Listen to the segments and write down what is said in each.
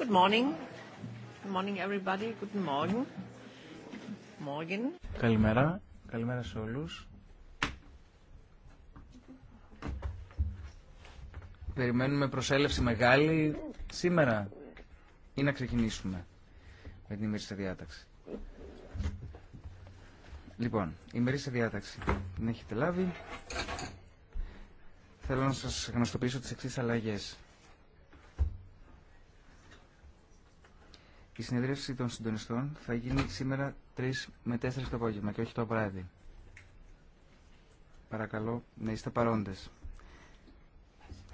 Good morning. morning everybody. Good morning. Morgen. Καλημέρα. Καλημέρα σε όλους. Περιμένουμε προσέλευση μεγάλη σήμερα ή να ξεκινήσουμε με την ημερήσια διάταξη. Λοιπόν, η ημερήσια διάταξη την έχετε λάβει. Θέλω να σας γνωστοποιήσω τις εξής αλλαγές. Η συνεδρίαση των συντονιστών θα γίνει σήμερα 3 με 4 το απόγευμα και όχι το βράδυ. Παρακαλώ να είστε παρόντες.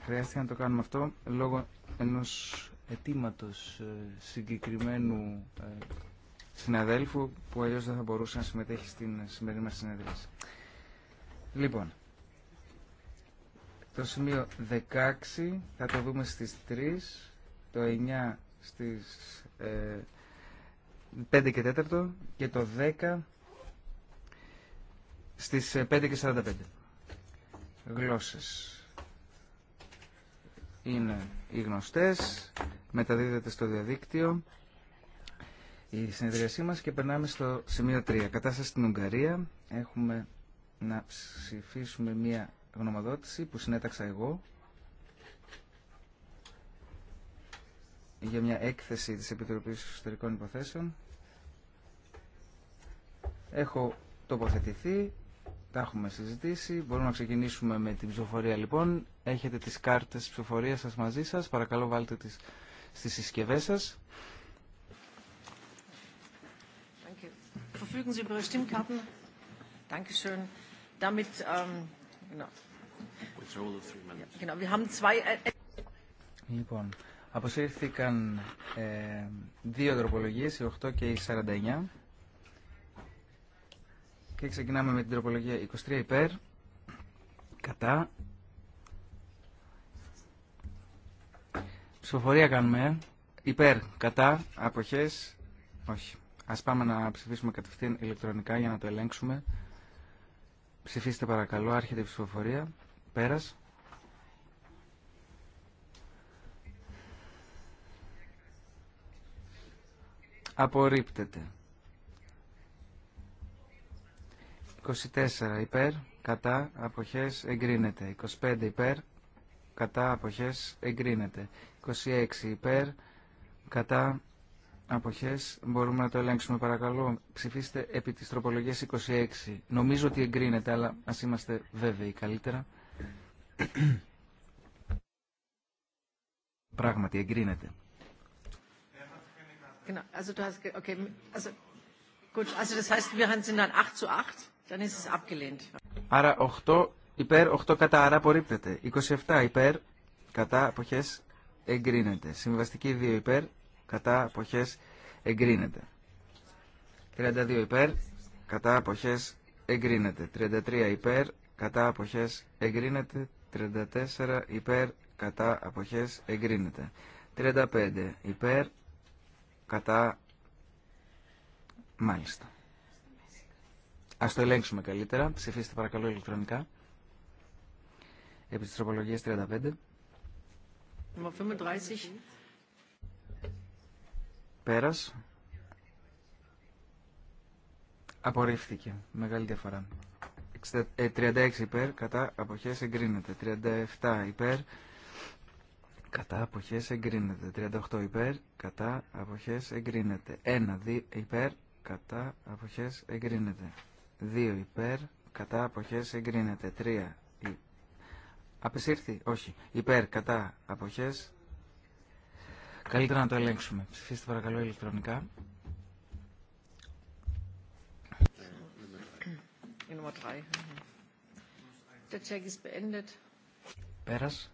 Χρειάστηκε να το κάνουμε αυτό λόγω ενός αιτήματο ε, συγκεκριμένου ε, συναδέλφου που αλλιώς δεν θα μπορούσε να συμμετέχει στην σημερινή μας συνεδρίαση. Λοιπόν, το σημείο 16 θα το δούμε στις 3, το 9 στις 5 ε, και 4 και το 10 στις 5 ε, και 45. Γλώσσες είναι οι γνωστές, μεταδίδεται στο διαδίκτυο η συνεδριασή μας και περνάμε στο σημείο 3. Κατάσταση στην Ουγγαρία. Έχουμε να ψηφίσουμε μία γνωμοδότηση που συνέταξα εγώ για μια έκθεση της Επιτροπής Εξωτερικών Υποθέσεων. Έχω τοποθετηθεί, τα έχουμε συζητήσει. Μπορούμε να ξεκινήσουμε με την ψηφοφορία λοιπόν. Έχετε τις κάρτες ψηφοφορίας σας μαζί σας. Παρακαλώ βάλτε τις στις συσκευές σας. Αποσύρθηκαν ε, δύο τροπολογίες, η 8 και η 49. Και ξεκινάμε με την τροπολογία 23 υπέρ, κατά. Ψηφοφορία κάνουμε, ε. υπέρ, κατά, αποχές, όχι. Ας πάμε να ψηφίσουμε κατευθείαν ηλεκτρονικά για να το ελέγξουμε. Ψηφίστε παρακαλώ, άρχεται η ψηφοφορία, πέρας. Απορρίπτεται. 24 υπέρ, κατά, αποχές, εγκρίνεται. 25 υπέρ, κατά, αποχές, εγκρίνεται. 26 υπέρ, κατά, αποχές, μπορούμε να το ελέγξουμε παρακαλώ. Ψηφίστε επί της τροπολογίας 26. Νομίζω ότι εγκρίνεται, αλλά ας είμαστε βέβαιοι καλύτερα. Πράγματι εγκρίνεται. Άρα 8 υπέρ, 8 κατά, άρα απορρίπτεται. 27 υπέρ, κατά, αποχέ εγκρίνεται. Συμβαστική 2 υπέρ, κατά, αποχές, εγκρίνεται. 32 υπέρ, κατά, αποχές, εγκρίνεται. 33 υπέρ, κατά, αποχές, εγκρίνεται. 34 υπέρ, κατά, αποχές, εγκρίνεται. 35 υπέρ, Κατά. Μάλιστα. Ας το ελέγξουμε καλύτερα. Ψηφίστε παρακαλώ ηλεκτρονικά. Επί της τροπολογίας 35. 35. Πέρας. Απορρίφθηκε. Μεγάλη διαφορά. 36 ε, υπέρ, κατά αποχές εγκρίνεται. 37 υπέρ, κατά αποχές εγκρίνεται. 38 υπέρ, κατά αποχές εγκρίνεται. 1 υπέρ, κατά αποχές εγκρίνεται. 2 υπέρ, κατά αποχές εγκρίνεται. 3 υπέρ. Απεσύρθη, όχι. Υπέρ, κατά, αποχές. Καλύτερα να το ελέγξουμε. Ψηφίστε παρακαλώ ηλεκτρονικά. Πέρας.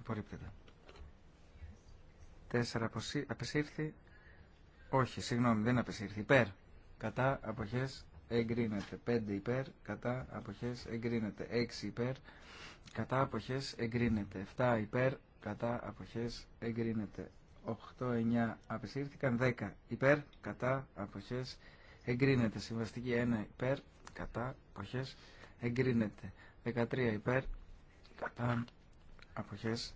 Απορρίπτεται. 4 απεσύρθη. Όχι, συγγνώμη, δεν απεσύρθη. Υπέρ. Κατά απόχέ, εγκρίνεται. 5 υπέρ. Κατά αποχές εγκρίνεται. 6 υπέρ. Κατά αποχέ, εγκρίνεται. 7 υπέρ. Κατά αποχές εγκρίνεται. 8-9 απεσύρθηκαν. 10 υπέρ. Κατά απόχέ εγκρίνεται. Συμβαστική 1 υπέρ. Κατά αποχέ εγκρίνεται. 13 υπέρ. Κατά αποχές.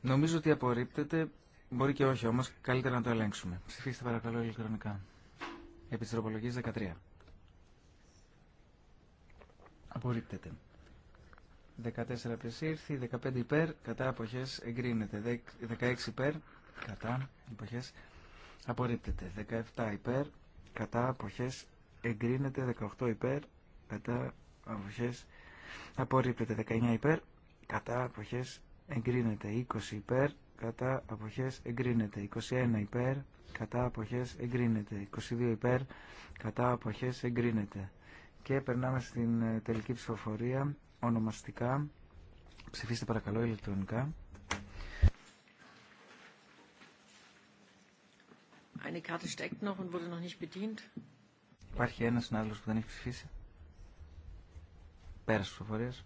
Νομίζω ότι απορρίπτεται, μπορεί και όχι όμως, καλύτερα να το ελέγξουμε. Ψηφίστε παρακαλώ ηλεκτρονικά. Επί 13. Απορρίπτεται. 14 πλησίρθη, 15 υπέρ, κατά αποχές εγκρίνεται. 16 υπέρ, κατά αποχές απορρίπτεται. 17 υπέρ, κατά αποχές εγκρίνεται. 18 υπέρ, κατά αποχές απορρίπτεται. 19 υπέρ, κατά αποχές εγκρίνεται 20 υπέρ κατά αποχές εγκρίνεται 21 υπέρ κατά αποχές εγκρίνεται 22 υπέρ κατά αποχές εγκρίνεται και περνάμε στην ε, τελική ψηφοφορία ονομαστικά ψηφίστε παρακαλώ ηλεκτρονικά Υπάρχει ένας συνάδελφος που δεν έχει ψηφίσει. Πέρασε ψηφοφορίας.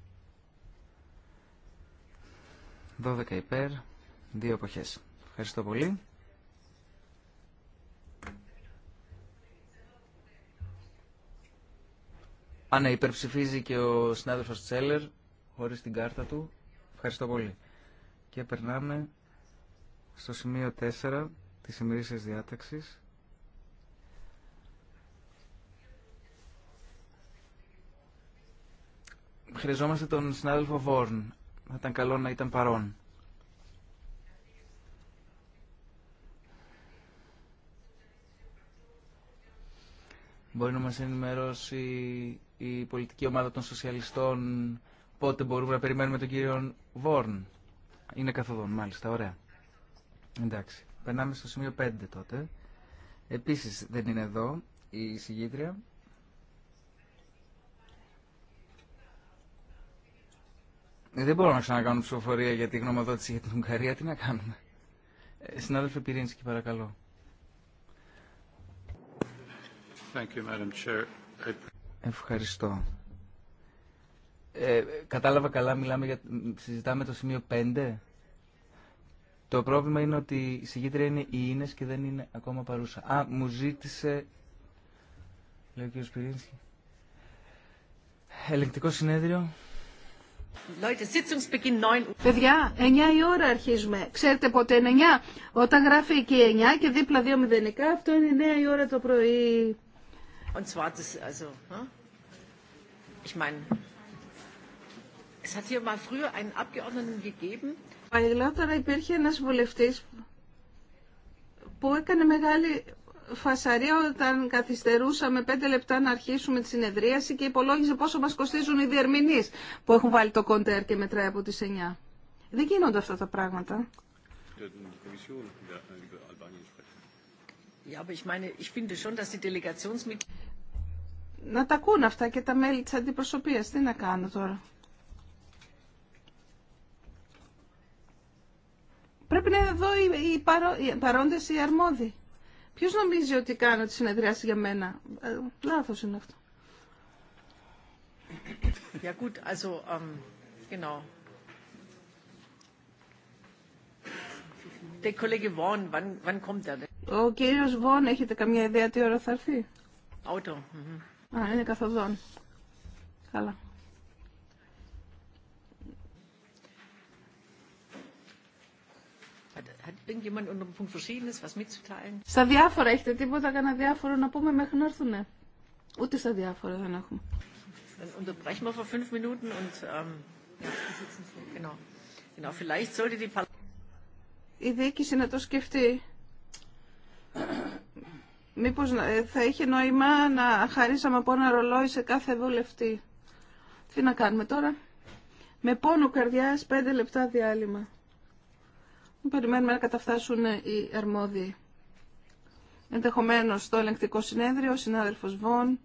12 υπέρ, δύο εποχές. Ευχαριστώ πολύ. Α, ναι, υπερψηφίζει και ο συνάδελφος Τσέλερ, χωρίς την κάρτα του. Ευχαριστώ πολύ. Και περνάμε στο σημείο 4 της ημερήσιας διάταξης. Χρειαζόμαστε τον συνάδελφο Βόρν θα ήταν καλό να ήταν παρόν. Μπορεί να μας ενημερώσει η πολιτική ομάδα των σοσιαλιστών πότε μπορούμε να περιμένουμε τον κύριο Βόρν. Είναι καθοδόν, μάλιστα, ωραία. Εντάξει, περνάμε στο σημείο 5 τότε. Επίσης δεν είναι εδώ η συγγήτρια. Ε, δεν μπορώ να ξανακάνω ψηφοφορία για τη γνωμοδότηση για την Ουγγαρία. Τι να κάνουμε. Ε, συνάδελφε Πυρίνσκι, παρακαλώ. Ευχαριστώ. Ε, κατάλαβα καλά, μιλάμε για, συζητάμε το σημείο 5. Το πρόβλημα είναι ότι η συγκίτρια είναι η Ίνες και δεν είναι ακόμα παρούσα. Α, μου ζήτησε, λέει ο κ. Πυρίνσκι, ελεγκτικό συνέδριο Παιδιά, 9 η ώρα αρχίζουμε. Ξέρετε ποτέ είναι 9. Όταν γράφει εκεί 9 και δίπλα 2 μηδενικά, αυτό είναι 9 η ώρα το πρωί. Und zwar υπήρχε ένας βουλευτής που έκανε μεγάλη φασαρία όταν καθυστερούσαμε πέντε λεπτά να αρχίσουμε τη συνεδρίαση και υπολόγιζε πόσο μας κοστίζουν οι διερμηνείς που έχουν βάλει το κοντέρ και μετράει από τις 9. Δεν γίνονται αυτά τα πράγματα. Να τα ακούν αυτά και τα μέλη της αντιπροσωπείας. Τι να κάνω τώρα. Πρέπει να είναι εδώ οι παρόντες οι αρμόδιοι. Ποιος νομίζει ότι κάνω τη συνεδριάση για μένα. Ε, λάθος είναι αυτό. Ja gut, also ähm, genau. Der Kollege Vaughn, wann, wann kommt er denn? Ο κύριος Βόν, έχετε καμία ιδέα τι ώρα θα έρθει? Auto. Mm -hmm. Α, είναι καθοδόν. Καλά. Στα διάφορα έχετε τίποτα κανένα διάφορο να πούμε μέχρι να έρθουνε. Ούτε στα διάφορα δεν έχουμε. Η διοίκηση να το σκεφτεί. Μήπω ε, θα είχε νόημα να χαρίσαμε από ένα ρολόι σε κάθε βουλευτή. Τι να κάνουμε τώρα. Με πόνο καρδιάς πέντε λεπτά διάλειμμα. Περιμένουμε να καταφτάσουν οι αρμόδιοι. Ενδεχομένως στο ελεγκτικό συνέδριο, ο συνάδελφος Βον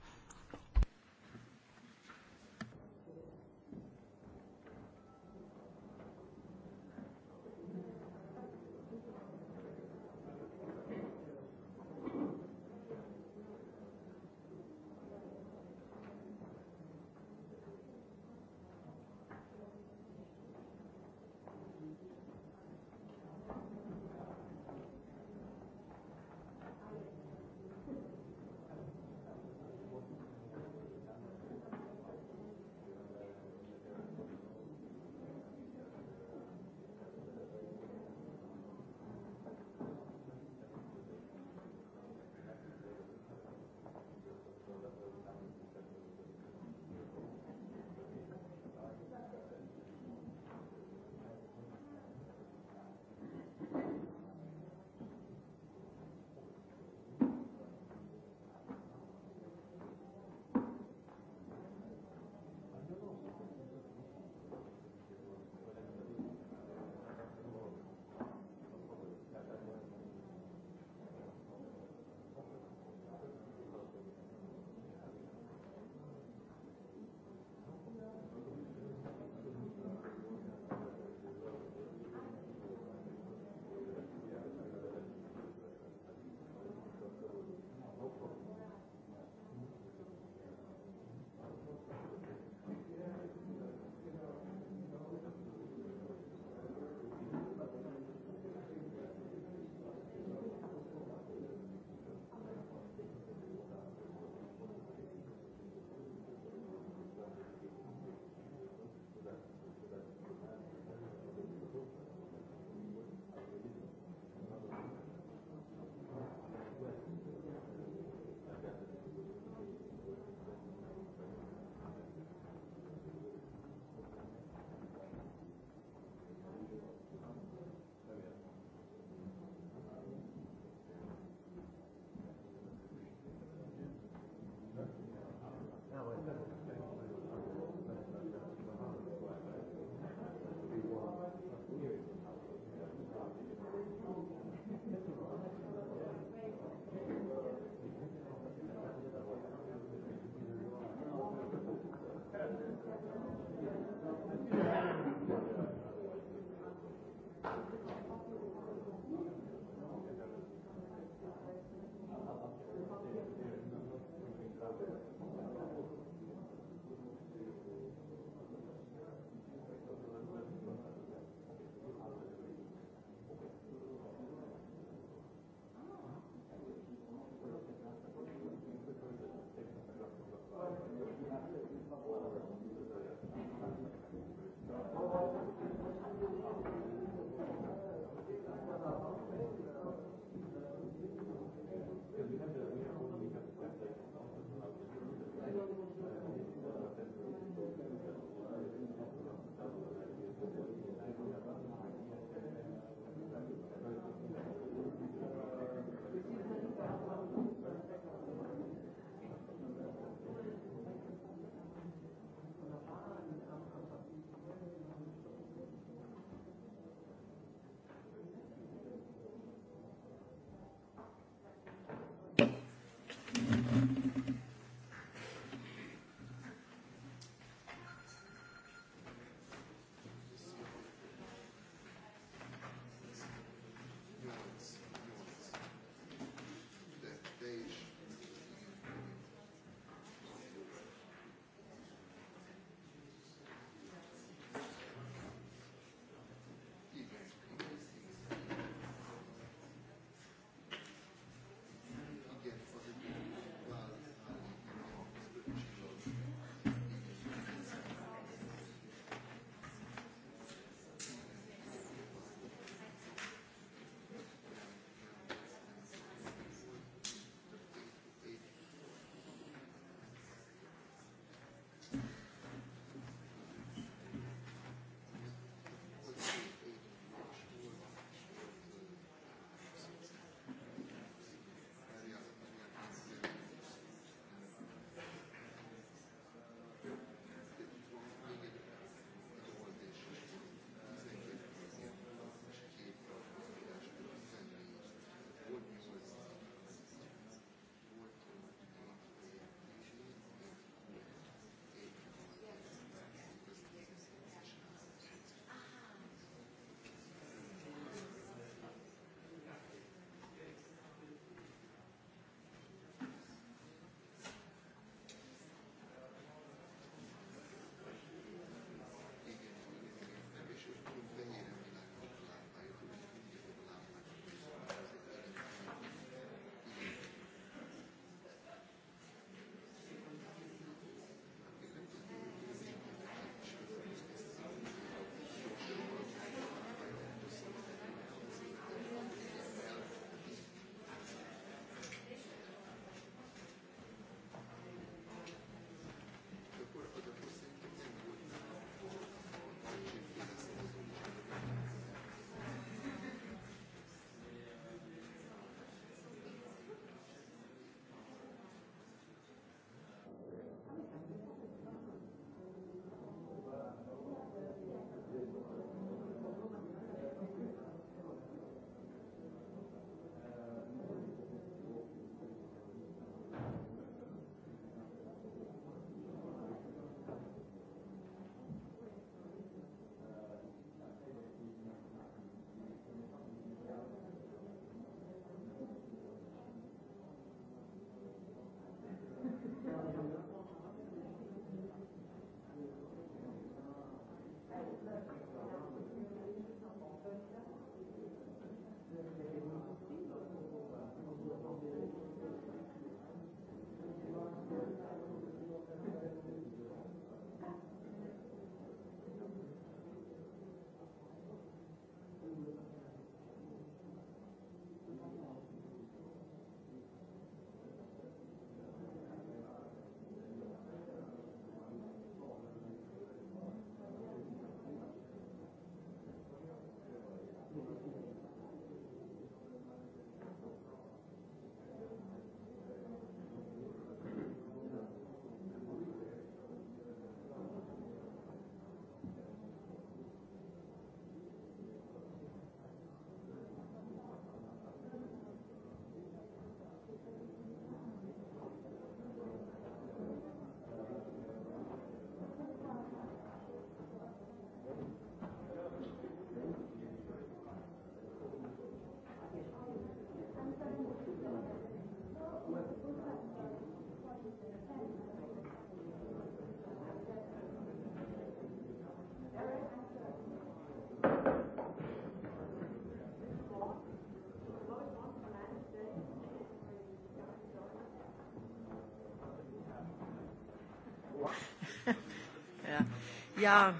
Ja,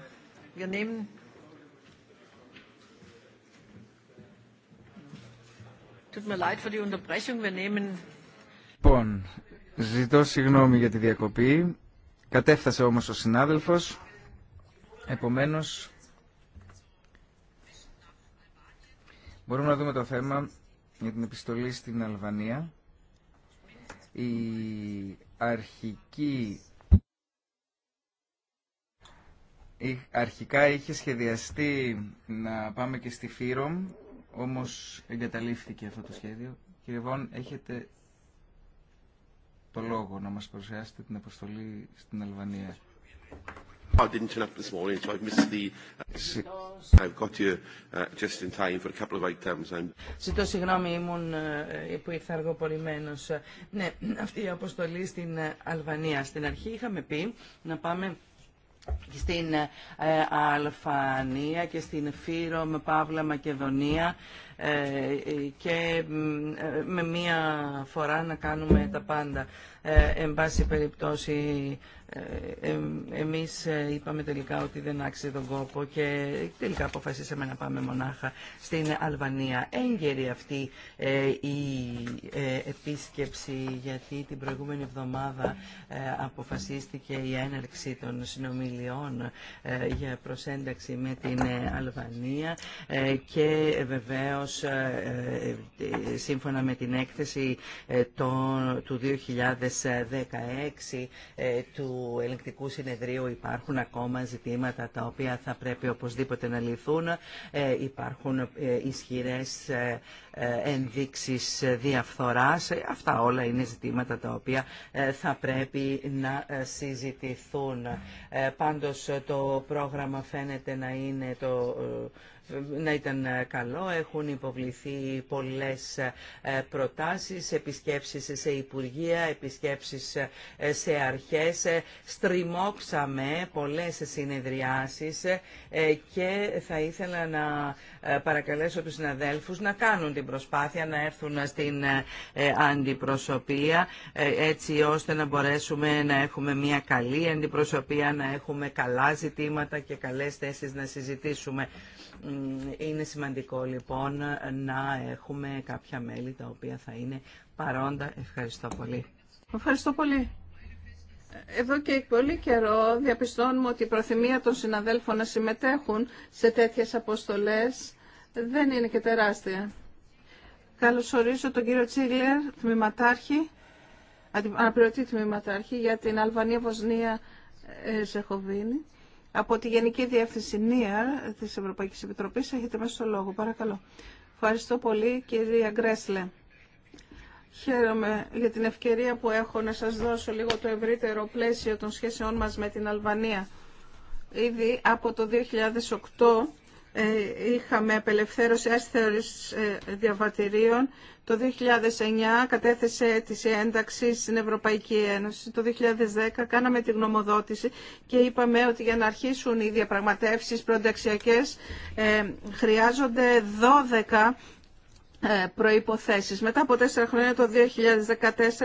ζητώ συγγνώμη για τη διακοπή. Κατέφτασε όμως ο συνάδελφος. Επομένως, μπορούμε να δούμε το θέμα για την επιστολή στην Αλβανία. Η αρχική Αρχικά είχε σχεδιαστεί να πάμε και στη Φύρομ, όμως εγκαταλείφθηκε αυτό το σχέδιο. Κύριε Βόν, έχετε το λόγο να μας παρουσιάσετε την αποστολή στην Αλβανία. Ζητώ συγγνώμη, ήμουν ε, που ήρθα αργοπορημένος. Ε, ναι, αυτή η αποστολή στην ε, Αλβανία. Στην αρχή είχαμε πει να πάμε στην ε, ε, Αλφανία και στην με Παύλα, Μακεδονία ε, και ε, με μία φορά να κάνουμε τα πάντα. Ε, εν πάση περιπτώσει, εμείς είπαμε τελικά ότι δεν άξιζε τον κόπο και τελικά αποφασίσαμε να πάμε μονάχα στην Αλβανία. Έγκαιρη αυτή η επίσκεψη γιατί την προηγούμενη εβδομάδα αποφασίστηκε η έναρξη των συνομιλιών για προσένταξη με την Αλβανία και βεβαίως ε, ε, σύμφωνα με την έκθεση ε, του 2016 του ελεκτικού Συνεδρίου υπάρχουν ακόμα ζητήματα τα οποία θα πρέπει οπωσδήποτε να λυθούν. Υπάρχουν ισχυρές ενδείξεις διαφθοράς. Αυτά όλα είναι ζητήματα τα οποία θα πρέπει να συζητηθούν. Πάντως το πρόγραμμα φαίνεται να είναι το να ήταν ε, καλό. Έχουν υποβληθεί πολλές ε, προτάσεις, επισκέψεις σε Υπουργεία, επισκέψεις ε, σε αρχές. Στριμώξαμε πολλές συνεδριάσεις και θα ήθελα να ε, παρακαλέσω τους συναδέλφους να κάνουν την προσπάθεια να έρθουν στην ε, ε, αντιπροσωπεία έτσι ώστε να μπορέσουμε να έχουμε μια καλή αντιπροσωπεία, να έχουμε καλά ζητήματα και καλές θέσεις να συζητήσουμε. Είναι σημαντικό λοιπόν να έχουμε κάποια μέλη τα οποία θα είναι παρόντα. Ευχαριστώ πολύ. Ευχαριστώ πολύ. Εδώ και πολύ καιρό διαπιστώνουμε ότι η προθυμία των συναδέλφων να συμμετέχουν σε τέτοιες αποστολές δεν είναι και τεράστια. Καλωσορίζω τον κύριο Τσίγλερ, τμήματάρχη, αναπληρωτή τμήματάρχη για την Αλβανία, Βοσνία, ε, Ζεχοβίνη. Από τη Γενική Διεύθυνση ΝΙΑΡ της Ευρωπαϊκής Επιτροπής έχετε μέσα λόγο. Παρακαλώ. Ευχαριστώ πολύ κυρία Γκρέσλε. Χαίρομαι για την ευκαιρία που έχω να σας δώσω λίγο το ευρύτερο πλαίσιο των σχέσεών μας με την Αλβανία. Ήδη από το 2008 ε, είχαμε απελευθέρωση ε, διαβατηρίων. Το 2009 κατέθεσε αίτηση ένταξη στην Ευρωπαϊκή Ένωση. Το 2010 κάναμε τη γνωμοδότηση και είπαμε ότι για να αρχίσουν οι διαπραγματεύσεις προενταξιακές ε, χρειάζονται 12 ε, προϋποθέσεις. Μετά από τέσσερα χρόνια το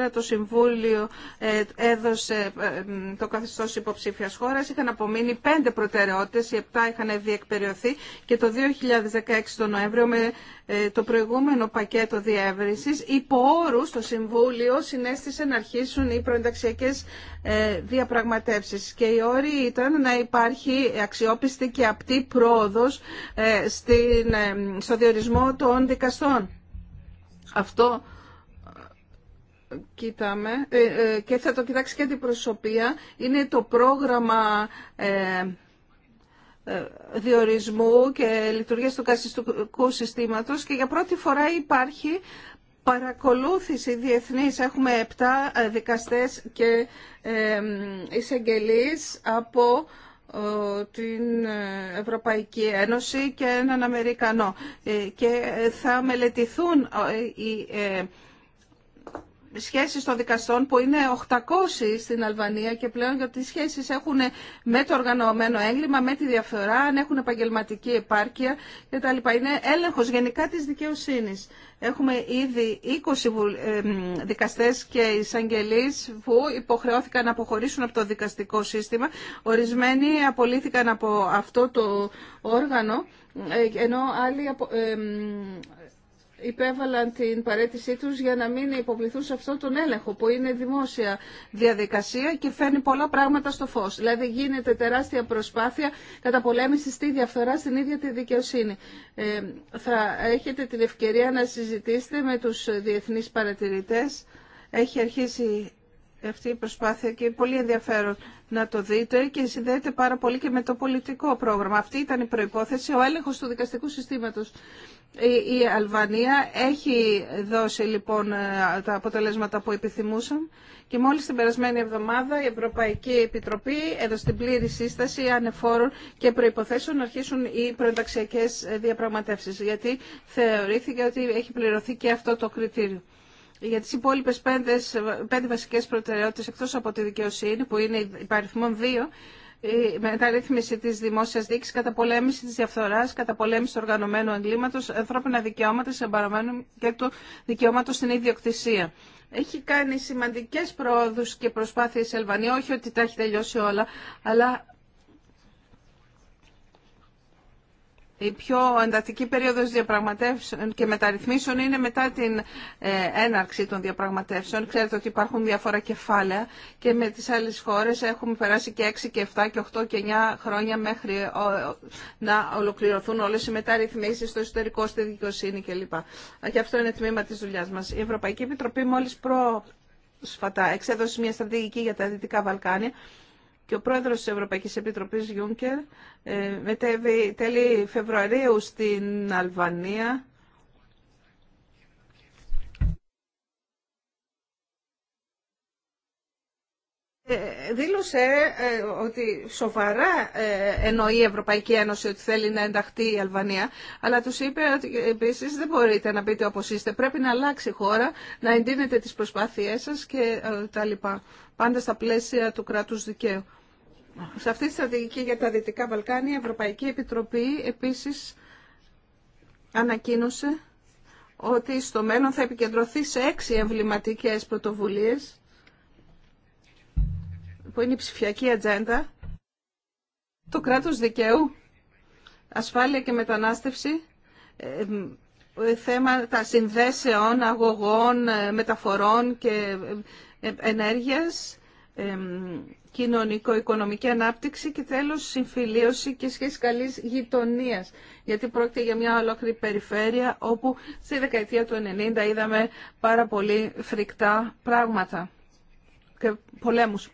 2014 το Συμβούλιο ε, έδωσε ε, το καθεστώς υποψήφιας χώρας. Είχαν απομείνει πέντε προτεραιότητες, οι επτά είχαν διεκπεριωθεί και το 2016 το Νοέμβριο με το προηγούμενο πακέτο διεύρυνσης υπό όρου το Συμβούλιο συνέστησε να αρχίσουν οι προενταξιακές διαπραγματεύσεις και οι όροι ήταν να υπάρχει αξιόπιστη και απτή πρόοδος στο διορισμό των δικαστών αυτό ε, κοιτάμε ε, ε, και θα το κοιτάξει και την προσωπία. Είναι το πρόγραμμα διορισμού και λειτουργίας του κασιστικού συστήματος και για πρώτη φορά υπάρχει παρακολούθηση διεθνής. Έχουμε έπτα δικαστές και εισαγγελείς από την Ευρωπαϊκή Ένωση και έναν Αμερικανό. Ε, και θα μελετηθούν ε, οι ε, σχέσεις των δικαστών που είναι 800 στην Αλβανία και πλέον γιατί οι σχέσεις έχουν με το οργανωμένο έγκλημα, με τη διαφορά, αν έχουν επαγγελματική επάρκεια κτλ. Είναι έλεγχος γενικά της δικαιοσύνης. Έχουμε ήδη 20 δικαστές και εισαγγελείς που υποχρεώθηκαν να αποχωρήσουν από το δικαστικό σύστημα. Ορισμένοι απολύθηκαν από αυτό το όργανο, ε, ενώ άλλοι υπέβαλαν την παρέτησή τους για να μην υποβληθούν σε αυτόν τον έλεγχο που είναι δημόσια διαδικασία και φέρνει πολλά πράγματα στο φως. Δηλαδή γίνεται τεράστια προσπάθεια κατά πολέμηση τη διαφθορά στην ίδια τη δικαιοσύνη. Ε, θα έχετε την ευκαιρία να συζητήσετε με τους διεθνείς παρατηρητές. Έχει αρχίσει αυτή η προσπάθεια και πολύ ενδιαφέρον να το δείτε και συνδέεται πάρα πολύ και με το πολιτικό πρόγραμμα. Αυτή ήταν η προϋπόθεση, ο έλεγχος του δικαστικού συστήματος. Η Αλβανία έχει δώσει λοιπόν ε, τα αποτελέσματα που επιθυμούσαν και μόλις την περασμένη εβδομάδα η Ευρωπαϊκή Επιτροπή έδωσε την πλήρη σύσταση ανεφόρων και προϋποθέσεων να αρχίσουν οι προενταξιακές διαπραγματεύσεις γιατί θεωρήθηκε ότι έχει πληρωθεί και αυτό το κριτήριο για τις υπόλοιπες πέντε, πέντε βασικές προτεραιότητες εκτός από τη δικαιοσύνη που είναι υπαριθμόν δύο η μεταρρύθμιση της δημόσιας δίκης, καταπολέμηση της διαφθοράς, καταπολέμηση του οργανωμένου εγκλήματος, ανθρώπινα δικαιώματα συμπαραμένου και του δικαιώματο στην ιδιοκτησία. Έχει κάνει σημαντικέ προόδου και προσπάθειε η Ελβανία, όχι ότι τα έχει τελειώσει όλα, αλλά η πιο εντατική περίοδος διαπραγματεύσεων και μεταρρυθμίσεων είναι μετά την ε, έναρξη των διαπραγματεύσεων. Ξέρετε ότι υπάρχουν διάφορα κεφάλαια και με τις άλλες χώρες έχουμε περάσει και 6 και 7 και 8 και 9 χρόνια μέχρι να ολοκληρωθούν όλες οι μεταρρυθμίσεις στο εσωτερικό, στη δικαιοσύνη κλπ. Και αυτό είναι τμήμα της δουλειάς μας. Η Ευρωπαϊκή Επιτροπή μόλις πρόσφατα εξέδωσε μια στρατηγική για τα Δυτικά Βαλκάνια και ο πρόεδρος της Ευρωπαϊκής Επιτροπής Γιούνκερ ε, μετέβη τέλη Φεβρουαρίου στην Αλβανία Ε, δήλωσε ε, ότι σοβαρά ε, εννοεί η Ευρωπαϊκή Ένωση ότι θέλει να ενταχθεί η Αλβανία, αλλά τους είπε ότι επίσης δεν μπορείτε να πείτε όπως είστε, πρέπει να αλλάξει η χώρα, να εντείνετε τις προσπάθειές σας και τα λοιπά, πάντα στα πλαίσια του κράτους δικαίου. Σε αυτή τη στρατηγική για τα Δυτικά Βαλκάνια, η Ευρωπαϊκή Επιτροπή επίσης ανακοίνωσε ότι στο μέλλον θα επικεντρωθεί σε έξι εμβληματικές πρωτοβουλίες που είναι η ψηφιακή ατζέντα, το κράτος δικαίου, ασφάλεια και μετανάστευση, ε, ε, θέματα συνδέσεων, αγωγών, ε, μεταφορών και ενέργειας, κοινωνικο-οικονομική ανάπτυξη και τέλος συμφιλίωση και σχέση καλής γειτονίας. Γιατί πρόκειται για μια ολόκληρη περιφέρεια όπου στη δεκαετία του 90 είδαμε πάρα πολύ φρικτά πράγματα και πολέμους.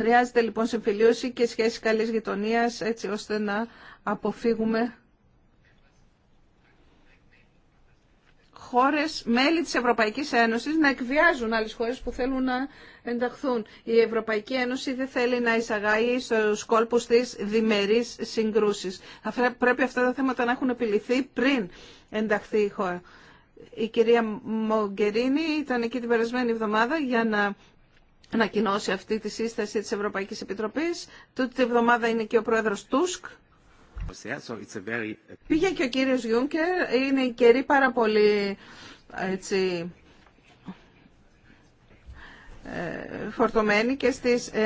Χρειάζεται λοιπόν συμφιλίωση και σχέση καλής γειτονίας έτσι ώστε να αποφύγουμε χώρες, μέλη της Ευρωπαϊκής Ένωσης, να εκβιάζουν άλλες χώρες που θέλουν να ενταχθούν. Η Ευρωπαϊκή Ένωση δεν θέλει να εισαγάγει στους κόλπους της διμερείς συγκρούσεις. Πρέπει αυτά τα θέματα να έχουν επιληθεί πριν ενταχθεί η χώρα. Η κυρία Μογκερίνη ήταν εκεί την περασμένη εβδομάδα για να ανακοινώσει αυτή τη σύσταση της Ευρωπαϊκής Επιτροπής. Τούτη τη εβδομάδα είναι και ο πρόεδρος Τούσκ. Πήγε και ο κύριος Γιούνκερ. Είναι η καιρή πάρα πολύ ε, φορτωμένη και στις 9 ε,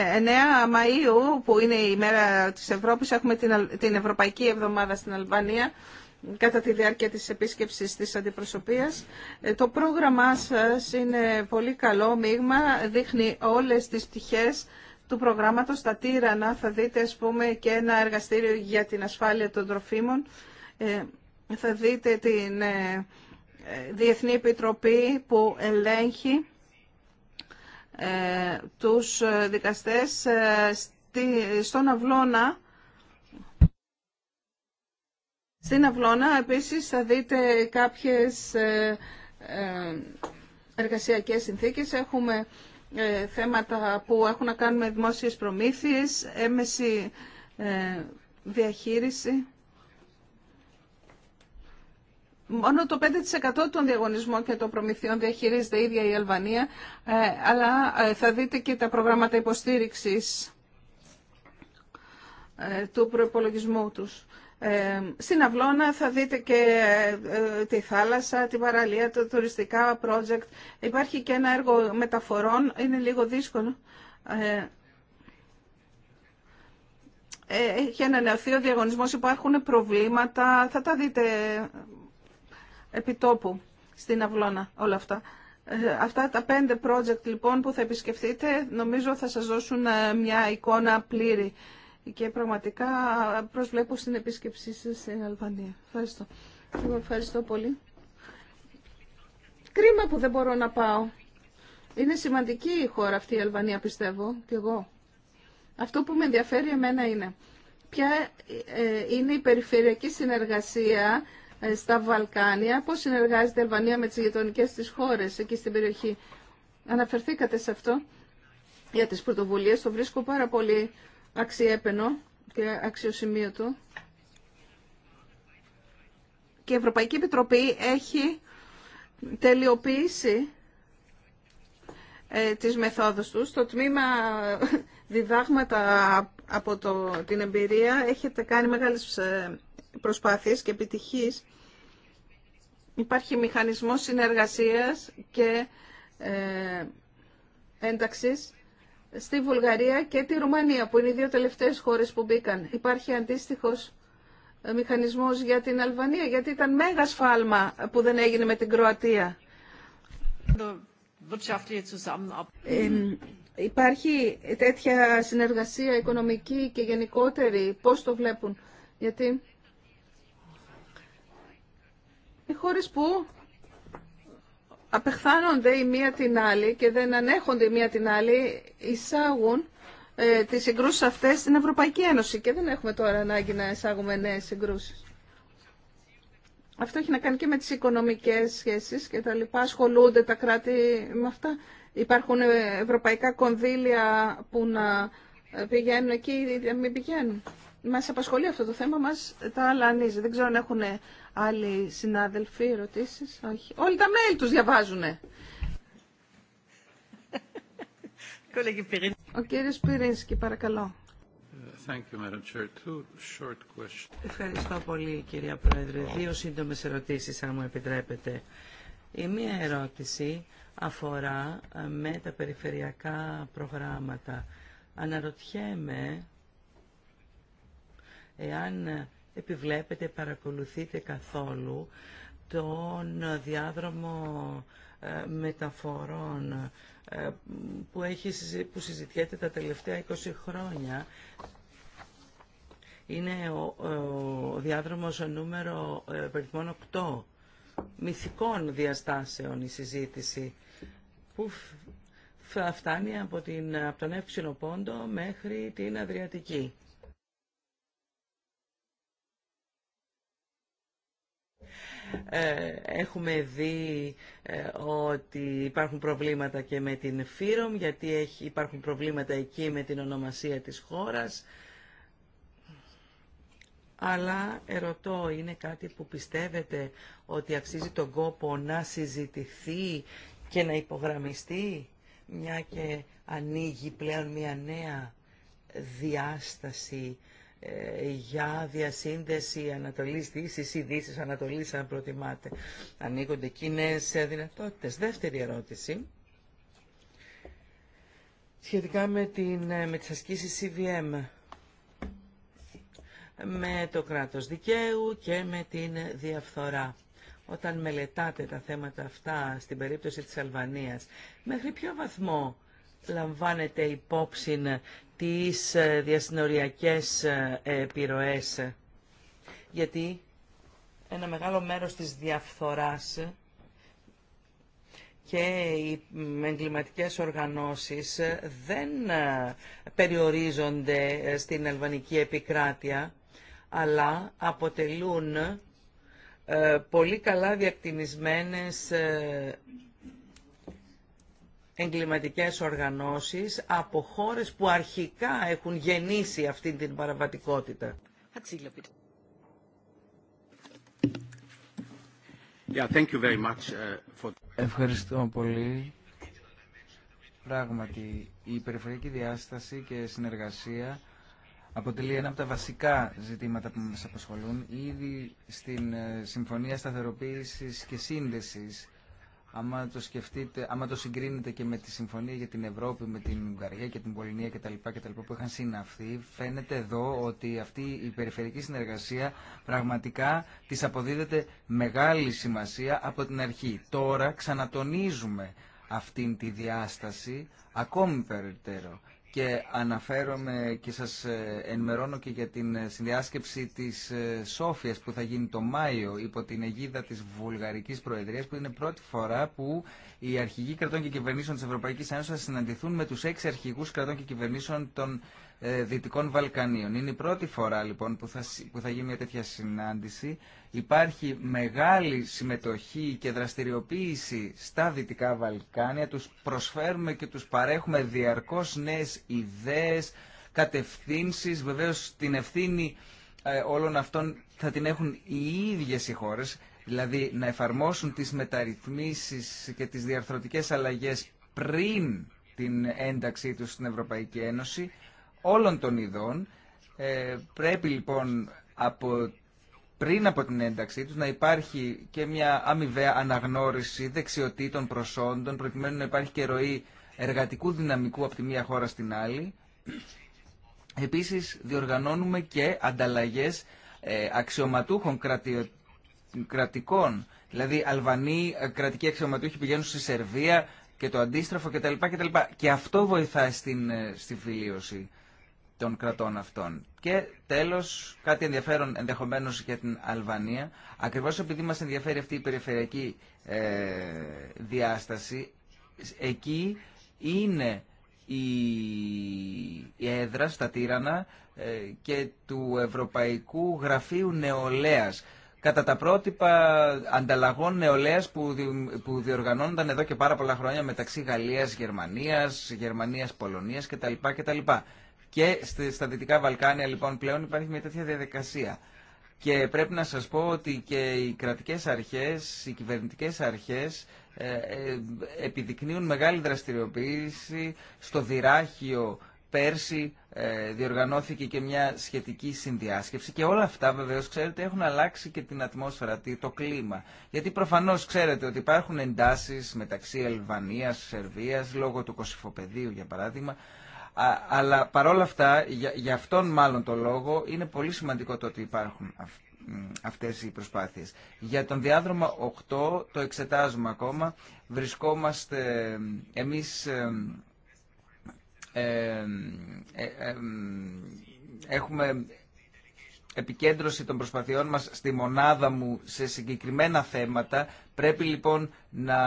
Μαΐου που είναι η μέρα της Ευρώπης έχουμε την Ευρωπαϊκή Εβδομάδα στην Αλβανία κατά τη διάρκεια της επίσκεψης της αντιπροσωπείας. Ε, το πρόγραμμά σας είναι πολύ καλό μείγμα, δείχνει όλες τις πτυχές του προγράμματος. Στα τύρανα θα δείτε ας πούμε και ένα εργαστήριο για την ασφάλεια των τροφίμων. Ε, θα δείτε την ε, Διεθνή Επιτροπή που ελέγχει τους δικαστές στον Αυλώνα στην Αυλώνα επίσης θα δείτε κάποιες ε, ε, εργασιακές συνθήκες. Έχουμε ε, θέματα που έχουν να κάνουν με δημόσιες προμήθειες, έμεση διαχείριση. Μόνο το 5% των διαγωνισμών και των προμηθειών διαχειρίζεται η ίδια η Αλβανία, αλλά θα δείτε και τα προγράμματα υποστήριξης του προπολογισμού τους. Ε, στην Αυλώνα θα δείτε και ε, ε, τη θάλασσα, τη παραλία, τα τουριστικά project. Υπάρχει και ένα έργο μεταφορών, είναι λίγο δύσκολο. Έχει ανανεωθεί ο διαγωνισμός, υπάρχουν προβλήματα, θα τα δείτε επιτόπου στην Αυλώνα όλα αυτά. Αυτά τα πέντε project λοιπόν που θα επισκεφτείτε νομίζω θα σας δώσουν μια εικόνα πλήρη και πραγματικά προσβλέπω στην επίσκεψή σας στην Αλβανία. Ευχαριστώ. Εγώ ευχαριστώ πολύ. Κρίμα που δεν μπορώ να πάω. Είναι σημαντική η χώρα αυτή η Αλβανία πιστεύω και εγώ. Αυτό που με ενδιαφέρει εμένα είναι ποια ε, είναι η περιφερειακή συνεργασία ε, στα Βαλκάνια, πώς συνεργάζεται η Αλβανία με τις γειτονικές της χώρες εκεί στην περιοχή. Αναφερθήκατε σε αυτό για τις πρωτοβουλίες, το βρίσκω πάρα πολύ αξιέπαινο και αξιοσημείωτο. Και η Ευρωπαϊκή Επιτροπή έχει τελειοποιήσει ε, τις μεθόδους τους. Το τμήμα διδάγματα από το, την εμπειρία έχετε κάνει μεγάλες ε, προσπάθειες και επιτυχίες. Υπάρχει μηχανισμός συνεργασίας και ε, ένταξης στη Βουλγαρία και τη Ρουμανία, που είναι οι δύο τελευταίες χώρες που μπήκαν. Υπάρχει αντίστοιχος ε, μηχανισμός για την Αλβανία, γιατί ήταν μέγα σφάλμα που δεν έγινε με την Κροατία. Ε, υπάρχει τέτοια συνεργασία οικονομική και γενικότερη, πώς το βλέπουν, γιατί οι χώρες που απεχθάνονται η μία την άλλη και δεν ανέχονται η μία την άλλη, εισάγουν ε, τις συγκρούσεις αυτές στην Ευρωπαϊκή Ένωση και δεν έχουμε τώρα ανάγκη να εισάγουμε νέες συγκρούσεις. Αυτό έχει να κάνει και με τις οικονομικές σχέσεις και τα λοιπά. Ασχολούνται τα κράτη με αυτά. Υπάρχουν ε, ευρωπαϊκά κονδύλια που να ε, πηγαίνουν εκεί ή να μην πηγαίνουν. Μας απασχολεί αυτό το θέμα, μας τα αλανίζει. Δεν ξέρω αν έχουν ε, Άλλοι συνάδελφοι, ερωτήσει, όχι. Όλοι τα mail τους διαβάζουν. Ο κύριο Πυρίνσκι, παρακαλώ. Ευχαριστώ πολύ, κυρία Πρόεδρε. Δύο σύντομες ερωτήσεις, αν μου επιτρέπετε. Η μία ερώτηση αφορά ε, με τα περιφερειακά προγράμματα. Αναρωτιέμαι εάν ε, επιβλέπετε, παρακολουθείτε καθόλου τον διάδρομο ε, μεταφορών ε, που, έχει, που συζητιέται τα τελευταία 20 χρόνια είναι ο, διάδρομος ο νούμερο ε, περιθμών 8 μυθικών διαστάσεων η συζήτηση που θα φτάνει από, την, από τον Εύξηνο Πόντο μέχρι την Αδριατική. Ε, έχουμε δει ε, ότι υπάρχουν προβλήματα και με την ΦΥΡΟΜ, γιατί υπάρχουν προβλήματα εκεί με την ονομασία της χώρας. Αλλά ερωτώ, είναι κάτι που πιστεύετε ότι αξίζει τον κόπο να συζητηθεί και να υπογραμμιστεί, μια και ανοίγει πλέον μια νέα διάσταση ε, για διασύνδεση Ανατολής Δύσης ή Δύσης Ανατολής αν προτιμάτε. Ανοίγονται κοινές δυνατότητες. Δεύτερη ερώτηση. Σχετικά με, την, ε, με τις CVM με το κράτος δικαίου και με την διαφθορά. Όταν μελετάτε τα θέματα αυτά στην περίπτωση της Αλβανίας, μέχρι ποιο βαθμό λαμβάνετε υπόψη τις διασυνοριακές ε, επιρροές. Γιατί ένα μεγάλο μέρος της διαφθοράς και οι εγκληματικές οργανώσεις δεν ε, περιορίζονται στην αλβανική επικράτεια, αλλά αποτελούν ε, πολύ καλά διακτηνισμένες εγκληματικές οργανώσεις από χώρες που αρχικά έχουν γεννήσει αυτή την παραβατικότητα. Uh, Ευχαριστώ πολύ. Πράγματι, η περιφερειακή διάσταση και συνεργασία αποτελεί ένα από τα βασικά ζητήματα που μας απασχολούν. Ήδη στην ε, Συμφωνία Σταθεροποίησης και Σύνδεσης άμα το σκεφτείτε, άμα το συγκρίνετε και με τη συμφωνία για την Ευρώπη, με την Ουγγαρία και την Πολυνία κτλ. λοιπά που είχαν συναυθεί, φαίνεται εδώ ότι αυτή η περιφερειακή συνεργασία πραγματικά της αποδίδεται μεγάλη σημασία από την αρχή. Τώρα ξανατονίζουμε αυτήν τη διάσταση ακόμη περισσότερο και αναφέρομαι και σας ε, ενημερώνω και για την ε, συνδιάσκεψη της ε, Σόφιας που θα γίνει το Μάιο υπό την αιγίδα της Βουλγαρικής Προεδρίας που είναι πρώτη φορά που οι αρχηγοί κρατών και κυβερνήσεων της Ευρωπαϊκής Ένωσης θα συναντηθούν με τους έξι αρχηγούς κρατών και κυβερνήσεων των ε, Δυτικών Βαλκανίων. Είναι η πρώτη φορά λοιπόν που θα, που θα γίνει μια τέτοια συνάντηση. Υπάρχει μεγάλη συμμετοχή και δραστηριοποίηση στα Δυτικά Βαλκάνια. Τους προσφέρουμε και τους παρέχουμε διαρκώς νέες ιδέες, κατευθύνσεις. Βεβαίως την ευθύνη ε, όλων αυτών θα την έχουν οι ίδιες οι χώρες. Δηλαδή να εφαρμόσουν τις μεταρρυθμίσεις και τις διαρθρωτικές αλλαγές πριν την ένταξή τους στην Ευρωπαϊκή Ένωση όλων των ειδών. Ε, πρέπει λοιπόν από, πριν από την ένταξή τους να υπάρχει και μια αμοιβαία αναγνώριση δεξιοτήτων προσόντων προκειμένου να υπάρχει και ροή εργατικού δυναμικού από τη μία χώρα στην άλλη. Επίσης διοργανώνουμε και ανταλλαγές ε, αξιωματούχων κρατικών. Δηλαδή Αλβανοί ε, κρατικοί αξιωματούχοι πηγαίνουν στη Σερβία και το αντίστροφο κτλ. Και αυτό βοηθάει στην, ε, στη φιλίωση των κρατών αυτών. Και τέλος, κάτι ενδιαφέρον ενδεχομένως για την Αλβανία. Ακριβώς επειδή μας ενδιαφέρει αυτή η περιφερειακή ε, διάσταση, εκεί είναι η, η έδρα στα Τύρανα ε, και του Ευρωπαϊκού Γραφείου νεολαία. κατά τα πρότυπα ανταλλαγών νεολαία που, που διοργανώνονταν εδώ και πάρα πολλά χρόνια μεταξύ Γαλλία, Γερμανία, Γερμανία, Πολωνία κτλ. κτλ. Και στα Δυτικά Βαλκάνια λοιπόν πλέον υπάρχει μια τέτοια διαδικασία. Και πρέπει να σας πω ότι και οι κρατικές αρχές, οι κυβερνητικές αρχές ε, ε, επιδεικνύουν μεγάλη δραστηριοποίηση στο Δυράχιο Πέρσι ε, διοργανώθηκε και μια σχετική συνδιάσκεψη και όλα αυτά βεβαίως ξέρετε έχουν αλλάξει και την ατμόσφαιρα, το κλίμα. Γιατί προφανώς ξέρετε ότι υπάρχουν εντάσεις μεταξύ Ελβανίας, Σερβίας, λόγω του Κωσυφοπεδίου για παράδειγμα αλλά παρόλα αυτά, για, αυτόν μάλλον το λόγο, είναι πολύ σημαντικό το ότι υπάρχουν αυτές οι προσπάθειες. Για τον διάδρομο 8 το εξετάζουμε ακόμα. Βρισκόμαστε εμείς ε, έχουμε επικέντρωση των προσπαθειών μας στη μονάδα μου σε συγκεκριμένα θέματα. Πρέπει λοιπόν να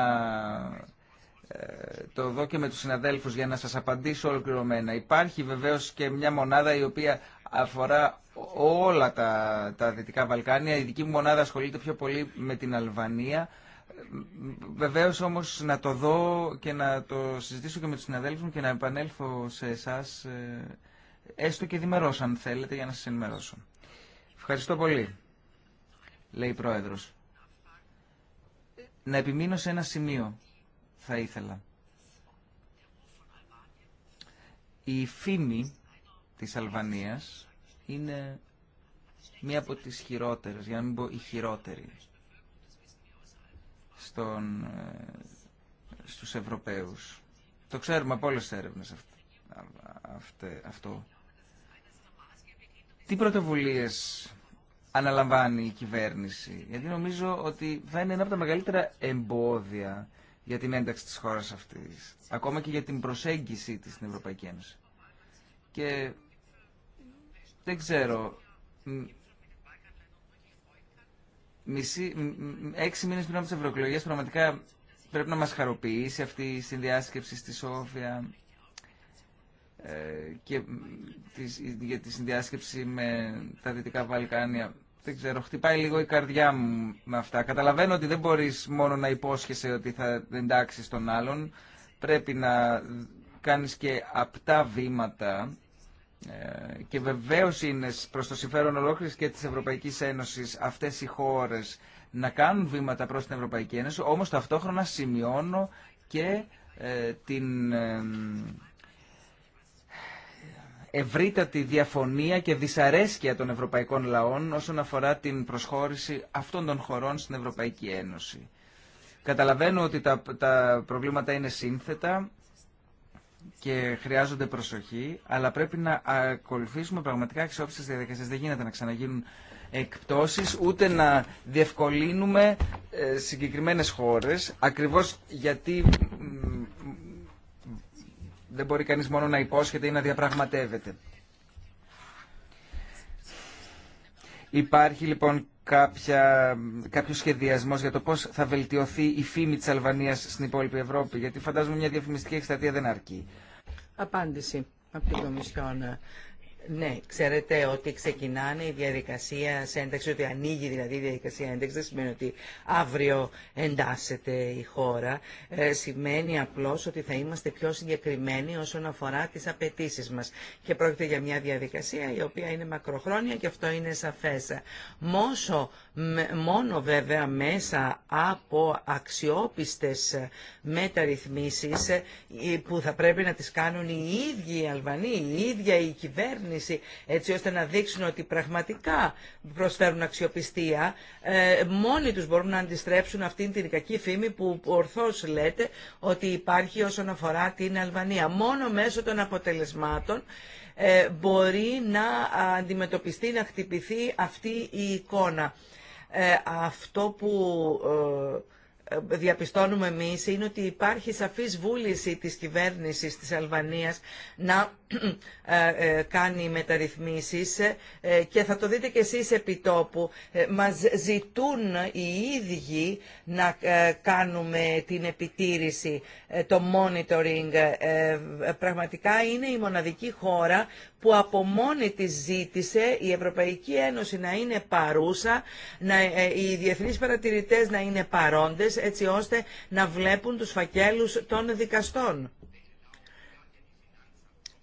ε, το δω και με τους συναδέλφους για να σας απαντήσω ολοκληρωμένα. Υπάρχει βεβαίως και μια μονάδα η οποία αφορά όλα τα, τα Δυτικά Βαλκάνια. Η δική μου μονάδα ασχολείται πιο πολύ με την Αλβανία. Βεβαίως όμως να το δω και να το συζητήσω και με τους συναδέλφους και να επανέλθω σε εσάς ε, έστω και διμερώς αν θέλετε για να σας ενημερώσω. Ευχαριστώ πολύ, λέει η Πρόεδρος. Να επιμείνω σε ένα σημείο θα ήθελα. Η φήμη της Αλβανίας είναι μία από τις χειρότερες, για να μην πω η χειρότερη, στον, ε, στους Ευρωπαίους. Το ξέρουμε από όλες τις έρευνες αυτό. Τι πρωτοβουλίες αναλαμβάνει η κυβέρνηση, γιατί νομίζω ότι θα είναι ένα από τα μεγαλύτερα εμπόδια για την ένταξη της χώρας αυτής, ακόμα και για την προσέγγιση της στην Ευρωπαϊκή Ένωση. Και δεν ξέρω, μισή, έξι μήνες πριν από τις ευρωεκλογές πραγματικά πρέπει να μας χαροποιήσει αυτή η συνδιάσκεψη στη Σόφια ε, και για τη συνδιάσκεψη με τα Δυτικά Βαλκάνια δεν ξέρω, χτυπάει λίγο η καρδιά μου με αυτά. Καταλαβαίνω ότι δεν μπορείς μόνο να υπόσχεσαι ότι θα εντάξει τον άλλον. Πρέπει να κάνεις και απτά βήματα ε, και βεβαίως είναι προς το συμφέρον ολόκληρης και της Ευρωπαϊκής Ένωσης αυτές οι χώρες να κάνουν βήματα προς την Ευρωπαϊκή Ένωση, όμως ταυτόχρονα σημειώνω και ε, την ε, ευρύτατη διαφωνία και δυσαρέσκεια των ευρωπαϊκών λαών όσον αφορά την προσχώρηση αυτών των χωρών στην Ευρωπαϊκή Ένωση. Καταλαβαίνω ότι τα, προβλήματα είναι σύνθετα και χρειάζονται προσοχή, αλλά πρέπει να ακολουθήσουμε πραγματικά αξιόπιστε διαδικασίε. Δεν γίνεται να ξαναγίνουν εκπτώσει, ούτε να διευκολύνουμε ε, συγκεκριμένε χώρε, ακριβώ γιατί δεν μπορεί κανείς μόνο να υπόσχεται ή να διαπραγματεύεται. Υπάρχει λοιπόν κάποια, κάποιο σχεδιασμό για το πώς θα βελτιωθεί η φήμη της Αλβανίας στην υπόλοιπη Ευρώπη, γιατί φαντάζομαι μια διαφημιστική εκστατεία δεν αρκεί. Απάντηση από την Κομισιόν. Ναι, ξέρετε ότι ξεκινάνε η διαδικασία σε ένταξη, ότι ανοίγει δηλαδή η διαδικασία ένταξη, δεν σημαίνει ότι αύριο εντάσσεται η χώρα. Ε, σημαίνει απλώς ότι θα είμαστε πιο συγκεκριμένοι όσον αφορά τις απαιτήσει μας. Και πρόκειται για μια διαδικασία η οποία είναι μακροχρόνια και αυτό είναι σαφές. Μόσο μόνο βέβαια μέσα από αξιόπιστες μεταρρυθμίσεις ε, που θα πρέπει να τις κάνουν οι ίδιοι οι Αλβανοί, η ίδια η κυβέρνηση, έτσι ώστε να δείξουν ότι πραγματικά προσφέρουν αξιοπιστία, ε, μόνοι τους μπορούν να αντιστρέψουν αυτήν την κακή φήμη που ορθώς λέτε ότι υπάρχει όσον αφορά την Αλβανία. Μόνο μέσω των αποτελεσμάτων ε, μπορεί να αντιμετωπιστεί, να χτυπηθεί αυτή η εικόνα. Ε, αυτό που ε, ε, διαπιστώνουμε εμείς είναι ότι υπάρχει σαφής βούληση της κυβέρνησης της Αλβανίας να ε, ε, κάνει μεταρρυθμίσεις ε, και θα το δείτε και εσείς επί τόπου. Μας ζητούν οι ίδιοι να κάνουμε την επιτήρηση, το monitoring. Πραγματικά είναι η μοναδική χώρα που από μόνη της ζήτησε η Ευρωπαϊκή Ένωση να είναι παρούσα, να, οι διεθνείς παρατηρητές να είναι παρόντες, έτσι ώστε να βλέπουν τους φακέλους των δικαστών.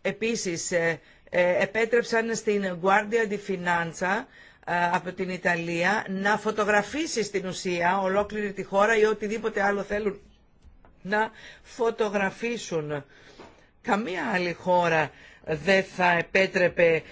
Επίσης, ε, ε, επέτρεψαν στην Guardia di Finanza ε, από την Ιταλία να φωτογραφίσει στην ουσία ολόκληρη τη χώρα ή οτιδήποτε άλλο θέλουν να φωτογραφίσουν. Καμία άλλη χώρα δεν θα επέτρεπε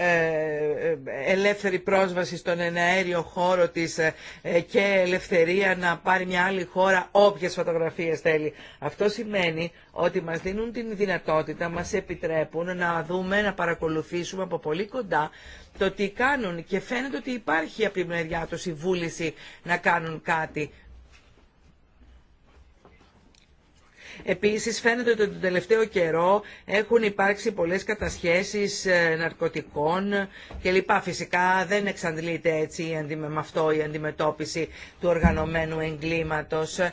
ε, ε, ελεύθερη πρόσβαση στον εναέριο χώρο της ε, και ελευθερία να πάρει μια άλλη χώρα όποιες φωτογραφίες θέλει. Αυτό σημαίνει ότι μας δίνουν την δυνατότητα, μας επιτρέπουν να δούμε, να παρακολουθήσουμε από πολύ κοντά το τι κάνουν και φαίνεται ότι υπάρχει από τη μεριά τους η βούληση να κάνουν κάτι. Επίσης φαίνεται ότι τον τελευταίο καιρό έχουν υπάρξει πολλές κατασχέσεις ε, ναρκωτικών και λοιπά. Φυσικά δεν εξαντλείται έτσι με αυτό η αντιμετώπιση του οργανωμένου εγκλήματος. Ε,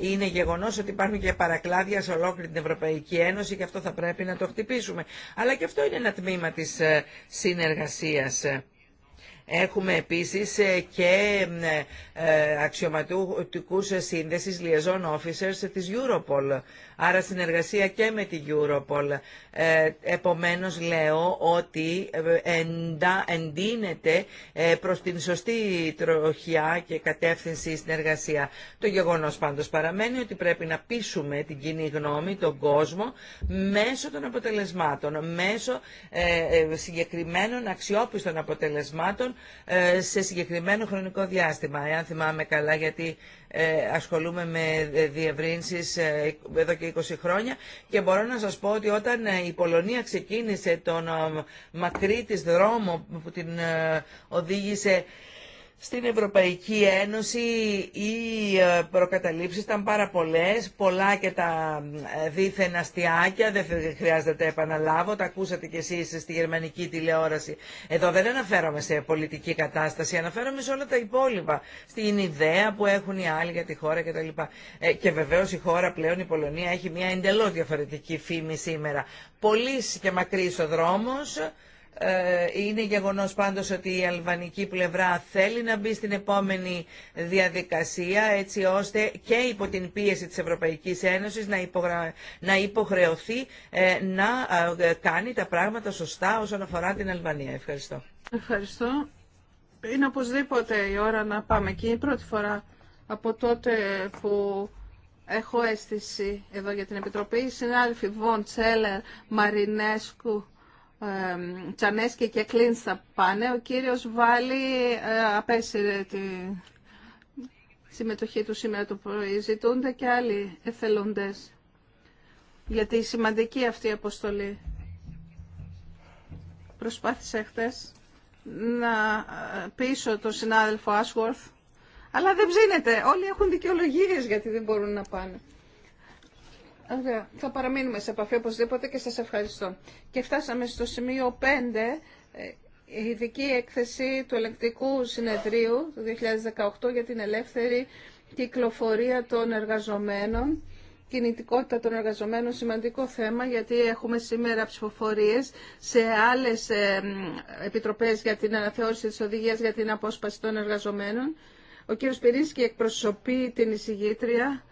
είναι γεγονός ότι υπάρχουν και παρακλάδια σε ολόκληρη την Ευρωπαϊκή Ένωση και αυτό θα πρέπει να το χτυπήσουμε. Αλλά και αυτό είναι ένα τμήμα της ε, συνεργασίας. Έχουμε επίσης ε, και ε, ε, αξιωματικούς σύνδεσης liaison officers της Europol άρα συνεργασία και με την Europol. Ε, επομένως λέω ότι ε, εντα, εντείνεται ε, προς την σωστή τροχιά και κατεύθυνση η συνεργασία. Το γεγονός πάντως παραμένει ότι πρέπει να πείσουμε την κοινή γνώμη, τον κόσμο, μέσω των αποτελεσμάτων, μέσω συγκεκριμένων αξιόπιστων αποτελεσμάτων σε συγκεκριμένο χρονικό διάστημα. Εάν θυμάμαι καλά, γιατί ε, ασχολούμαι με ε, διευρυνσει ε, εδώ και 20 χρόνια και μπορώ να σας πω ότι όταν η Πολωνία ξεκίνησε τον μακρύ της δρόμο που την οδήγησε στην Ευρωπαϊκή Ένωση οι ε, προκαταλήψεις ήταν πάρα πολλές, πολλά και τα ε, δίθεν αστιάκια, δεν χρειάζεται να τα επαναλάβω, τα ακούσατε κι εσείς στη γερμανική τηλεόραση. Εδώ δεν αναφέρομαι σε πολιτική κατάσταση, αναφέρομαι σε όλα τα υπόλοιπα, στην ιδέα που έχουν οι άλλοι για τη χώρα κτλ. Ε, και βεβαίως η χώρα πλέον, η Πολωνία, έχει μια εντελώς διαφορετική φήμη σήμερα. Πολύς και μακρύς ο δρόμος, ε, είναι γεγονός πάντως ότι η αλβανική πλευρά θέλει να μπει στην επόμενη διαδικασία έτσι ώστε και υπό την πίεση της Ευρωπαϊκής Ένωσης να υποχρεωθεί ε, να ε, κάνει τα πράγματα σωστά όσον αφορά την Αλβανία. Ευχαριστώ. Ευχαριστώ. Είναι οπωσδήποτε η ώρα να πάμε εκεί. Η πρώτη φορά από τότε που έχω αίσθηση εδώ για την Επιτροπή, οι συνάδελφοι Βον Μαρινέσκου, Τσανέσκι και κλίν θα πάνε. Ο κύριος Βάλλη ε, απέσυρε τη συμμετοχή του σήμερα το πρωί. Ζητούνται και άλλοι εθελοντές γιατί τη σημαντική αυτή αποστολή. προσπάθησε χτες να ε, πείσω τον συνάδελφο Άσουαρθ, αλλά δεν ψήνεται. Όλοι έχουν δικαιολογίες γιατί δεν μπορούν να πάνε. Θα παραμείνουμε σε επαφή οπωσδήποτε και σας ευχαριστώ. Και φτάσαμε στο σημείο 5, ε, η ειδική έκθεση του Ελεκτικού Συνεδρίου του 2018 για την ελεύθερη κυκλοφορία των εργαζομένων κινητικότητα των εργαζομένων σημαντικό θέμα γιατί έχουμε σήμερα ψηφοφορίες σε άλλες ε, επιτροπές για την αναθεώρηση της οδηγίας για την απόσπαση των εργαζομένων. Ο κύριος Πυρίνσκι εκπροσωπεί την εισηγήτρια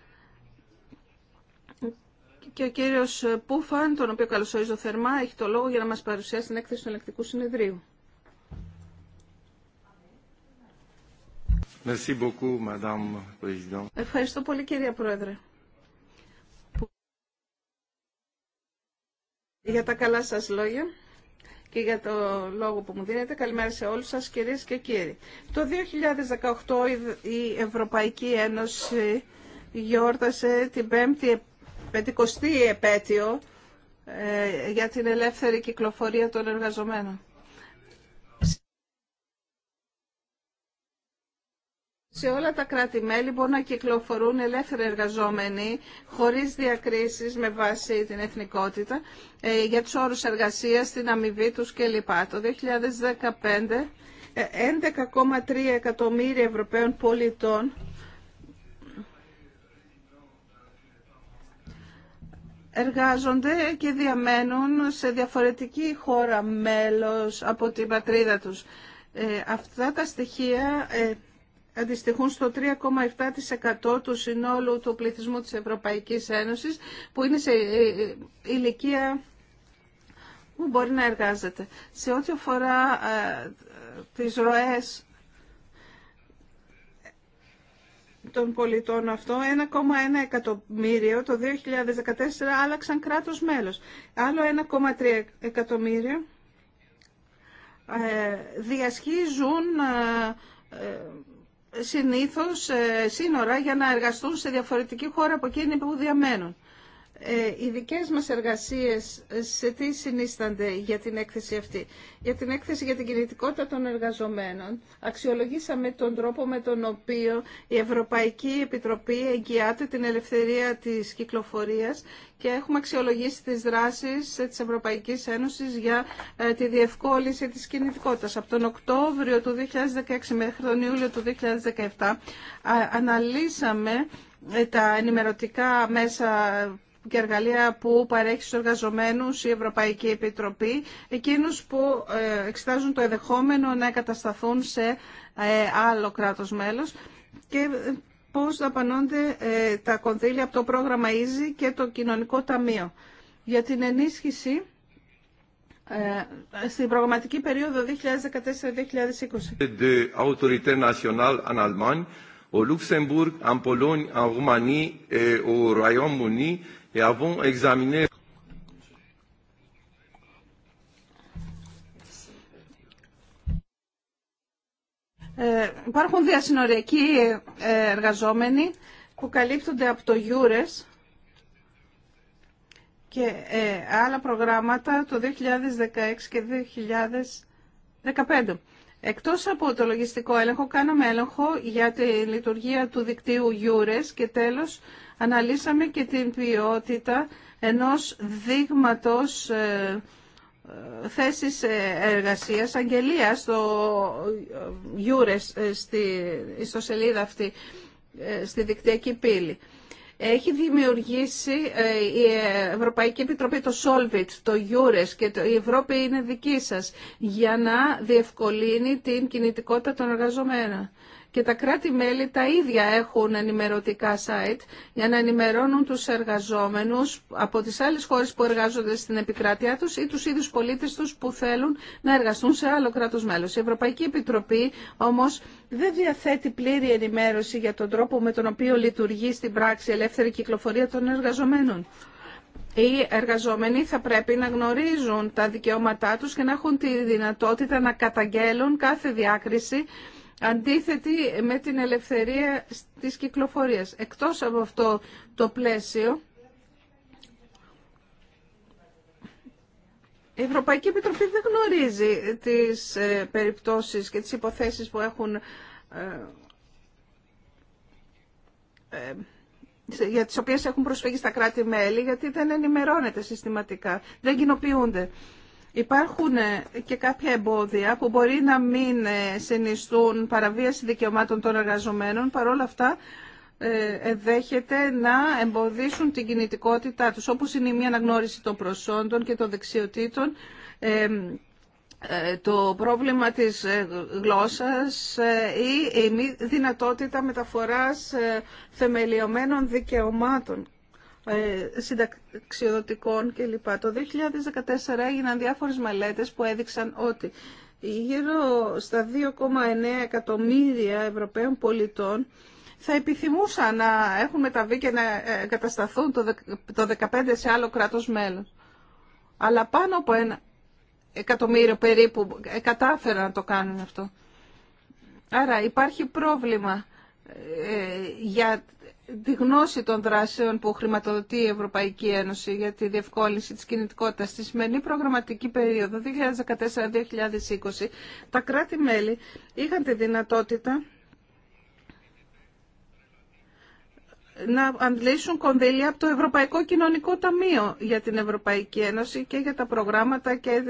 και ο κύριος Πούφαν, τον οποίο καλωσορίζω θερμά, έχει το λόγο για να μας παρουσιάσει την έκθεση του ελεκτικού συνεδρίου. Ευχαριστώ πολύ, κυρία Πρόεδρε. Για τα καλά σας λόγια και για το λόγο που μου δίνετε. Καλημέρα σε όλους σας, κυρίες και κύριοι. Το 2018 η Ευρωπαϊκή Ένωση γιόρτασε την πέμπτη πεντηκοστή επέτειο ε, για την ελεύθερη κυκλοφορία των εργαζομένων. Σε όλα τα κράτη-μέλη μπορούν να κυκλοφορούν ελεύθεροι εργαζόμενοι χωρίς διακρίσεις με βάση την εθνικότητα ε, για τους όρους εργασίας, την αμοιβή τους κλπ. Το 2015 11,3 ε, εκατομμύρια Ευρωπαίων πολιτών εργάζονται και διαμένουν σε διαφορετική χώρα μέλος από την πατρίδα τους. Ε, αυτά τα στοιχεία ε, αντιστοιχούν στο 3,7% του συνόλου του πληθυσμού της Ευρωπαϊκής Ένωσης που είναι σε ε, ηλικία που μπορεί να εργάζεται. Σε ό,τι αφορά τις ροές των πολιτών αυτό, 1,1 εκατομμύριο το 2014 άλλαξαν κράτος μέλος. Άλλο 1,3 εκατομμύριο ε, διασχίζουν ε, ε, συνήθως σύνορα για να εργαστούν σε διαφορετική χώρα από εκείνη που διαμένουν. Ε, οι δικές μας εργασίες ε, σε τι συνίστανται για την έκθεση αυτή. Για την έκθεση για την κινητικότητα των εργαζομένων αξιολογήσαμε τον τρόπο με τον οποίο η Ευρωπαϊκή Επιτροπή εγγυάται την ελευθερία της κυκλοφορίας και έχουμε αξιολογήσει τις δράσεις ε, της Ευρωπαϊκής Ένωσης για τη διευκόλυνση της κινητικότητας. Από τον Οκτώβριο του 2016 μέχρι τον Ιούλιο του 2017 αναλύσαμε τα ενημερωτικά μέσα και εργαλεία που παρέχει στους εργαζομένους η Ευρωπαϊκή Επιτροπή, εκείνους που ε, εξετάζουν το εδεχόμενο να εγκατασταθούν σε ε, άλλο κράτος μέλος και ε, πώς δαπανώνται τα κονδύλια από το πρόγραμμα EASY και το Κοινωνικό Ταμείο. Για την ενίσχυση στην προγραμματική περίοδο 2014-2020 et avons examiné ε, υπάρχουν διασυνοριακοί ε, εργαζόμενοι που καλύπτονται από το Γιούρες και ε, άλλα προγράμματα το 2016 και 2015. Εκτός από το λογιστικό έλεγχο, κάναμε έλεγχο για τη λειτουργία του δικτύου EURES και τέλος αναλύσαμε και την ποιότητα ενός δείγματος ε, ε, θέσης ε, εργασίας, αγγελίας στο EURES, στη σελίδα αυτή, στη δικτυακή πύλη έχει δημιουργήσει ε, η Ευρωπαϊκή Επιτροπή το Solvit, το Eures και το, η Ευρώπη είναι δική σας για να διευκολύνει την κινητικότητα των εργαζομένων και τα κράτη-μέλη τα ίδια έχουν ενημερωτικά site για να ενημερώνουν τους εργαζόμενους από τις άλλες χώρες που εργάζονται στην επικράτειά τους ή τους ίδιους πολίτες τους που θέλουν να εργαστούν σε άλλο κράτος μέλος. Η Ευρωπαϊκή Επιτροπή όμως δεν διαθέτει πλήρη ενημέρωση για τον τρόπο με τον οποίο λειτουργεί στην πράξη η ελεύθερη κυκλοφορία των εργαζομένων. Οι εργαζόμενοι θα πρέπει να γνωρίζουν τα δικαιώματά τους και να έχουν τη δυνατότητα να καταγγέλουν κάθε διάκριση αντίθετη με την ελευθερία της κυκλοφορίας. Εκτός από αυτό το πλαίσιο, η Ευρωπαϊκή Επιτροπή δεν γνωρίζει τις ε, περιπτώσεις και τις υποθέσεις που έχουν ε, ε, για τις οποίες έχουν προσφύγει στα κράτη-μέλη, γιατί δεν ενημερώνεται συστηματικά, δεν κοινοποιούνται. Υπάρχουν ε, και κάποια εμπόδια που μπορεί να μην ε, συνιστούν παραβίαση δικαιωμάτων των εργαζομένων, παρόλα αυτά ε, δέχεται να εμποδίσουν την κινητικότητά τους, όπως είναι η μη αναγνώριση των προσόντων και των δεξιοτήτων, το πρόβλημα της γλώσσας ή η μη δυνατότητα μεταφοράς θεμελιωμένων δικαιωμάτων ε, συνταξιοδοτικών κλπ. Το 2014 έγιναν διάφορες μελέτες που έδειξαν ότι γύρω στα 2,9 εκατομμύρια Ευρωπαίων πολιτών θα επιθυμούσαν να έχουν μεταβεί και να κατασταθούν το 2015 σε άλλο κράτος μέλος. Αλλά πάνω από ένα εκατομμύριο περίπου κατάφεραν να το κάνουν αυτό. Άρα υπάρχει πρόβλημα ε, για τη γνώση των δράσεων που χρηματοδοτεί η Ευρωπαϊκή Ένωση για τη διευκόλυνση της κινητικότητας στη σημερινή προγραμματική περίοδο 2014-2020 τα κράτη-μέλη είχαν τη δυνατότητα να αντλήσουν κονδύλια από το Ευρωπαϊκό Κοινωνικό Ταμείο για την Ευρωπαϊκή Ένωση και για τα προγράμματα και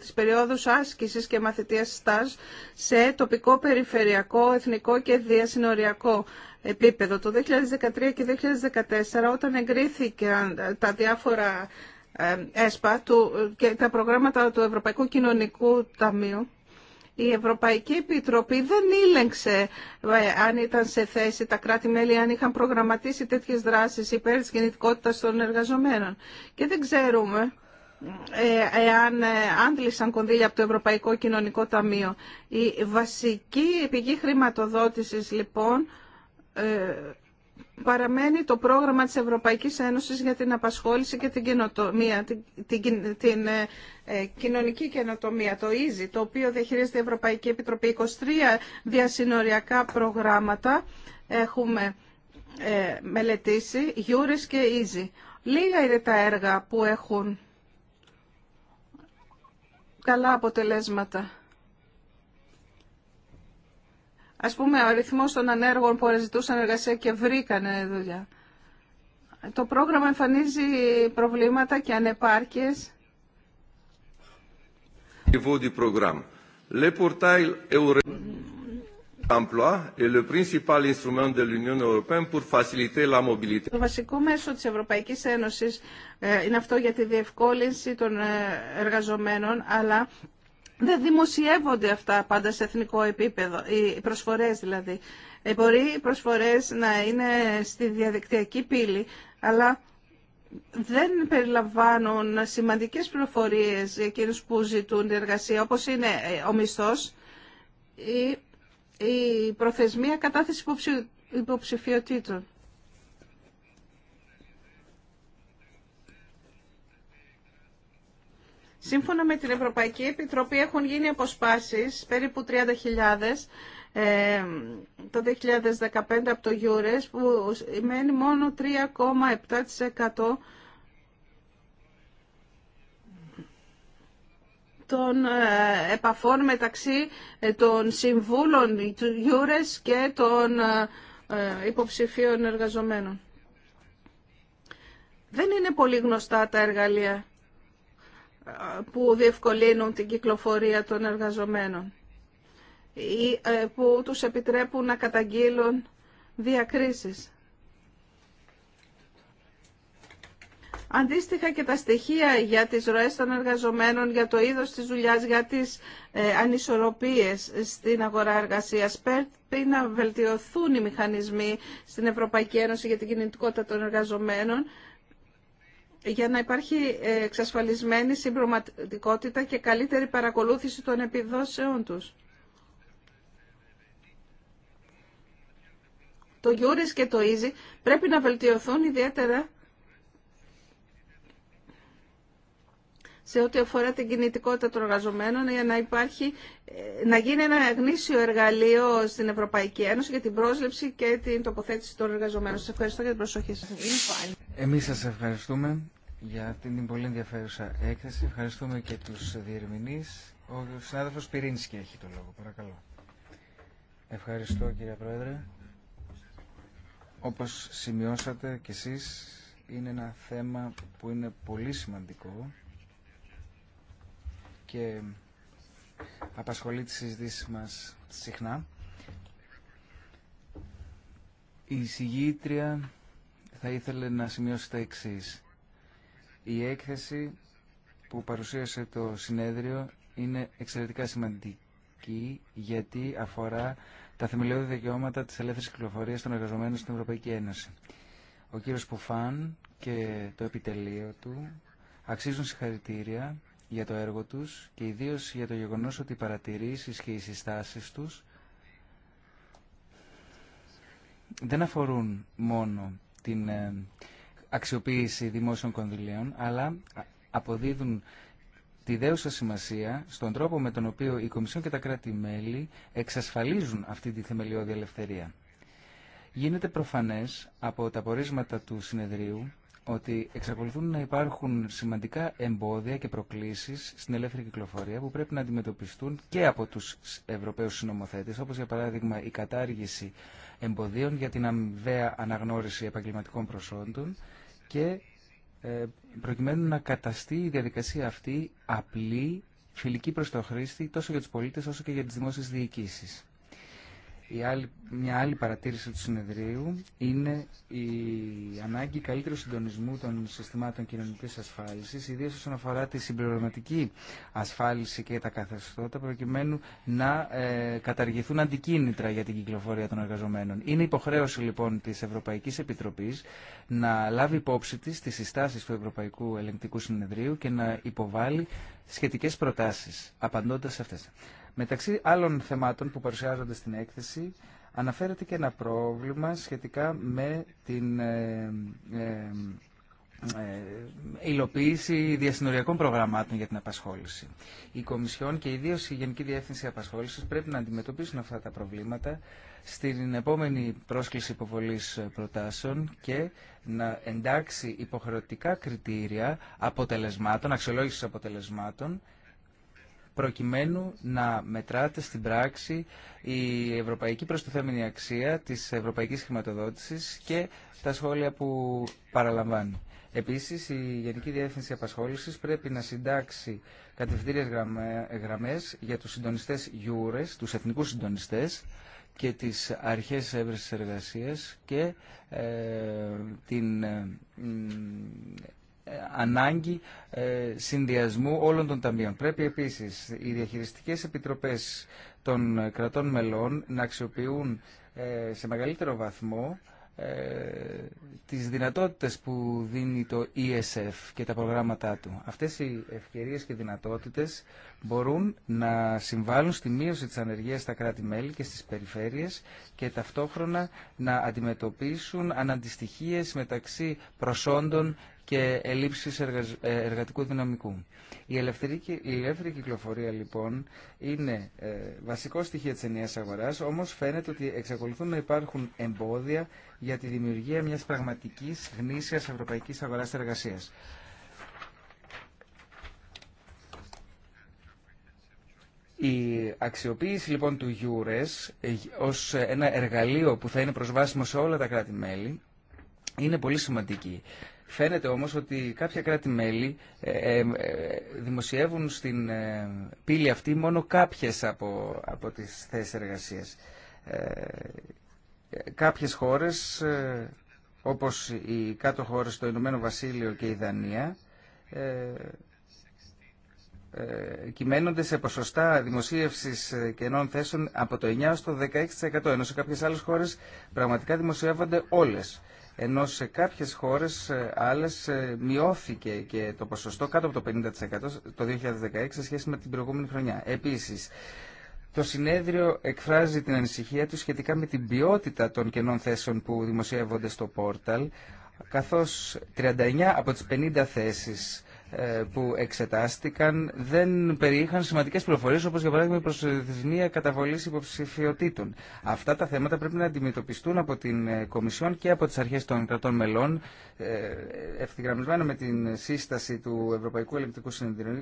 τις περιόδους άσκησης και μαθητείας στάζ σε τοπικό, περιφερειακό, εθνικό και διασυνοριακό επίπεδο. Το 2013 και 2014 όταν εγκρίθηκαν τα διάφορα ε, ΕΣΠΑ και τα προγράμματα του Ευρωπαϊκού Κοινωνικού Ταμείου, η Ευρωπαϊκή Επιτροπή δεν ήλεγξε ε, αν ήταν σε θέση τα κράτη-μέλη, αν είχαν προγραμματίσει τέτοιες δράσεις υπέρ της κινητικότητας των εργαζομένων. Και δεν ξέρουμε ε, εάν άντλησαν κονδύλια από το Ευρωπαϊκό Κοινωνικό Ταμείο. Η βασική πηγή χρηματοδότησης λοιπόν ε, παραμένει το πρόγραμμα της Ευρωπαϊκής Ένωσης για την απασχόληση και την, την, την, την ε, ε, κοινωνική καινοτομία, το EASY, το οποίο διαχειρίζεται η Ευρωπαϊκή Επιτροπή. 23 διασυνοριακά προγράμματα έχουμε μελετήσει, Γιούρες και EASY. Λίγα είναι τα έργα που έχουν καλά αποτελέσματα. Ας πούμε, ο αριθμός των ανέργων που αναζητούσαν εργασία και βρήκαν δουλειά. Το πρόγραμμα εμφανίζει προβλήματα και ανεπάρκειες. Το βασικό μέσο της Ευρωπαϊκής Ένωσης ε, είναι αυτό για τη διευκόλυνση των ε, εργαζομένων, αλλά δεν δημοσιεύονται αυτά πάντα σε εθνικό επίπεδο, οι προσφορές δηλαδή. Ε, μπορεί οι προσφορές να είναι στη διαδικτυακή πύλη, αλλά δεν περιλαμβάνουν σημαντικές πληροφορίες για εκείνους που ζητούν εργασία, όπως είναι ε, ο μισθός ή η προθεσμία κατάθεση υποψηφιοτήτων. Σύμφωνα με την Ευρωπαϊκή Επιτροπή έχουν γίνει αποσπάσεις περίπου 30.000 ε, το 2015 από το Γιούρες που σημαίνει μόνο 3,7% των ε, επαφών μεταξύ ε, των συμβούλων του Γιούρες και των υποψηφίων εργαζομένων. Δεν είναι πολύ γνωστά τα εργαλεία που διευκολύνουν την κυκλοφορία των εργαζομένων ή ε, που τους επιτρέπουν να καταγγείλουν διακρίσεις. Αντίστοιχα και τα στοιχεία για τις ροές των εργαζομένων, για το είδος της δουλειάς, για τις ε, ανισορροπίες στην αγορά εργασίας. Πρέπει να βελτιωθούν οι μηχανισμοί στην Ευρωπαϊκή Ένωση για την κινητικότητα των εργαζομένων για να υπάρχει εξασφαλισμένη συμπροματικότητα και καλύτερη παρακολούθηση των επιδόσεών τους. Το Γιούρις και το Ίζι πρέπει να βελτιωθούν ιδιαίτερα σε ό,τι αφορά την κινητικότητα των εργαζομένων για να, υπάρχει, ε, να γίνει ένα γνήσιο εργαλείο στην Ευρωπαϊκή Ένωση για την πρόσληψη και την τοποθέτηση των εργαζομένων. Σας ευχαριστώ για την προσοχή σας. Εμείς σας ευχαριστούμε για την πολύ ενδιαφέρουσα έκθεση. Ευχαριστούμε και τους διερμηνείς. Ο συνάδελφος Πυρίνσκι έχει το λόγο. Παρακαλώ. Ευχαριστώ κύριε Πρόεδρε. Όπως σημειώσατε κι εσείς, είναι ένα θέμα που είναι πολύ σημαντικό και απασχολεί τις συζητήσεις μας συχνά. Η συγγήτρια θα ήθελε να σημειώσει τα εξής. Η έκθεση που παρουσίασε το συνέδριο είναι εξαιρετικά σημαντική γιατί αφορά τα θεμελιώδη δικαιώματα της ελεύθερης κυκλοφορίας των εργαζομένων στην Ευρωπαϊκή Ένωση. Ο κύριος Πουφάν και το επιτελείο του αξίζουν συγχαρητήρια για το έργο τους και ιδίως για το γεγονός ότι οι παρατηρήσεις και οι συστάσεις τους δεν αφορούν μόνο την ε, αξιοποίηση δημόσιων κονδυλίων, αλλά αποδίδουν τη δέουσα σημασία στον τρόπο με τον οποίο η Κομισιόν και τα κράτη-μέλη εξασφαλίζουν αυτή τη θεμελιώδη ελευθερία. Γίνεται προφανές από τα πορίσματα του συνεδρίου ότι εξακολουθούν να υπάρχουν σημαντικά εμπόδια και προκλήσεις στην ελεύθερη κυκλοφορία που πρέπει να αντιμετωπιστούν και από τους Ευρωπαίους συνομοθέτες, όπως για παράδειγμα η κατάργηση εμποδίων για την αμοιβαία αναγνώριση επαγγελματικών προσόντων, και ε, προκειμένου να καταστεί η διαδικασία αυτή απλή, φιλική προς το χρήστη, τόσο για τους πολίτες όσο και για τις δημόσιες διοικήσεις η άλλη, μια άλλη παρατήρηση του συνεδρίου είναι η ανάγκη καλύτερου συντονισμού των συστημάτων κοινωνικής ασφάλισης, ιδίω όσον αφορά τη συμπληρωματική ασφάλιση και τα καθεστώτα, προκειμένου να ε, καταργηθούν αντικίνητρα για την κυκλοφορία των εργαζομένων. Είναι υποχρέωση λοιπόν της Ευρωπαϊκής Επιτροπής να λάβει υπόψη της τις συστάσεις του Ευρωπαϊκού Ελεγκτικού Συνεδρίου και να υποβάλει σχετικές προτάσεις, απαντώντας σε αυτές. Μεταξύ άλλων θεμάτων που παρουσιάζονται στην έκθεση αναφέρεται και ένα πρόβλημα σχετικά με την ε, ε, ε υλοποίηση διασυνοριακών προγραμμάτων για την απασχόληση. Η Κομισιόν και ιδίω η Γενική Διεύθυνση Απασχόληση πρέπει να αντιμετωπίσουν αυτά τα προβλήματα στην επόμενη πρόσκληση υποβολή προτάσεων και να εντάξει υποχρεωτικά κριτήρια αποτελεσμάτων, αξιολόγηση αποτελεσμάτων προκειμένου να μετράτε στην πράξη η ευρωπαϊκή προστιθέμενη αξία της ευρωπαϊκής χρηματοδότησης και τα σχόλια που παραλαμβάνει. Επίσης, η Γενική Διεύθυνση Απασχόλησης πρέπει να συντάξει κατευθύντριες γραμμές για τους συντονιστές γιούρες, τους εθνικούς συντονιστές, και τις αρχές έβρεσης εργασίας και ε, την ε, ανάγκη ε, συνδυασμού όλων των ταμείων. Πρέπει επίσης οι διαχειριστικές επιτροπές των κρατών μελών να αξιοποιούν ε, σε μεγαλύτερο βαθμό ε, τις δυνατότητες που δίνει το ESF και τα προγράμματά του. Αυτές οι ευκαιρίες και δυνατότητες μπορούν να συμβάλλουν στη μείωση της ανεργίας στα κράτη-μέλη και στις περιφέρειες και ταυτόχρονα να αντιμετωπίσουν αναντιστοιχίες μεταξύ προσόντων και ελλείψεις ε, εργατικού δυναμικού. Η ελεύθερη, η ελεύθερη κυκλοφορία λοιπόν είναι ε, βασικό στοιχείο της ενιαία αγοράς, όμω φαίνεται ότι εξακολουθούν να υπάρχουν εμπόδια για τη δημιουργία μιας πραγματικής γνήσιας ευρωπαϊκής αγοράς εργασία. Η αξιοποίηση λοιπόν του EURES ε, ως ένα εργαλείο που θα είναι προσβάσιμο σε όλα τα κράτη-μέλη είναι πολύ σημαντική Φαίνεται όμως ότι κάποια κράτη-μέλη ε, ε, ε, δημοσιεύουν στην πύλη αυτή μόνο κάποιες από, από τις θέσεις εργασίας. Κάποιες χώρες, όπως οι κάτω χώρες, το Ηνωμένο Βασίλειο και η Δανία, κυμαίνονται σε ποσοστά δημοσίευσης κενών θέσεων από το 9% στο 16%, ενώ σε κάποιες άλλες χώρες πραγματικά δημοσιεύονται όλες ενώ σε κάποιες χώρες ε, άλλες ε, μειώθηκε και το ποσοστό κάτω από το 50% το 2016 σε σχέση με την προηγούμενη χρονιά. Επίσης, το συνέδριο εκφράζει την ανησυχία του σχετικά με την ποιότητα των κενών θέσεων που δημοσιεύονται στο πόρταλ, καθώς 39 από τις 50 θέσεις ε, που εξετάστηκαν δεν περιείχαν σημαντικέ πληροφορίε όπω για παράδειγμα η προσωρινή καταβολή υποψηφιωτήτων. Αυτά τα θέματα πρέπει να αντιμετωπιστούν από την ε, Κομισιόν και από τι αρχέ των κρατών μελών ε, ευθυγραμμισμένα με την σύσταση του Ευρωπαϊκού Ελεκτικού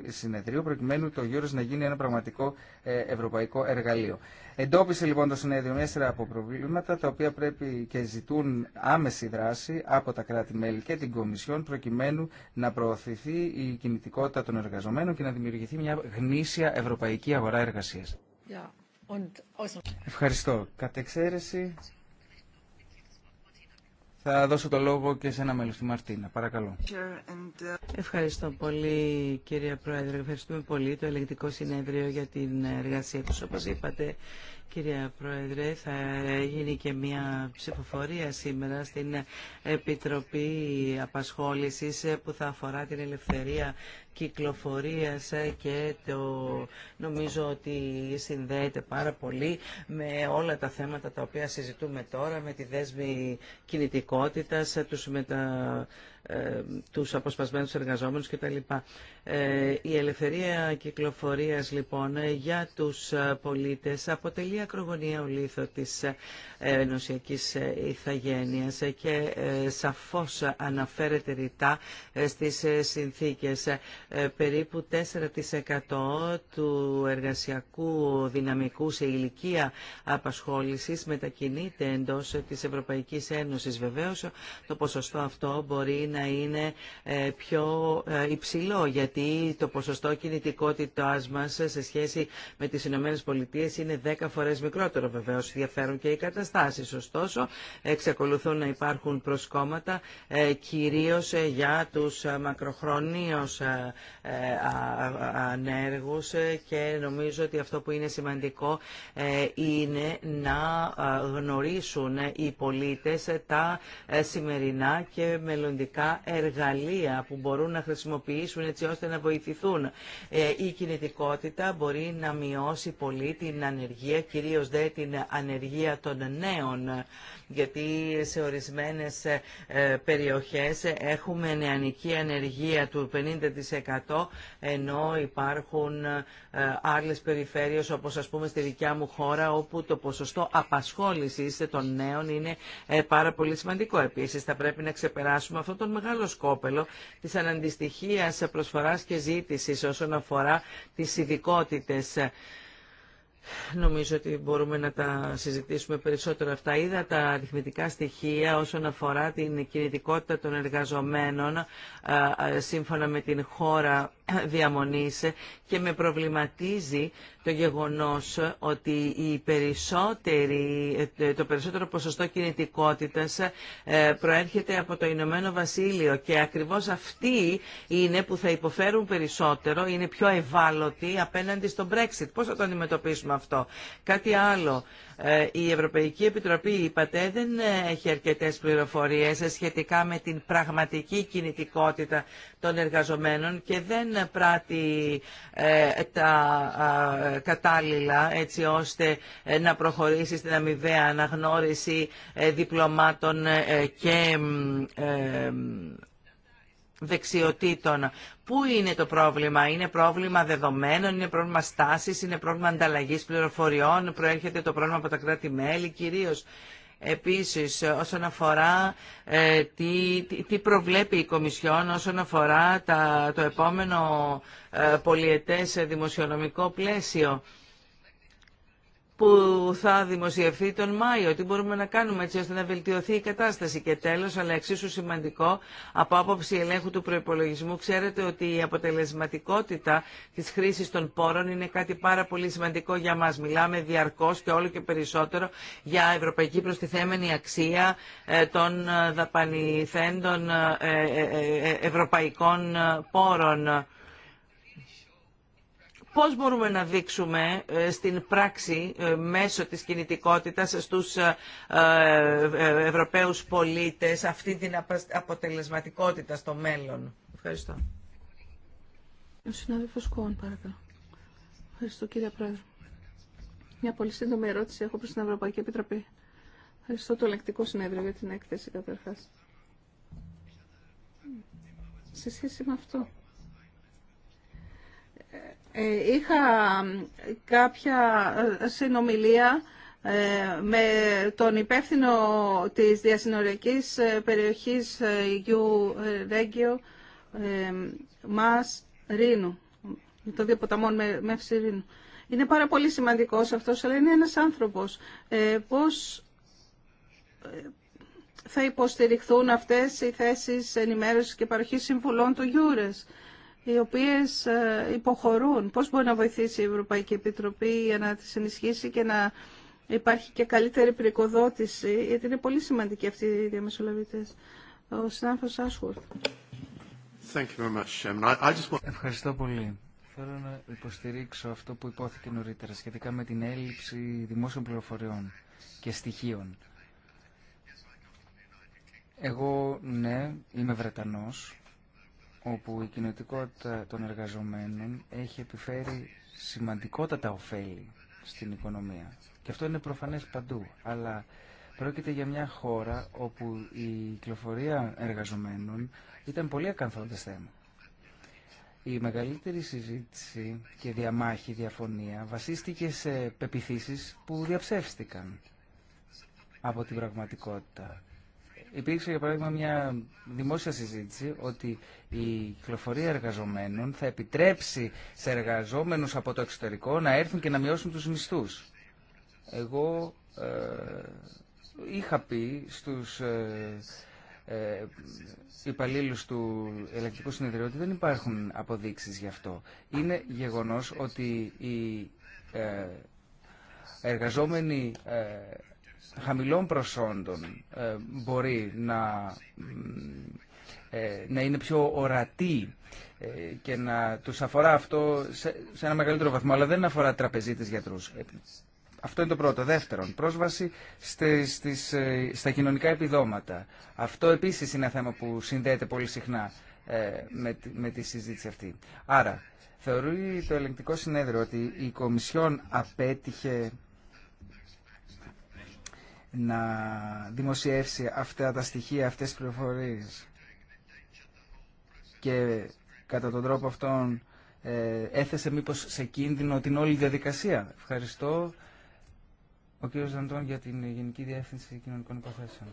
Συνεδρίου προκειμένου το γύρω να γίνει ένα πραγματικό ευρωπαϊκό εργαλείο. Εντόπισε λοιπόν το συνέδριο μέσα από προβλήματα τα οποία πρέπει και ζητούν άμεση δράση από τα κράτη-μέλη και την Κομισιόν προκειμένου να προωθηθεί η κινητικότητα των εργαζομένων και να δημιουργηθεί μια γνήσια ευρωπαϊκή αγορά εργασίας. Ευχαριστώ. Κατ' εξαίρεση θα δώσω το λόγο και σε ένα μέλος του Μαρτίνα. Παρακαλώ. Ευχαριστώ πολύ κύριε Πρόεδρε. Ευχαριστούμε πολύ το ελεγκτικό συνέδριο για την εργασία τους. Όπως είπατε Κύριε Πρόεδρε, θα γίνει και μια ψηφοφορία σήμερα στην Επιτροπή Απασχόλησης που θα αφορά την ελευθερία κυκλοφορίας και το νομίζω ότι συνδέεται πάρα πολύ με όλα τα θέματα τα οποία συζητούμε τώρα, με τη δέσμη κινητικότητας, τους μετα ε, τους αποσπασμένους εργαζόμενους κτλ. Ε, η ελευθερία κυκλοφορίας λοιπόν ε, για τους πολίτες αποτελεί ακρογωνία ολίθο της ενωσιακής ηθαγένειας και σαφώς αναφέρεται ρητά στις συνθήκες. Περίπου 4% του εργασιακού δυναμικού σε ηλικία απασχόλησης μετακινείται εντός της Ευρωπαϊκής Ένωσης. Βεβαίως το ποσοστό αυτό μπορεί να είναι ε, πιο ε, υψηλό γιατί το ποσοστό κινητικότητάς μας σε σχέση με τις Ηνωμένες Πολιτείες είναι 10 φορές μικρότερο βεβαίως διαφέρουν και οι καταστάσεις. Ωστόσο εξακολουθούν να υπάρχουν προσκόμματα ε, κυρίως για τους μακροχρόνιους ανέργους και νομίζω ότι αυτό που είναι σημαντικό είναι να γνωρίσουν οι πολίτες τα σημερινά και μελλοντικά εργαλεία που μπορούν να χρησιμοποιήσουν έτσι ώστε να βοηθηθούν. Ε, η κινητικότητα μπορεί να μειώσει πολύ την ανεργία, κυρίως δε την ανεργία των νέων γιατί σε ορισμένες ε, περιοχές έχουμε νεανική ανεργία του 50% ενώ υπάρχουν ε, άλλες περιφέρειες όπως ας πούμε στη δικιά μου χώρα όπου το ποσοστό απασχόλησης των νέων είναι ε, πάρα πολύ σημαντικό. Επίσης θα πρέπει να ξεπεράσουμε αυτόν τον μεγάλο σκόπελο της αναντιστοιχίας προσφοράς και ζήτησης όσον αφορά τις ειδικότητε Νομίζω ότι μπορούμε να τα συζητήσουμε περισσότερο αυτά. Είδα τα αριθμητικά στοιχεία όσον αφορά την κινητικότητα των εργαζομένων ε, ε, σύμφωνα με την χώρα και με προβληματίζει το γεγονός ότι η περισσότερη το περισσότερο ποσοστό κινητικότητας ε, προέρχεται από το Ηνωμένο Βασίλειο και ακριβώς αυτοί είναι που θα υποφέρουν περισσότερο, είναι πιο ευάλωτοι απέναντι στο Brexit. Πώς θα το αντιμετωπίσουμε αυτό. Κάτι άλλο. Ε, η Ευρωπαϊκή Επιτροπή, είπατε, δεν έχει αρκετές πληροφορίες σχετικά με την πραγματική κινητικότητα των εργαζομένων και δεν πράττει ε, τα κατάλληλα έτσι ώστε ε, να προχωρήσει στην αμοιβαία αναγνώριση διπλωμάτων και δεξιοτήτων. Πού είναι το πρόβλημα. Είναι πρόβλημα δεδομένων, είναι πρόβλημα στάσης, είναι πρόβλημα ανταλλαγής πληροφοριών, προέρχεται το πρόβλημα από τα κράτη-μέλη κυρίως. Επίσης, όσον αφορά ε, τι, τι, προβλέπει η Κομισιόν όσον αφορά τα, το επόμενο ε, πολιετές δημοσιονομικό πλαίσιο που θα δημοσιευθεί τον Μάιο, τι μπορούμε να κάνουμε έτσι ώστε να βελτιωθεί η κατάσταση. Και τέλο, αλλά εξίσου σημαντικό, από άποψη ελέγχου του προπολογισμού, ξέρετε ότι η αποτελεσματικότητα της χρήση των πόρων είναι κάτι πάρα πολύ σημαντικό για μας. Μιλάμε διαρκώ και όλο και περισσότερο για ευρωπαϊκή προστιθέμενη αξία ε, των ε, δαπανηθέντων ε, ευρωπαϊκών πόρων πώς μπορούμε να δείξουμε ε, στην πράξη ε, μέσω της κινητικότητας στους ε, Ευρωπαίους πολίτες αυτή την αποτελεσματικότητα στο μέλλον. Ευχαριστώ. Ο συνάδελφος Κόν, παρακαλώ. Ευχαριστώ κύριε Πρόεδρε. Μια πολύ σύντομη ερώτηση έχω προς την Ευρωπαϊκή Επιτροπή. Ευχαριστώ το ελεκτικό συνέδριο για την έκθεση καταρχάς. Σε σχέση με αυτό, ε, είχα κάποια ε, συνομιλία ε, με τον υπεύθυνο της διασυνοριακής περιοχής Γιου Ρέγγιο Μας Ρήνου, το δύο ποταμών με Ρήνου. Είναι πάρα πολύ σημαντικός αυτός, αλλά είναι ένας άνθρωπος. Πώς θα υποστηριχθούν αυτές οι θέσεις ενημέρωσης και παροχής συμβουλών του Γιούρες οι οποίες ε, υποχωρούν. Πώς μπορεί να βοηθήσει η Ευρωπαϊκή Επιτροπή για να τις ενισχύσει και να υπάρχει και καλύτερη πρικοδότηση, γιατί είναι πολύ σημαντική αυτή οι διαμεσολαβητές. Ο συνάδελφος Άσχουρτ. Ευχαριστώ πολύ. Θέλω να υποστηρίξω αυτό που υπόθηκε νωρίτερα σχετικά με την έλλειψη δημόσιων πληροφοριών και στοιχείων. Εγώ, ναι, είμαι Βρετανός όπου η κοινωτικότητα των εργαζομένων έχει επιφέρει σημαντικότατα ωφέλη στην οικονομία. Και αυτό είναι προφανές παντού, αλλά πρόκειται για μια χώρα όπου η κυκλοφορία εργαζομένων ήταν πολύ ακαθόντες θέμα. Η μεγαλύτερη συζήτηση και διαμάχη, διαφωνία βασίστηκε σε πεπιθήσεις που διαψεύστηκαν από την πραγματικότητα υπήρξε για παράδειγμα μια δημόσια συζήτηση ότι η κυκλοφορία εργαζομένων θα επιτρέψει σε εργαζόμενους από το εξωτερικό να έρθουν και να μειώσουν τους μισθούς. Εγώ ε, είχα πει στους ε, ε υπαλλήλου του ελεκτικού συνεδρίου ότι δεν υπάρχουν αποδείξεις γι' αυτό. Είναι γεγονός ότι οι ε, εργαζόμενοι ε, χαμηλών προσόντων ε, μπορεί να, ε, να είναι πιο ορατή ε, και να τους αφορά αυτό σε ένα μεγαλύτερο βαθμό, αλλά δεν αφορά τραπεζίτες γιατρούς. Αυτό είναι το πρώτο. Δεύτερον, πρόσβαση στις, στις, στα κοινωνικά επιδόματα. Αυτό επίσης είναι ένα θέμα που συνδέεται πολύ συχνά με, με τη συζήτηση αυτή. Άρα, θεωρεί το ελεγκτικό συνέδριο ότι η Κομισιόν απέτυχε να δημοσιεύσει αυτά τα στοιχεία, αυτές τις πληροφορίες και κατά τον τρόπο αυτόν ε, έθεσε μήπως σε κίνδυνο την όλη διαδικασία. Ευχαριστώ ο κύριος Ζαντών για την Γενική Διεύθυνση Κοινωνικών Υποθέσεων.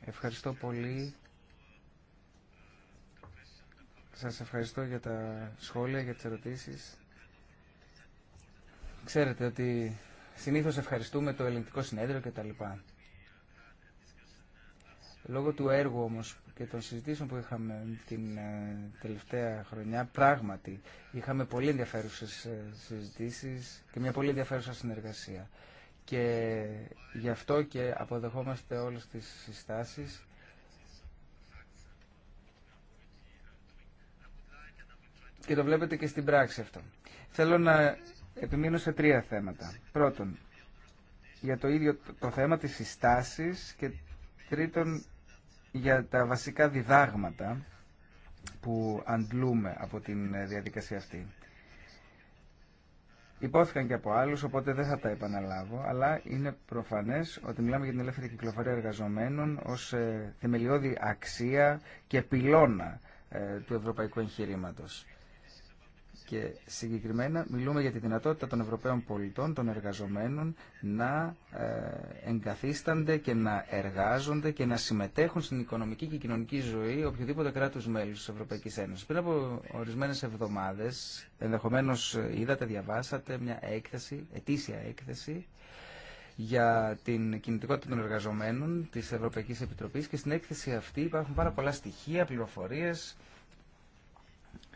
Ευχαριστώ πολύ. Σας ευχαριστώ για τα σχόλια, για τις ερωτήσεις. Ξέρετε ότι Συνήθως ευχαριστούμε το ελληνικό συνέδριο λοιπά. Λόγω του έργου όμως και των συζητήσεων που είχαμε την ε, τελευταία χρονιά, πράγματι είχαμε πολύ ενδιαφέρουσες ε, συζητήσεις και μια πολύ ενδιαφέρουσα συνεργασία. Και γι' αυτό και αποδεχόμαστε όλες τις συστάσεις και το βλέπετε και στην πράξη αυτό. Θέλω να επιμείνω σε τρία θέματα. Πρώτον, για το ίδιο το θέμα της συστάσεις και τρίτον, για τα βασικά διδάγματα που αντλούμε από την ε, διαδικασία αυτή. Υπόθηκαν και από άλλους, οπότε δεν θα τα επαναλάβω, αλλά είναι προφανές ότι μιλάμε για την ελεύθερη κυκλοφορία εργαζομένων ως ε, θεμελιώδη αξία και πυλώνα ε, του ευρωπαϊκού εγχειρήματος. Και συγκεκριμένα μιλούμε για τη δυνατότητα των Ευρωπαίων πολιτών, των εργαζομένων, να ε, εγκαθίστανται και να εργάζονται και να συμμετέχουν στην οικονομική και κοινωνική ζωή οποιοδήποτε κράτους μέλους της Ευρωπαϊκής Ένωσης. Πριν από ορισμένες εβδομάδες, ενδεχομένως ε, είδατε, διαβάσατε μια έκθεση, ετήσια έκθεση, για την κινητικότητα των εργαζομένων της Ευρωπαϊκής Επιτροπής και στην έκθεση αυτή υπάρχουν πάρα πολλά στοιχεία, πληροφορίες,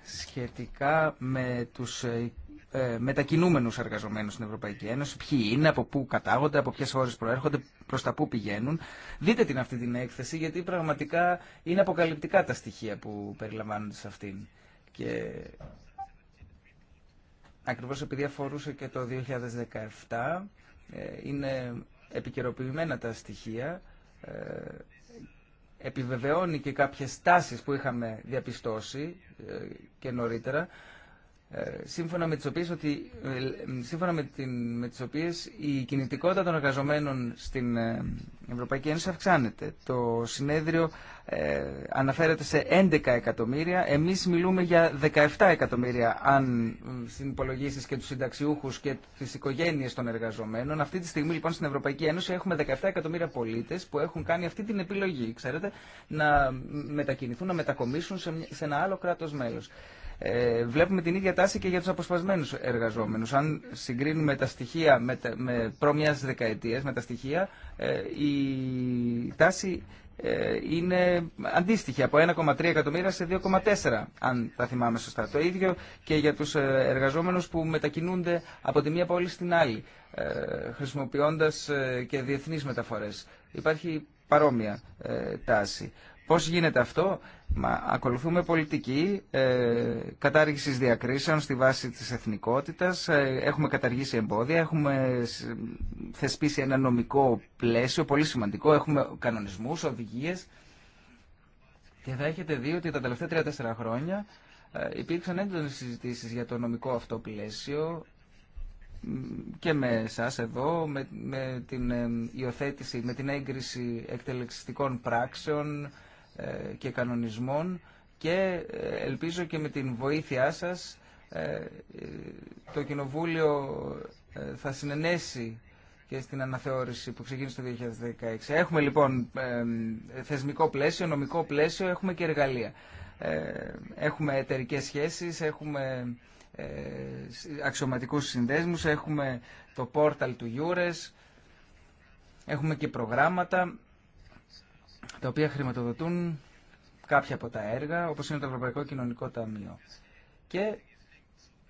σχετικά με τους ε, ε, μετακινούμενους εργαζομένους στην Ευρωπαϊκή Ένωση, ποιοι είναι, από πού κατάγονται, από ποιες χώρες προέρχονται, προς τα πού πηγαίνουν. Δείτε την αυτή την έκθεση γιατί πραγματικά είναι αποκαλυπτικά τα στοιχεία που περιλαμβάνονται σε αυτήν. Και ακριβώς επειδή αφορούσε και το 2017, ε, είναι επικαιροποιημένα τα στοιχεία επιβεβαιώνει και κάποιες τάσεις που είχαμε διαπιστώσει ε, και νωρίτερα ε, σύμφωνα με τις οποίες, ότι, ε, σύμφωνα με, την, με η κινητικότητα των εργαζομένων στην ε, Ευρωπαϊκή Ένωση αυξάνεται. Το συνέδριο αναφέρεται σε 11 εκατομμύρια, εμείς μιλούμε για 17 εκατομμύρια αν συνυπολογίσεις και τους συνταξιούχους και τις οικογένειες των εργαζομένων. Αυτή τη στιγμή λοιπόν στην Ευρωπαϊκή Ένωση έχουμε 17 εκατομμύρια πολίτες που έχουν κάνει αυτή την επιλογή, ξέρετε, να μετακινηθούν, να μετακομίσουν σε, σε ένα άλλο κράτος μέλος. Ε, βλέπουμε την ίδια τάση και για τους αποσπασμένους εργαζόμενους. Αν συγκρίνουμε τα στοιχεία με, με δεκαετίες, με τα στοιχεία, ε, η τάση ε, είναι αντίστοιχη από 1,3 εκατομμύρια σε 2,4 αν τα θυμάμαι σωστά. Το ίδιο και για τους εργαζόμενους που μετακινούνται από τη μία πόλη στην άλλη χρησιμοποιώντας και διεθνείς μεταφορές. Υπάρχει παρόμοια τάση. Πώς γίνεται αυτό Μα ακολουθούμε πολιτική ε, διακρίσεων στη βάση της εθνικότητας, ε, έχουμε καταργήσει εμπόδια, έχουμε θεσπίσει ένα νομικό πλαίσιο, πολύ σημαντικό, έχουμε κανονισμούς, οδηγίες και θα έχετε δει ότι τα τελευταία 3-4 χρόνια ε, υπήρξαν έντονες συζητήσεις για το νομικό αυτό πλαίσιο και με εσά εδώ, με, την ε, υιοθέτηση, με την έγκριση εκτελεξιστικών πράξεων, ε, και κανονισμών και ε, ελπίζω και με την βοήθειά σας ε, το Κοινοβούλιο θα συνενέσει και στην αναθεώρηση που ξεκίνησε το 2016. Έχουμε λοιπόν θεσμικό πλαίσιο, νομικό πλαίσιο, έχουμε και εργαλεία. Έχουμε εταιρικέ σχέσεις, έχουμε αξιωματικούς συνδέσμους, έχουμε το πόρταλ του Γιούρες έχουμε και προγράμματα τα οποία χρηματοδοτούν κάποια από τα έργα, όπως είναι το Ευρωπαϊκό Κοινωνικό Ταμείο. Και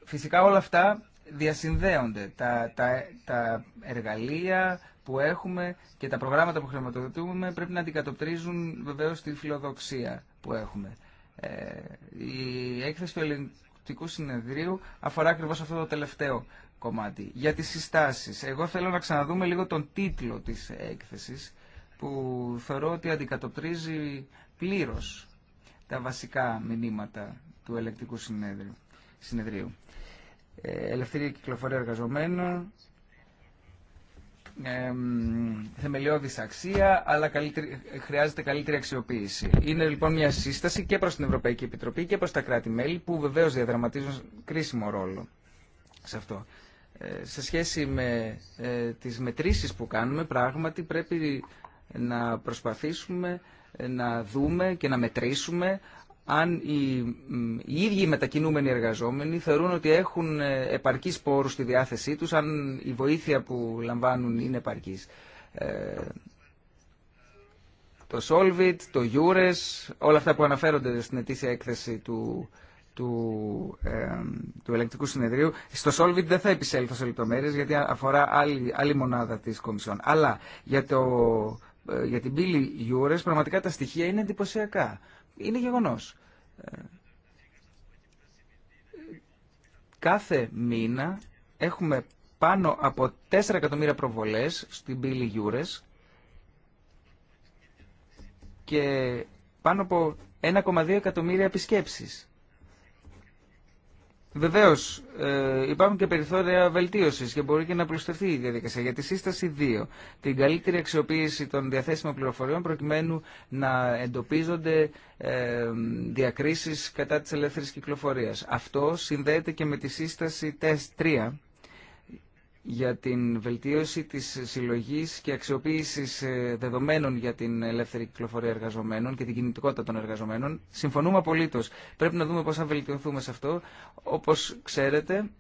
φυσικά όλα αυτά διασυνδέονται. Τα, τα, τα εργαλεία που έχουμε και τα προγράμματα που χρηματοδοτούμε πρέπει να αντικατοπτρίζουν βεβαίως τη φιλοδοξία που έχουμε. Ε, η έκθεση του Ελληνικού Συνεδρίου αφορά ακριβώς αυτό το τελευταίο κομμάτι. Για τις συστάσεις. Εγώ θέλω να ξαναδούμε λίγο τον τίτλο της έκθεσης που θεωρώ ότι αντικατοπτρίζει πλήρως τα βασικά μηνύματα του ελεκτικού συνέδριου. συνεδρίου. Ε, ελευθερία κυκλοφορία εργαζομένων, ε, θεμελιώδης αξία, αλλά χρειάζεται καλύτερη αξιοποίηση. Είναι λοιπόν μια σύσταση και προς την Ευρωπαϊκή Επιτροπή και προς τα κράτη-μέλη που βεβαίως διαδραματίζουν κρίσιμο ρόλο σε αυτό. Ε, σε σχέση με ε, τις μετρήσεις που κάνουμε, πράγματι πρέπει να προσπαθήσουμε να δούμε και να μετρήσουμε αν οι, ίδιοι μετακινούμενοι εργαζόμενοι θεωρούν ότι έχουν ε, επαρκείς πόρους στη διάθεσή τους, αν η βοήθεια που λαμβάνουν είναι επαρκής. Ε, το Solvit, το Eures, όλα αυτά που αναφέρονται στην ετήσια έκθεση του, του, ε, του ελεγκτικού συνεδρίου. Στο Solvit δεν θα επισέλθω σε λεπτομέρειε γιατί αφορά άλλη, άλλη μονάδα της Κομισιόν. Αλλά για το ε, για την πύλη Γιούρες πραγματικά τα στοιχεία είναι εντυπωσιακά. Είναι γεγονός. Ε, κάθε μήνα έχουμε πάνω από 4 εκατομμύρια προβολές στην πύλη Γιούρες και πάνω από 1,2 εκατομμύρια επισκέψεις. Βεβαίω, ε, υπάρχουν και περιθώρια βελτίωση και μπορεί και να πλουστευτεί η διαδικασία. Για τη σύσταση 2, την καλύτερη αξιοποίηση των διαθέσιμων πληροφοριών προκειμένου να εντοπίζονται ε, διακρίσει κατά τη ελεύθερη κυκλοφορία. Αυτό συνδέεται και με τη σύσταση 3 για την βελτίωση της συλλογής και αξιοποίησης ε, δεδομένων για την ελεύθερη κυκλοφορία εργαζομένων και την κινητικότητα των εργαζομένων. Συμφωνούμε απολύτως. Πρέπει να δούμε πώς θα βελτιωθούμε σε αυτό. Όπως ξέρετε,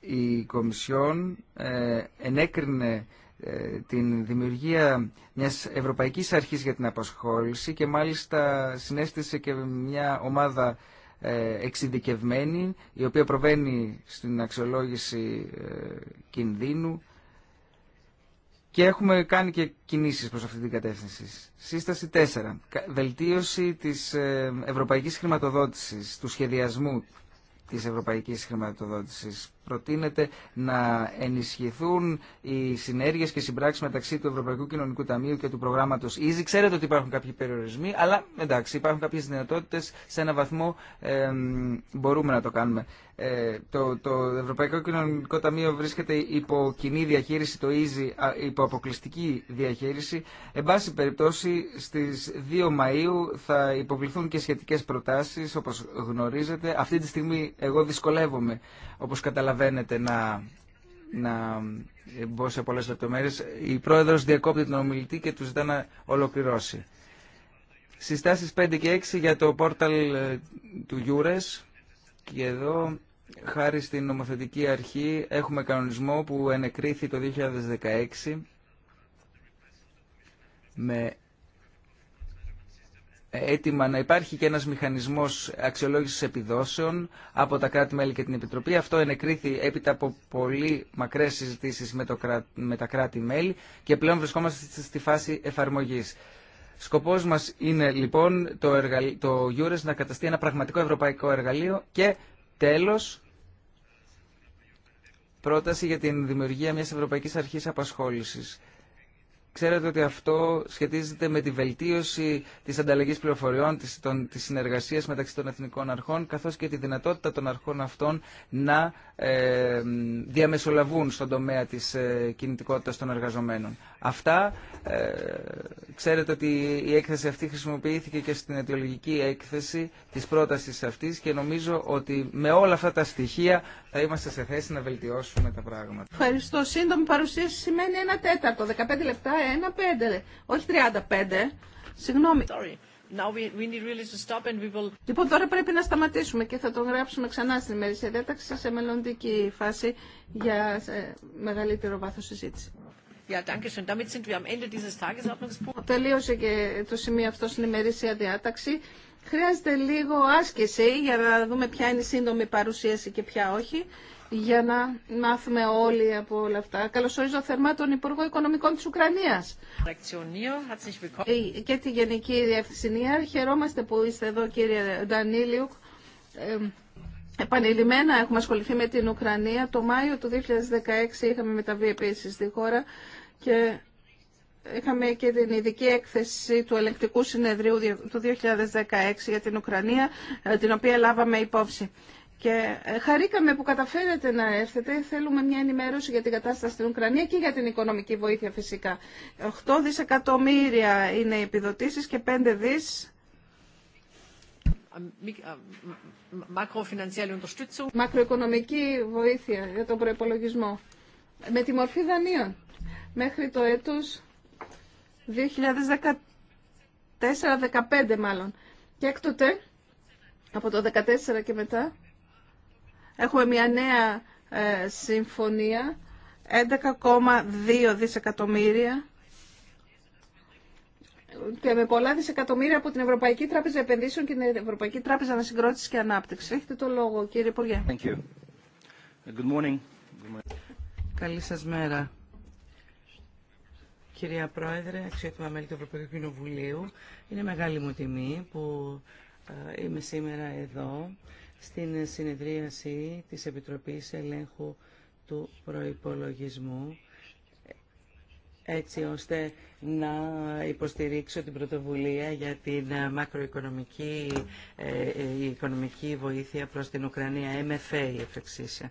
η Κομισιόν ε, ενέκρινε ε, την δημιουργία μιας Ευρωπαϊκής Αρχής για την Απασχόληση και μάλιστα συνέστησε και μια ομάδα ε, εξειδικευμένη, η οποία προβαίνει στην αξιολόγηση ε, κινδύνου και έχουμε κάνει και κινήσεις προς αυτή την κατεύθυνση. Σύσταση 4. Βελτίωση της ε, ευρωπαϊκής χρηματοδότησης, του σχεδιασμού της ευρωπαϊκής χρηματοδότησης προτείνεται να ενισχυθούν οι συνέργειες και συμπράξεις μεταξύ του Ευρωπαϊκού Κοινωνικού Ταμείου και του προγράμματος EASY. Ξέρετε ότι υπάρχουν κάποιοι περιορισμοί, αλλά εντάξει, υπάρχουν κάποιες δυνατότητες, σε ένα βαθμό μπορούμε να το κάνουμε. Ε, το, το Ευρωπαϊκό Κοινωνικό Ταμείο βρίσκεται υπό κοινή διαχείριση, το EASY υπό αποκλειστική διαχείριση. Εν πάση περιπτώσει, στις 2 Μαΐου θα υποβληθούν και σχετικές προτάσεις, όπως γνωρίζετε. Αυτή τη στιγμή εγώ δυσκολεύομαι, όπως καταλαβαίνετε καταλαβαίνετε να, να μπω σε πολλές λεπτομέρειες. Η πρόεδρος διακόπτει τον ομιλητή και του ζητά να ολοκληρώσει. Συστάσεις 5 και 6 για το πόρταλ ε, του Γιούρες και εδώ χάρη στην νομοθετική αρχή έχουμε κανονισμό που ενεκρίθη το 2016 με Έτοιμα να υπάρχει και ένας μηχανισμός αξιολόγησης επιδόσεων από τα κράτη-μέλη και την Επιτροπή. Αυτό ενεκρίθη έπειτα από πολύ μακρές συζητήσεις με, το, τα κράτη-μέλη και πλέον βρισκόμαστε στη φάση εφαρμογής. Σκοπός μας είναι λοιπόν το, το EURES να καταστεί ένα πραγματικό ευρωπαϊκό εργαλείο και τέλος πρόταση για την δημιουργία μιας Ευρωπαϊκής Αρχής Απασχόλησης. Ξέρετε ότι αυτό σχετίζεται με τη βελτίωση τη ανταλλαγή πληροφοριών, τη συνεργασία μεταξύ των εθνικών αρχών, καθώ και τη δυνατότητα των αρχών αυτών να ε, διαμεσολαβούν στον τομέα τη ε, κινητικότητα των εργαζομένων. Αυτά ε, ξέρετε ότι η έκθεση αυτή χρησιμοποιήθηκε και στην αιτιολογική έκθεση τη πρόταση αυτή και νομίζω ότι με όλα αυτά τα στοιχεία θα είμαστε σε θέση να βελτιώσουμε τα πράγματα. Ευχαριστώ. Σύντομη παρουσίαση σημαίνει ένα τέταρτο, 15 λεπτά Ενα πέντε. όχι 35. Συγγνώμη. Sorry. Λοιπόν, τώρα πρέπει να σταματήσουμε και θα τον γράψουμε ξανά στην ημερήσια διάταξη σε μελλοντική φάση για ε, μεγαλύτερο βάθο συζήτηση. Damit sind wir am Ende Τελείωσε και το σημείο αυτό στην ημερήσια διάταξη. Χρειάζεται λίγο άσκηση για να δούμε ποια είναι η σύντομη παρουσίαση και ποια όχι για να μάθουμε όλοι από όλα αυτά. Καλωσορίζω θερμά τον Υπουργό Οικονομικών της Ουκρανίας ε, και τη Γενική Διευθυνσία. Χαιρόμαστε που είστε εδώ κύριε Ντανίλιουκ. Ε, επανειλημμένα έχουμε ασχοληθεί με την Ουκρανία. Το Μάιο του 2016 είχαμε μεταβεί επίση στη χώρα και είχαμε και την ειδική έκθεση του Ελεκτικού Συνεδρίου του 2016 για την Ουκρανία, ε, την οποία λάβαμε υπόψη. Και ε, χαρήκαμε που καταφέρετε να έρθετε. Θέλουμε μια ενημέρωση για την κατάσταση στην Ουκρανία και για την οικονομική βοήθεια φυσικά. 8 δισεκατομμύρια είναι οι επιδοτήσεις και 5 δις μακροοικονομική βοήθεια για τον προϋπολογισμό με τη μορφή δανείων μέχρι το έτος 2014-2015 μάλλον και έκτοτε από το 2014 και μετά Έχουμε μια νέα ε, συμφωνία, 11,2 δισεκατομμύρια και με πολλά δισεκατομμύρια από την Ευρωπαϊκή Τράπεζα Επενδύσεων και την Ευρωπαϊκή Τράπεζα Ανασυγκρότησης και Ανάπτυξης. Έχετε το λόγο, κύριε Υπουργέ. Thank you. Good morning. Καλή σας μέρα. Κυρία Πρόεδρε, αξιότιμα μέλη του Ευρωπαϊκού Κοινοβουλίου, είναι μεγάλη μου τιμή που ε, είμαι σήμερα εδώ στην συνεδρίαση της Επιτροπής Ελέγχου του Προϋπολογισμού έτσι ώστε να υποστηρίξω την πρωτοβουλία για την μακροοικονομική ε, ε, οικονομική βοήθεια προς την Ουκρανία, MFA εφ'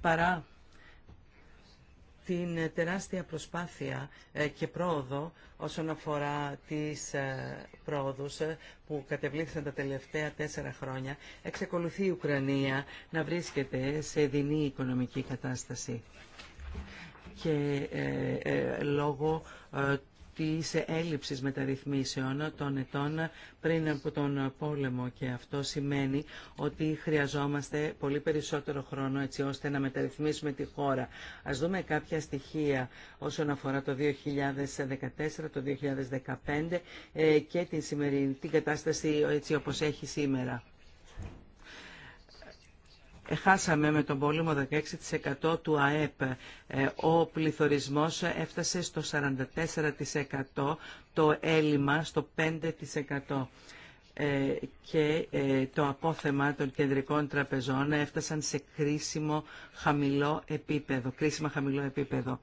Παρά την τεράστια προσπάθεια ε, και πρόοδο όσον αφορά τις ε, πρόοδους ε, που κατεβλήθησαν τα τελευταία τέσσερα χρόνια, εξεκολουθεί η Ουκρανία να βρίσκεται σε δεινή οικονομική κατάσταση και ε, λόγω της έλλειψης μεταρρυθμίσεων των ετών πριν από τον πόλεμο και αυτό σημαίνει ότι χρειαζόμαστε πολύ περισσότερο χρόνο έτσι ώστε να μεταρρυθμίσουμε τη χώρα. Ας δούμε κάποια στοιχεία όσον αφορά το 2014, το 2015 ε, και την, σημερινή, κατάσταση έτσι όπως έχει σήμερα χάσαμε με τον πόλεμο 16% του ΑΕΠ. Ε, ο πληθωρισμός έφτασε στο 44% το έλλειμμα στο 5% ε, και ε, το απόθεμα των κεντρικών τραπεζών έφτασαν σε κρίσιμο χαμηλό επίπεδο, κρίσιμα χαμηλό επίπεδο.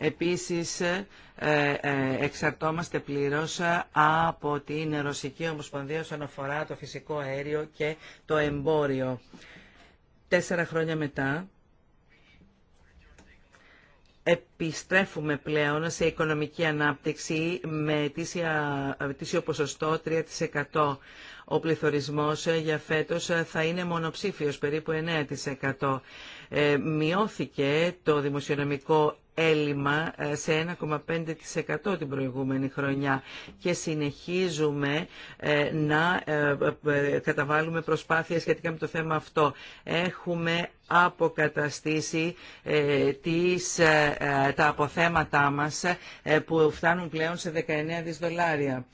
Επίσης, ε, ε, εξαρτώμαστε πλήρως από την Ρωσική Ομοσπονδία όσον αφορά το φυσικό αέριο και το εμπόριο. Τέσσερα χρόνια μετά, επιστρέφουμε πλέον σε οικονομική ανάπτυξη με τίσιο ποσοστό 3%. Ο πληθωρισμός για φέτος θα είναι μονοψήφιος, περίπου 9%. Ε, μειώθηκε το δημοσιονομικό έλλειμμα ε, σε 1,5% την προηγούμενη χρονιά και συνεχίζουμε ε, να ε, καταβάλουμε προσπάθειες σχετικά με το θέμα αυτό. Έχουμε αποκαταστήσει τις, τα αποθέματά μας που φτάνουν πλέον σε 19 δις δολάρια.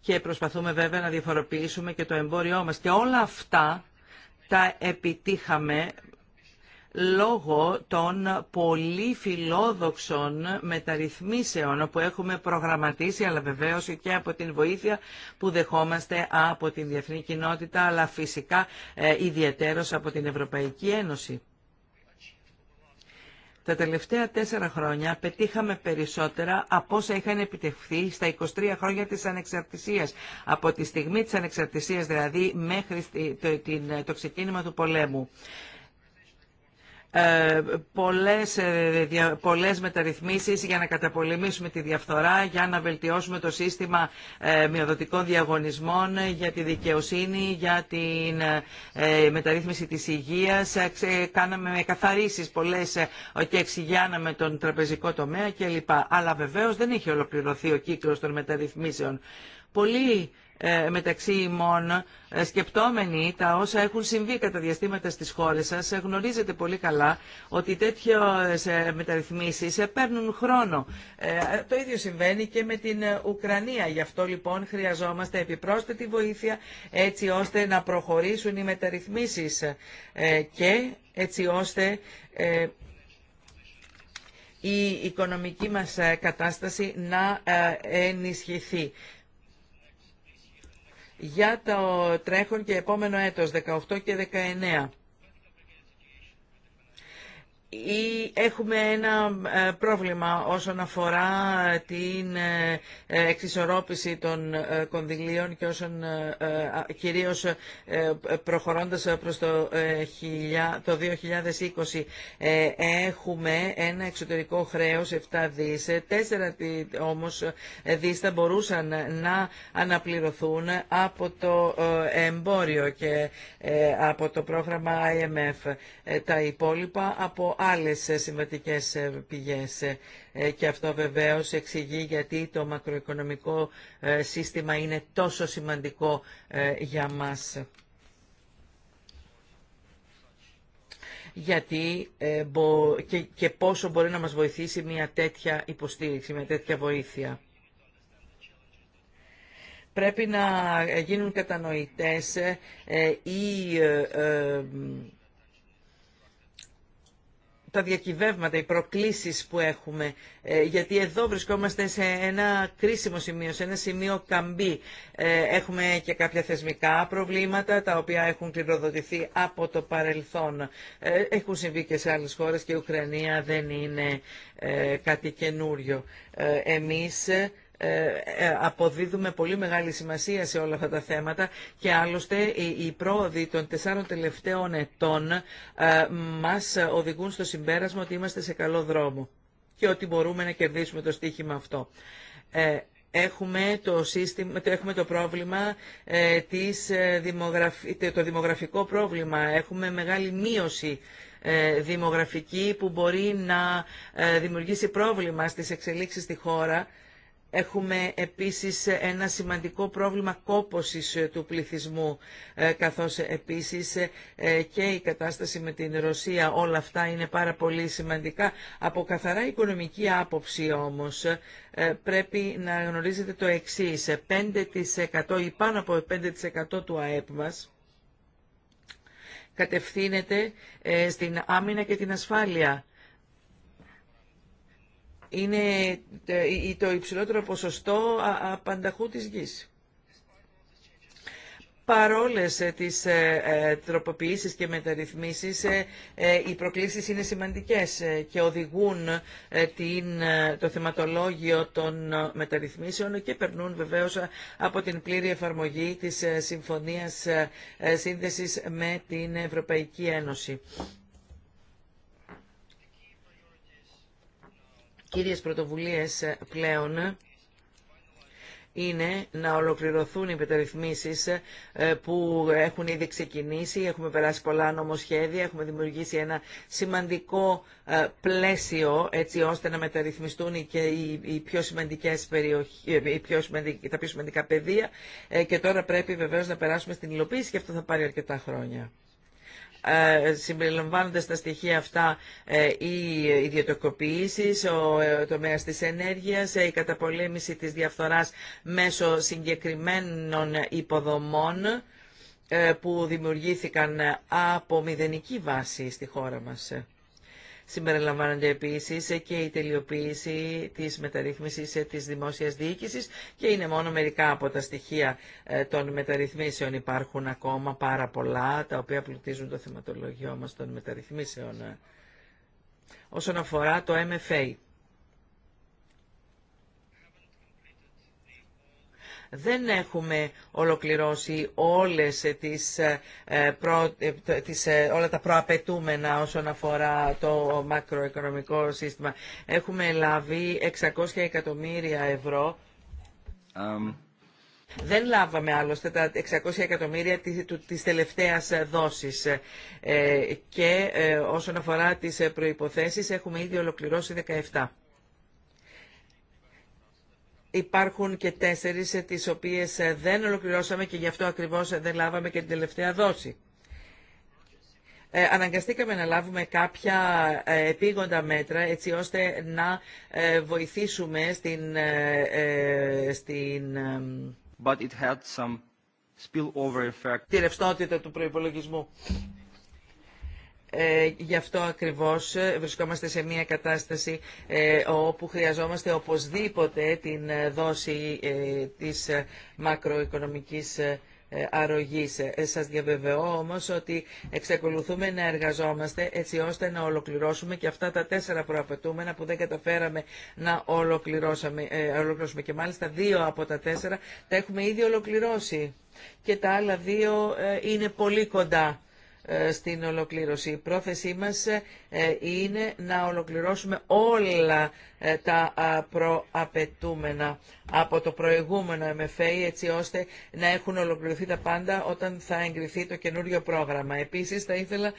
Και προσπαθούμε βέβαια να διαφοροποιήσουμε και το εμπόριό μας. Και όλα αυτά τα επιτύχαμε λόγω των πολύ φιλόδοξων μεταρρυθμίσεων που έχουμε προγραμματίσει, αλλά βεβαίως και από την βοήθεια που δεχόμαστε από την διεθνή κοινότητα, αλλά φυσικά ε, από την Ευρωπαϊκή Ένωση. Τα τελευταία τέσσερα χρόνια πετύχαμε περισσότερα από όσα είχαν επιτευχθεί στα 23 χρόνια της ανεξαρτησίας. Από τη στιγμή της ανεξαρτησίας δηλαδή μέχρι το ξεκίνημα του πολέμου. Ε, πολλές, ε, πολλές μεταρρυθμίσεις για να καταπολεμήσουμε τη διαφθορά, για να βελτιώσουμε το σύστημα ε, μειοδοτικών διαγωνισμών για τη δικαιοσύνη, για την μεταρρύθμιση της υγείας. Κάναμε καθαρίσεις πολλές και εξηγιάναμε τον τραπεζικό τομέα κλπ. Αλλά βεβαίως δεν είχε ολοκληρωθεί ο κύκλος των μεταρρυθμίσεων. Πολύ ε, μεταξύ ημών, ε, σκεπτόμενοι τα όσα έχουν συμβεί κατά διαστήματα στις χώρες σας, ε, γνωρίζετε πολύ καλά ότι τέτοιες μεταρρυθμίσεις παίρνουν χρόνο. Το ίδιο συμβαίνει και με την Ουκρανία. Γι' αυτό λοιπόν χρειαζόμαστε επιπρόσθετη βοήθεια έτσι ώστε να προχωρήσουν οι μεταρρυθμίσεις και έτσι ώστε η οικονομική μας κατάσταση να ενισχυθεί για το τρέχον και επόμενο έτος, 18 και 19 ή έχουμε ένα ε, πρόβλημα όσον αφορά την ε, ε, εξισορρόπηση των κονδυλίων και όσον κυρίως προχωρώντας προς το 2020 έχουμε ένα εξωτερικό χρέος 7 δις, 4 όμως δις θα μπορούσαν να αναπληρωθούν από το εμπόριο και από το πρόγραμμα IMF τα υπόλοιπα από άλλες ε, συμβατικές ε, πηγές. Ε, και αυτό βεβαίως εξηγεί γιατί το μακροοικονομικό σύστημα είναι τόσο σημαντικό για μας. γιατί και, πόσο μπορεί να μας βοηθήσει μια τέτοια υποστήριξη, μια τέτοια βοήθεια. Πρέπει να γίνουν κατανοητές ε, οι τα διακυβεύματα, οι προκλήσεις που έχουμε, ε, γιατί εδώ βρισκόμαστε σε ένα κρίσιμο σημείο, σε ένα σημείο καμπή. Ε, έχουμε και κάποια θεσμικά προβλήματα, τα οποία έχουν κληροδοτηθεί από το παρελθόν. Ε, έχουν συμβεί και σε άλλες χώρες και η Ουκρανία δεν είναι κάτι καινούριο. Εμείς ε, ε, αποδίδουμε πολύ μεγάλη σημασία σε όλα αυτά τα θέματα και άλλωστε οι πρόοδοι των τεσσάρων τελευταίων ετών ε, μας οδηγούν στο συμπέρασμα ότι είμαστε σε καλό δρόμο και ότι μπορούμε να κερδίσουμε το στίχημα αυτό. Έχουμε το, σύστημα, έχουμε το πρόβλημα ε, της, το δημογραφικό πρόβλημα. Έχουμε μεγάλη μείωση δημογραφική που μπορεί να δημιουργήσει πρόβλημα στις εξελίξεις στη χώρα Έχουμε επίσης ένα σημαντικό πρόβλημα κόπωσης ε, του πληθυσμού, ε, καθώς επίσης ε, και η κατάσταση με την Ρωσία. Όλα αυτά είναι πάρα πολύ σημαντικά. Από καθαρά οικονομική άποψη όμως πρέπει να γνωρίζετε το εξής. 5% ή πάνω από 5% του ΑΕΠ μας κατευθύνεται στην άμυνα και την ασφάλεια είναι ε, το υψηλότερο ποσοστό απανταχού της γης. Παρόλες ε, τις ε, τροποποιήσεις και μεταρρυθμίσεις, οι προκλήσεις είναι σημαντικές και οδηγούν την, το θεματολόγιο των μεταρρυθμίσεων και περνούν βεβαίως από την πλήρη εφαρμογή της Συμφωνίας Σύνδεσης με την Ευρωπαϊκή Ένωση. κύριες πρωτοβουλίες ε, πλέον είναι να ολοκληρωθούν οι μεταρρυθμίσεις ε, που έχουν ήδη ξεκινήσει. Έχουμε περάσει πολλά νομοσχέδια, έχουμε δημιουργήσει ένα σημαντικό ε, πλαίσιο έτσι ώστε να μεταρρυθμιστούν και οι πιο σημαντικές περιοχές, οι πιο τα πιο σημαντικά πεδία και τώρα πρέπει βεβαίως να περάσουμε στην υλοποίηση και αυτό θα πάρει αρκετά χρόνια. Ε, συμπεριλαμβάνοντας τα στοιχεία αυτά ε, οι ιδιωτικοποιήσεις, ε, ο τομέας της ενέργειας, η καταπολέμηση της διαφθοράς μέσω συγκεκριμένων υποδομών που δημιουργήθηκαν από μηδενική βάση στη χώρα μας. Συμπεριλαμβάνονται επίσης και η τελειοποίηση της μεταρρύθμισης της δημόσιας διοίκησης και είναι μόνο μερικά από τα στοιχεία ε, των μεταρρυθμίσεων. Υπάρχουν ακόμα πάρα πολλά τα οποία πλουτίζουν το θεματολογιό μας των μεταρρυθμίσεων. Ε, όσον αφορά το MFA. δεν έχουμε ολοκληρώσει όλες τις, ε, ε, τις, ε, όλα τα προαπαιτούμενα όσον αφορά το μακροοικονομικό σύστημα. Έχουμε λάβει 600 εκατομμύρια ευρώ. Um. Δεν λάβαμε άλλωστε τα 600 εκατομμύρια της τελευταίας δόσης και όσον αφορά τις προϋποθέσεις έχουμε ήδη ολοκληρώσει 17. Υπάρχουν και τέσσερις ε, τις οποίες ε, δεν ολοκληρώσαμε και γι' αυτό ακριβώς ε, δεν λάβαμε και την τελευταία δόση. αναγκαστήκαμε να λάβουμε κάποια επίγοντα μέτρα έτσι ώστε να βοηθήσουμε στην... στην But it some spillover effect. τη ρευστότητα του προϋπολογισμού. Ε, γι' αυτό ακριβώς ε, βρισκόμαστε σε μια κατάσταση ε, όπου χρειαζόμαστε οπωσδήποτε την δόση της μακροοικονομικής αρρωγής. Σας διαβεβαιώ όμως ότι εξακολουθούμε να εργαζόμαστε έτσι ώστε να ολοκληρώσουμε και αυτά τα τέσσερα προαπαιτούμενα που δεν καταφέραμε να ολοκληρώσαμε, ολοκληρώσουμε και μάλιστα δύο από τα τέσσερα τα έχουμε ήδη ολοκληρώσει και τα άλλα δύο είναι πολύ κοντά. Ε, στην ολοκλήρωση. Η πρόθεσή μας ε, είναι να ολοκληρώσουμε όλα ε, τα προαπαιτούμενα από το προηγούμενο MFA έτσι ώστε να έχουν ολοκληρωθεί τα πάντα όταν θα εγκριθεί το καινούριο πρόγραμμα. Επίσης θα ήθελα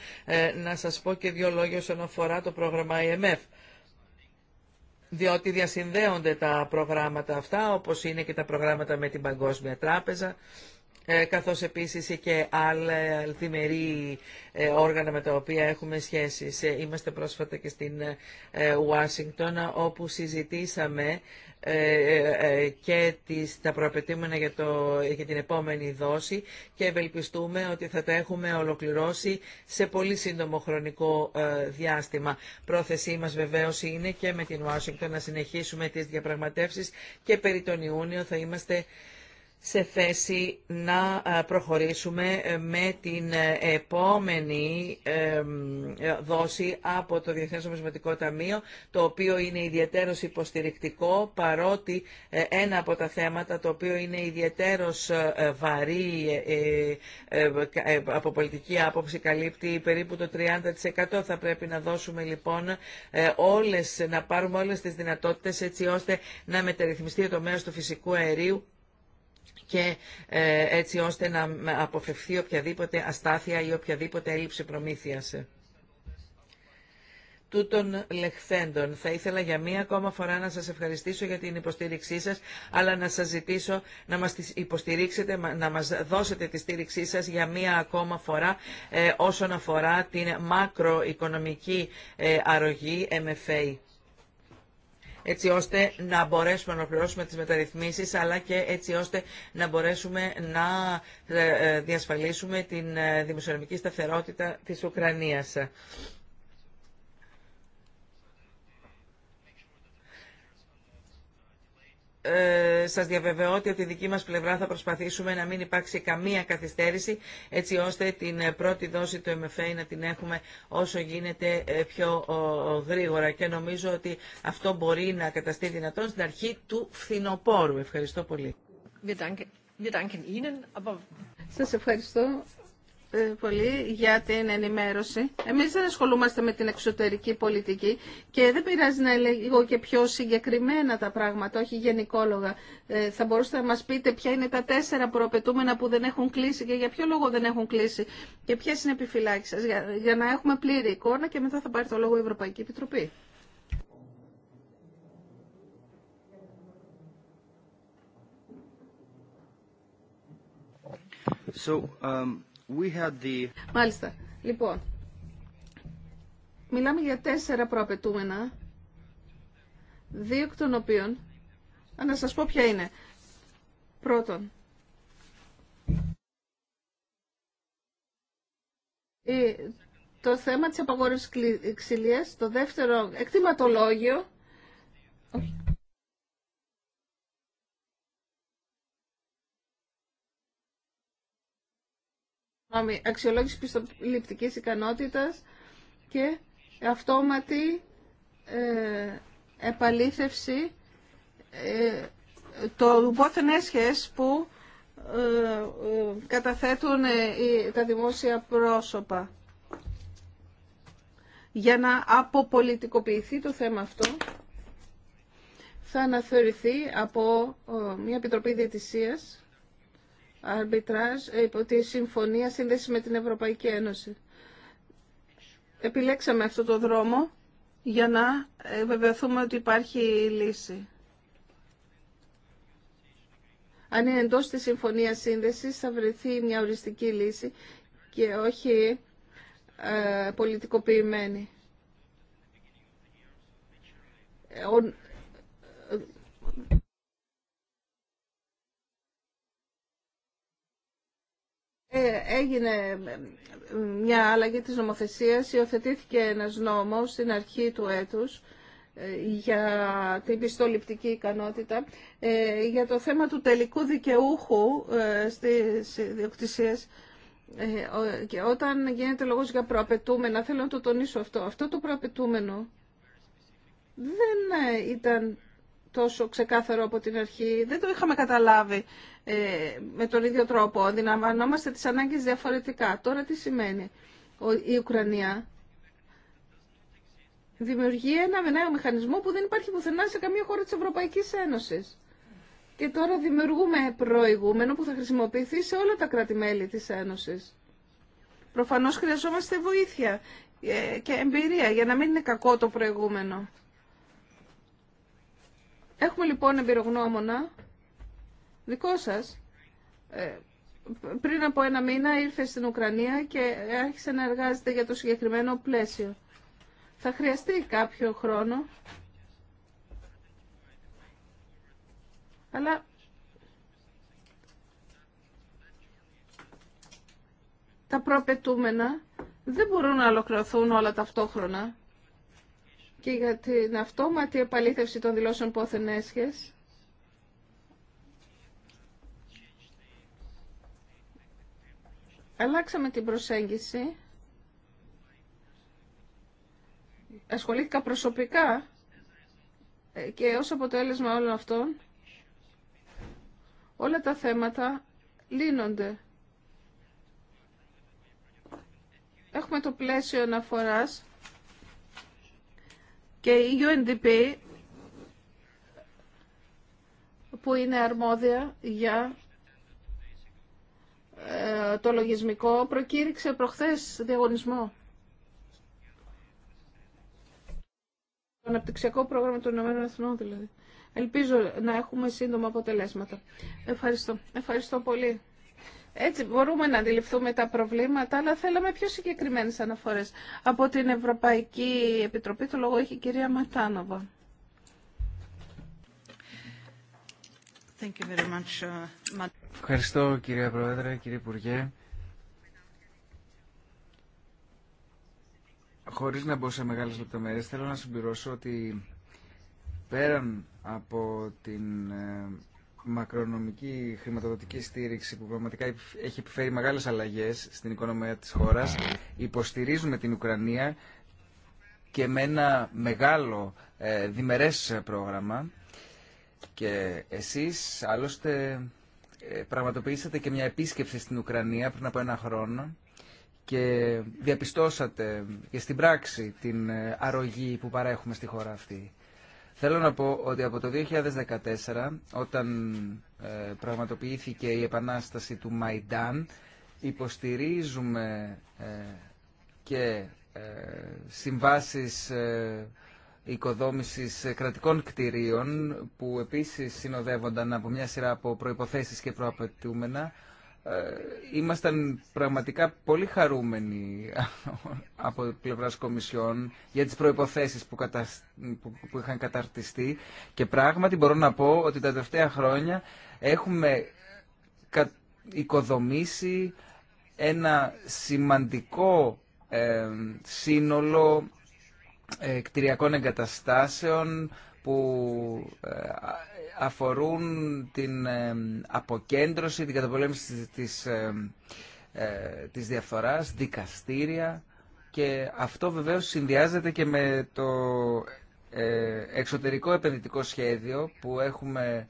να σας πω και δύο λόγια όσον αφορά το πρόγραμμα IMF διότι διασυνδέονται τα προγράμματα αυτά, όπως είναι και τα προγράμματα με την Παγκόσμια Τράπεζα, ε, καθώς επίσης και άλλα διμερεί όργανα με τα οποία έχουμε σχέσεις. Ε, είμαστε πρόσφατα και στην ε, Ουάσιγκτον όπου συζητήσαμε και τις, τα προαπαιτούμενα για, το, για την επόμενη δόση και ευελπιστούμε ότι θα τα έχουμε ολοκληρώσει σε πολύ σύντομο χρονικό διάστημα. Πρόθεσή μας βεβαίως είναι και με την Ουάσιγκτον να συνεχίσουμε τις διαπραγματεύσεις και περί τον Ιούνιο θα είμαστε σε θέση να ε, προχωρήσουμε ε, με την ε, επόμενη δόση από το Διεθνές Νομισματικό Ταμείο, το οποίο είναι ιδιαίτερος υποστηρικτικό, παρότι ένα από τα θέματα το οποίο είναι ιδιαίτερος βαρύ από πολιτική άποψη καλύπτει περίπου το 30%. Θα πρέπει να δώσουμε λοιπόν όλες, να πάρουμε όλες τις δυνατότητες έτσι ώστε να μεταρρυθμιστεί το μέρος του φυσικού αερίου και ε, έτσι ώστε να αποφευθεί οποιαδήποτε αστάθεια ή οποιαδήποτε έλλειψη προμήθειας τούτων λεχθέντων. Θα ήθελα για μία ακόμα φορά να σας ευχαριστήσω για την υποστήριξή σας, αλλά να σας ζητήσω να μας υποστηρίξετε, να μας δώσετε τη στήριξή σας για μία ακόμα φορά ε, όσον αφορά την μακροοικονομική ε, αρρωγή MFA έτσι ώστε να μπορέσουμε να ολοκληρώσουμε τις μεταρρυθμίσεις αλλά και έτσι ώστε να μπορέσουμε να ε, ε, διασφαλίσουμε την ε, δημοσιονομική σταθερότητα της Ουκρανίας. ε, σας διαβεβαιώ ότι από τη δική μας πλευρά θα προσπαθήσουμε να μην υπάρξει καμία καθυστέρηση έτσι ώστε την πρώτη δόση του MFA να την έχουμε όσο γίνεται ε, πιο γρήγορα και νομίζω ότι αυτό μπορεί να καταστεί δυνατόν στην αρχή του φθινοπόρου. Ευχαριστώ πολύ. ευχαριστώ. Ε, πολύ για την ενημέρωση. Εμείς δεν ασχολούμαστε με την εξωτερική πολιτική και δεν πειράζει να λέγω και πιο συγκεκριμένα τα πράγματα, όχι γενικόλογα. Ε, θα μπορούσατε να μας πείτε ποια είναι τα τέσσερα προαπαιτούμενα που δεν έχουν κλείσει και για ποιο λόγο δεν έχουν κλείσει και ποιε είναι οι επιφυλάξεις σας, για, να έχουμε πλήρη εικόνα και μετά θα πάρει το λόγο η Ευρωπαϊκή Επιτροπή. um... Μάλιστα. Λοιπόν, μιλάμε για τέσσερα προαπαιτούμενα, δύο εκ των οποίων, να σας πω ποια είναι. Πρώτον, το θέμα της απαγόρευσης ξυλίας, το δεύτερο εκτιματολόγιο, συγγνώμη, αξιολόγηση πιστοληπτικής ικανότητας και αυτόματη ε, επαλήθευση ε, το πόθεν που ε, ε καταθέτουν ε, τα δημόσια πρόσωπα. Για να αποπολιτικοποιηθεί το θέμα αυτό, θα αναθεωρηθεί από ε, μια Επιτροπή Διατησίας αρμπιτράζ υπό τη Συμφωνία Σύνδεση με την Ευρωπαϊκή Ένωση. Επιλέξαμε αυτό το δρόμο για να ε, βεβαιωθούμε ότι υπάρχει λύση. Αν είναι εντός της Συμφωνίας Σύνδεσης θα βρεθεί μια οριστική λύση και όχι ε, πολιτικοποιημένη. Ε, έγινε μια αλλαγή της νομοθεσίας, υιοθετήθηκε ένας νόμος στην αρχή του έτους ε, για την πιστοληπτική ικανότητα, ε, για το θέμα του τελικού δικαιούχου στις ιδιοκτησίες και όταν γίνεται λόγος για προαπαιτούμενα, θέλω να το τονίσω αυτό, αυτό το προαπαιτούμενο δεν ήταν τόσο ξεκάθαρο από την αρχή, δεν το είχαμε καταλάβει ε, με τον ίδιο τρόπο. Αντιλαμβανόμαστε τις ανάγκες διαφορετικά. Τώρα τι σημαίνει η Ουκρανία. Δημιουργεί ένα νέο μηχανισμό που δεν υπάρχει πουθενά σε καμία χώρα της Ευρωπαϊκής Ένωσης. Και τώρα δημιουργούμε προηγούμενο που θα χρησιμοποιηθεί σε όλα τα κράτη-μέλη της Ένωσης. Προφανώς χρειαζόμαστε βοήθεια ε, και εμπειρία για να μην είναι κακό το προηγούμενο. Έχουμε λοιπόν εμπειρογνώμονα δικό σας, ε, πριν από ένα μήνα ήρθε στην Ουκρανία και άρχισε να εργάζεται για το συγκεκριμένο πλαίσιο. Θα χρειαστεί κάποιο χρόνο, αλλά τα προπετούμενα δεν μπορούν να ολοκληρωθούν όλα ταυτόχρονα και για την αυτόματη επαλήθευση των δηλώσεων πόθεν αλλάξαμε την προσέγγιση. Ασχολήθηκα προσωπικά ε, και ως αποτέλεσμα όλων αυτών όλα τα θέματα λύνονται. Έχουμε το πλαίσιο αναφοράς και η UNDP που είναι αρμόδια για ε, το λογισμικό προκήρυξε προχθές διαγωνισμό. Το αναπτυξιακό πρόγραμμα των Ηνωμένων Εθνών δηλαδή. Ελπίζω να έχουμε σύντομα αποτελέσματα. Ευχαριστώ. Ευχαριστώ πολύ. Έτσι μπορούμε να αντιληφθούμε τα προβλήματα, αλλά θέλαμε πιο συγκεκριμένες αναφορές. Από την Ευρωπαϊκή Επιτροπή το λόγο έχει η κυρία Ματάνοβα. Thank you very much. Uh, Ευχαριστώ κύριε Πρόεδρε, κύριε Υπουργέ. Χωρίς να μπω σε μεγάλες λεπτομέρειες, θέλω να συμπληρώσω ότι πέραν από την ε, μακρονομική χρηματοδοτική στήριξη που πραγματικά έχει επιφέρει μεγάλες αλλαγές στην οικονομία της χώρας, υποστηρίζουμε την Ουκρανία και με ένα μεγάλο ε, διμερές πρόγραμμα και εσείς άλλωστε πραγματοποιήσατε και μια επίσκεψη στην Ουκρανία πριν από ένα χρόνο και διαπιστώσατε και στην πράξη την ε, αρρωγή που παρέχουμε στη χώρα αυτή. Θέλω να πω ότι από το 2014, όταν ε, πραγματοποιήθηκε η επανάσταση του Μαϊντάν, υποστηρίζουμε ε, και ε, συμβάσεις οικοδόμηση κρατικών κτηρίων που επίση συνοδεύονταν από μια σειρά από προϋποθέσεις και προαπαιτούμενα ε, ήμασταν πραγματικά πολύ χαρούμενοι από πλευρά Κομισιόν για τις προϋποθέσεις που, που είχαν καταρτιστεί και πράγματι μπορώ να πω ότι τα τελευταία χρόνια έχουμε οικοδομήσει ένα σημαντικό ε, σύνολο κτηριακών εγκαταστάσεων που ε, αφορούν την ε, αποκέντρωση, την καταπολέμηση της, ε, της διαφθοράς, δικαστήρια και αυτό βεβαίως συνδυάζεται και με το εξωτερικό επενδυτικό σχέδιο που έχουμε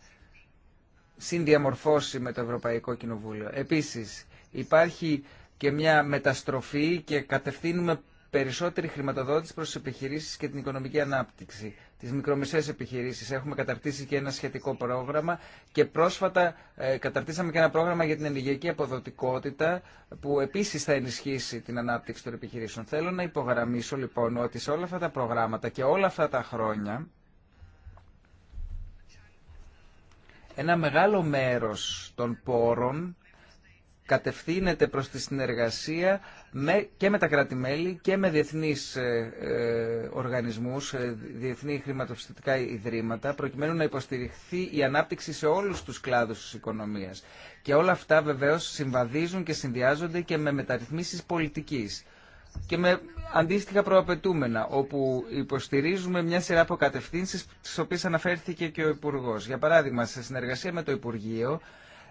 συνδιαμορφώσει με το Ευρωπαϊκό Κοινοβούλιο. Επίσης υπάρχει και μια μεταστροφή και κατευθύνουμε περισσότερη χρηματοδότηση προς τις επιχειρήσεις και την οικονομική ανάπτυξη. Τις μικρομεσαίες επιχειρήσεις έχουμε καταρτήσει και ένα σχετικό πρόγραμμα και πρόσφατα ε, καταρτήσαμε και ένα πρόγραμμα για την ενεργειακή αποδοτικότητα που επίσης θα ενισχύσει την ανάπτυξη των επιχειρήσεων. Θέλω να υπογραμμίσω λοιπόν ότι σε όλα αυτά τα προγράμματα και όλα αυτά τα χρόνια ένα μεγάλο μέρος των πόρων κατευθύνεται προς τη συνεργασία με, και με τα κράτη-μέλη και με διεθνείς ε, ε οργανισμούς, ε, διεθνή χρηματοπιστωτικά ιδρύματα, προκειμένου να υποστηριχθεί η ανάπτυξη σε όλους τους κλάδους της οικονομίας. Και όλα αυτά βεβαίως συμβαδίζουν και συνδυάζονται και με μεταρρυθμίσεις πολιτικής και με αντίστοιχα προαπαιτούμενα, όπου υποστηρίζουμε μια σειρά από κατευθύνσεις, στις οποίες αναφέρθηκε και ο Υπουργός. Για παράδειγμα, σε συνεργασία με το Υπουργείο,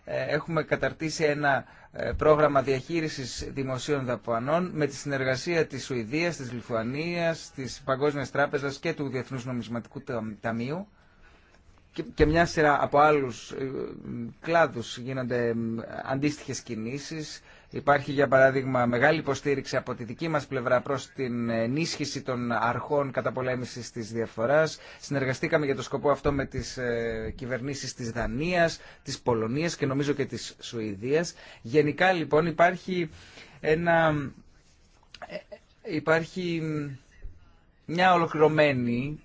ε, έχουμε καταρτήσει ένα ε, πρόγραμμα διαχείρισης δημοσίων δαπανών με τη συνεργασία της Σουηδίας, της Λιθουανίας, της Παγκόσμιας Τράπεζας και του Διεθνούς Νομισματικού Ταμείου και μια σειρά από άλλους ε, κλάδους γίνονται αντίστοιχες κινήσεις Υπάρχει για παράδειγμα μεγάλη υποστήριξη από τη δική μας πλευρά προς την ενίσχυση των αρχών καταπολέμησης της διαφοράς. Συνεργαστήκαμε για το σκοπό αυτό με τις ε, κυβερνήσεις της Δανίας, της Πολωνίας και νομίζω και της Σουηδίας. Γενικά λοιπόν υπάρχει ένα... Ε, υπάρχει μια ολοκληρωμένη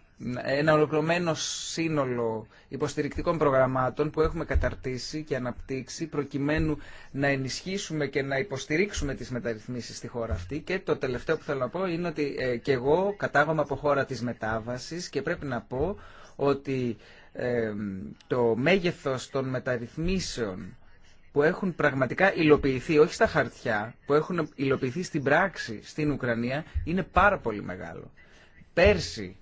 ένα ολοκληρωμένο σύνολο υποστηρικτικών προγραμμάτων που έχουμε καταρτήσει και αναπτύξει προκειμένου να ενισχύσουμε και να υποστηρίξουμε τις μεταρρυθμίσεις στη χώρα αυτή και το τελευταίο που θέλω να πω είναι ότι ε, και εγώ κατάγομαι από χώρα της μετάβασης και πρέπει να πω ότι ε, το μέγεθος των μεταρρυθμίσεων που έχουν πραγματικά υλοποιηθεί, όχι στα χαρτιά, που έχουν υλοποιηθεί στην πράξη στην Ουκρανία, είναι πάρα πολύ μεγάλο. Πέρσι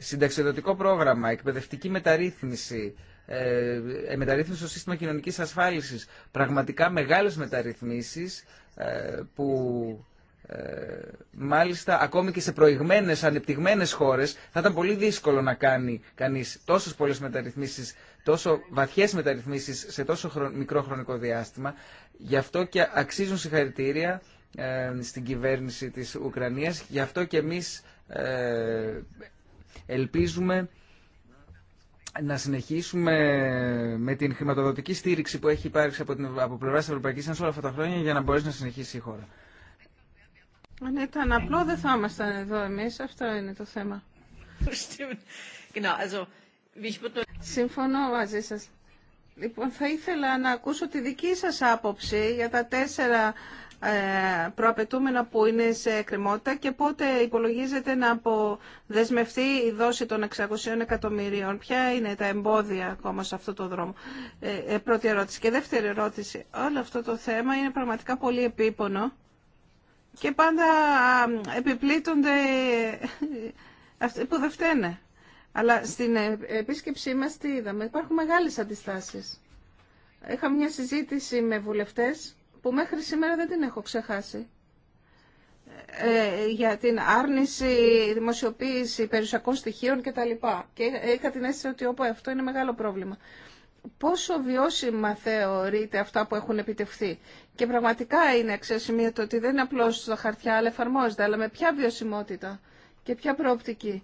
συνταξιδοτικό πρόγραμμα, εκπαιδευτική μεταρρύθμιση, ε, ε, μεταρρύθμιση στο σύστημα κοινωνικής ασφάλισης, πραγματικά μεγάλες μεταρρυθμίσεις ε, που ε, μάλιστα ακόμη και σε προηγμένες, ανεπτυγμένες χώρες θα ήταν πολύ δύσκολο να κάνει κανείς τόσες πολλές μεταρρυθμίσεις, τόσο βαθιές μεταρρυθμίσεις σε τόσο μικρό χρονικό διάστημα. Γι' αυτό και αξίζουν συγχαρητήρια στην κυβέρνηση της Ουκρανίας. Γι' αυτό και εμείς Ελπίζουμε να συνεχίσουμε με την χρηματοδοτική στήριξη που έχει υπάρξει από, την, από πλευρά τη Ευρωπαϊκή όλα αυτά τα χρόνια για να μπορέσει να συνεχίσει η χώρα. Αν ήταν απλό δεν θα ήμασταν εδώ εμείς. Αυτό είναι το θέμα. Συμφωνώ μαζί σας. Λοιπόν, θα ήθελα να ακούσω τη δική σας άποψη για τα τέσσερα ε, προαπαιτούμενα που είναι σε εκκρεμότητα και πότε υπολογίζεται να αποδεσμευτεί η δόση των 600 εκατομμυρίων. Ποια είναι τα εμπόδια ακόμα σε αυτό το δρόμο. Ε, ε, πρώτη ερώτηση. Και δεύτερη ερώτηση. Όλο αυτό το θέμα είναι πραγματικά πολύ επίπονο και πάντα επιπλήττονται αυτοί που δεν φταίνε. Αλλά στην επίσκεψή μας τι είδαμε. Υπάρχουν μεγάλες αντιστάσεις. Είχα μια συζήτηση με βουλευτές που μέχρι σήμερα δεν την έχω ξεχάσει ε, για την άρνηση, δημοσιοποίηση περιουσιακών στοιχείων κτλ. Και είχα την αίσθηση ότι όπου αυτό είναι μεγάλο πρόβλημα. Πόσο βιώσιμα θεωρείτε αυτά που έχουν επιτευχθεί. Και πραγματικά είναι αξιοσημείωτο ότι δεν είναι απλώς στα χαρτιά, αλλά εφαρμόζεται. Αλλά με ποια βιωσιμότητα και ποια προοπτική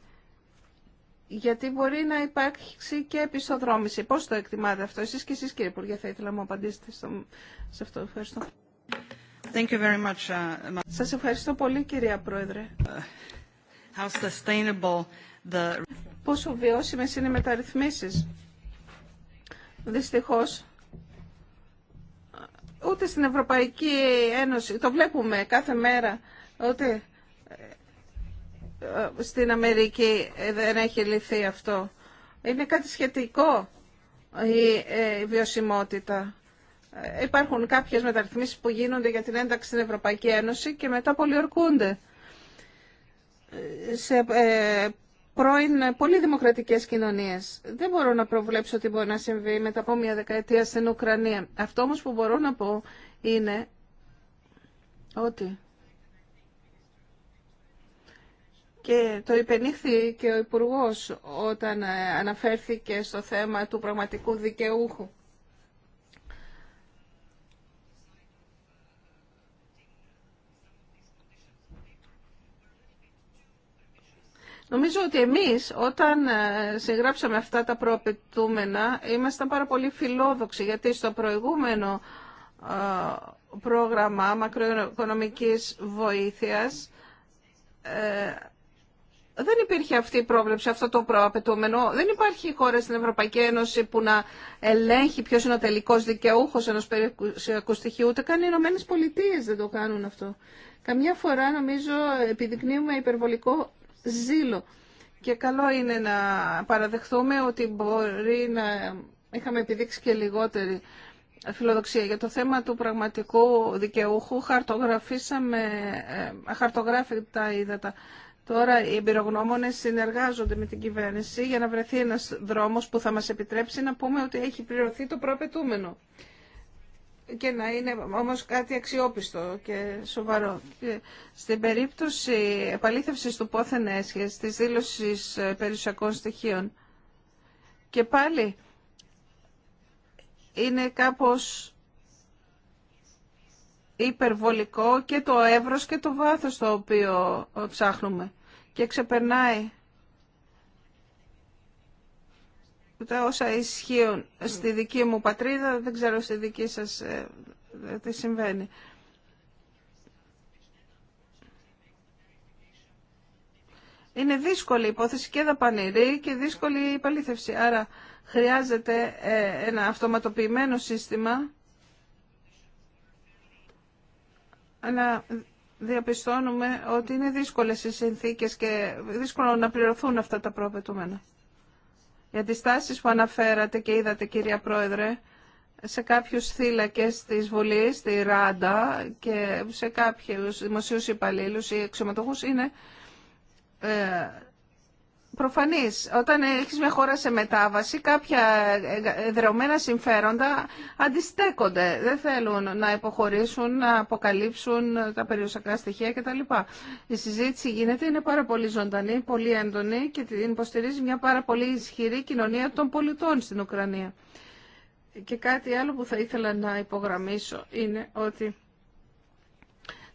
γιατί μπορεί να υπάρξει και επιστοδρόμηση. Πώς το εκτιμάτε αυτό εσείς και εσείς κύριε Υπουργέ, θα ήθελα να μου απαντήσετε σε αυτό. Ευχαριστώ. Thank you very much, uh, Σας ευχαριστώ πολύ κυρία Πρόεδρε. Uh, how sustainable the... Πόσο βιώσιμες είναι οι μεταρρυθμίσεις. Δυστυχώς, ούτε στην Ευρωπαϊκή Ένωση, το βλέπουμε κάθε μέρα, ότι στην Αμερική δεν έχει λυθεί αυτό. Είναι κάτι σχετικό η ε, βιωσιμότητα. Ε, υπάρχουν κάποιες μεταρρυθμίσεις που γίνονται για την ένταξη στην Ευρωπαϊκή Ένωση και μετά πολιορκούνται ε, σε πρώην πολύ δημοκρατικές κοινωνίες. Δεν μπορώ να προβλέψω τι μπορεί να συμβεί μετά από μια δεκαετία στην Ουκρανία. Αυτό όμως που μπορώ να πω είναι ότι Και το υπενήχθη και ο Υπουργός όταν ε, αναφέρθηκε στο θέμα του πραγματικού δικαιούχου. Νομίζω ότι εμείς όταν ε, συγγράψαμε αυτά τα προαπαιτούμενα ήμασταν πάρα πολύ φιλόδοξοι γιατί στο προηγούμενο ε, πρόγραμμα μακροοικονομικής βοήθειας δεν υπήρχε αυτή η πρόβλεψη, αυτό το προαπαιτούμενο. Δεν υπάρχει χώρα στην Ευρωπαϊκή Ένωση που να ελέγχει ποιο είναι ο τελικό δικαιούχο ενό περιουσιακού στοιχείου. Ούτε καν οι Ηνωμένε Πολιτείε δεν το κάνουν αυτό. Καμιά φορά νομίζω επιδεικνύουμε υπερβολικό ζήλο. Και καλό είναι να παραδεχθούμε ότι μπορεί να είχαμε επιδείξει και λιγότερη φιλοδοξία. Για το θέμα του πραγματικού δικαιούχου χαρτογραφήσαμε, ε, τα ύδατα Τώρα οι εμπειρογνώμονε συνεργάζονται με την κυβέρνηση για να βρεθεί ένας δρόμος που θα μα επιτρέψει να πούμε ότι έχει πληρωθεί το προαπαιτούμενο και να είναι όμως κάτι αξιόπιστο και σοβαρό. Στην περίπτωση επαλήθευση του πόθεν της τη δήλωση ε, περιουσιακών στοιχείων και πάλι είναι κάπως υπερβολικό και το εύρος και το βάθος το οποίο ψάχνουμε και ξεπερνάει τα όσα ισχύουν στη δική μου πατρίδα, δεν ξέρω στη δική σας ε, τι συμβαίνει. Είναι δύσκολη η υπόθεση και δαπανηρή και δύσκολη η υπαλήθευση. Άρα χρειάζεται ε, ένα αυτοματοποιημένο σύστημα αλλά διαπιστώνουμε ότι είναι δύσκολες οι συνθήκες και δύσκολο να πληρωθούν αυτά τα Για Οι αντιστάσεις που αναφέρατε και είδατε κυρία Πρόεδρε, σε κάποιους θύλακες της Βουλής, τη Ράντα και σε κάποιους δημοσίους υπαλλήλους ή εξωματοχούς είναι ε, προφανής. Όταν έχεις μια χώρα σε μετάβαση, κάποια δρεωμένα συμφέροντα αντιστέκονται. Δεν θέλουν να υποχωρήσουν, να αποκαλύψουν τα περιουσιακά στοιχεία κτλ. Η συζήτηση γίνεται, είναι πάρα πολύ ζωντανή, πολύ έντονη και την υποστηρίζει μια πάρα πολύ ισχυρή κοινωνία των πολιτών στην Ουκρανία. Και κάτι άλλο που θα ήθελα να υπογραμμίσω είναι ότι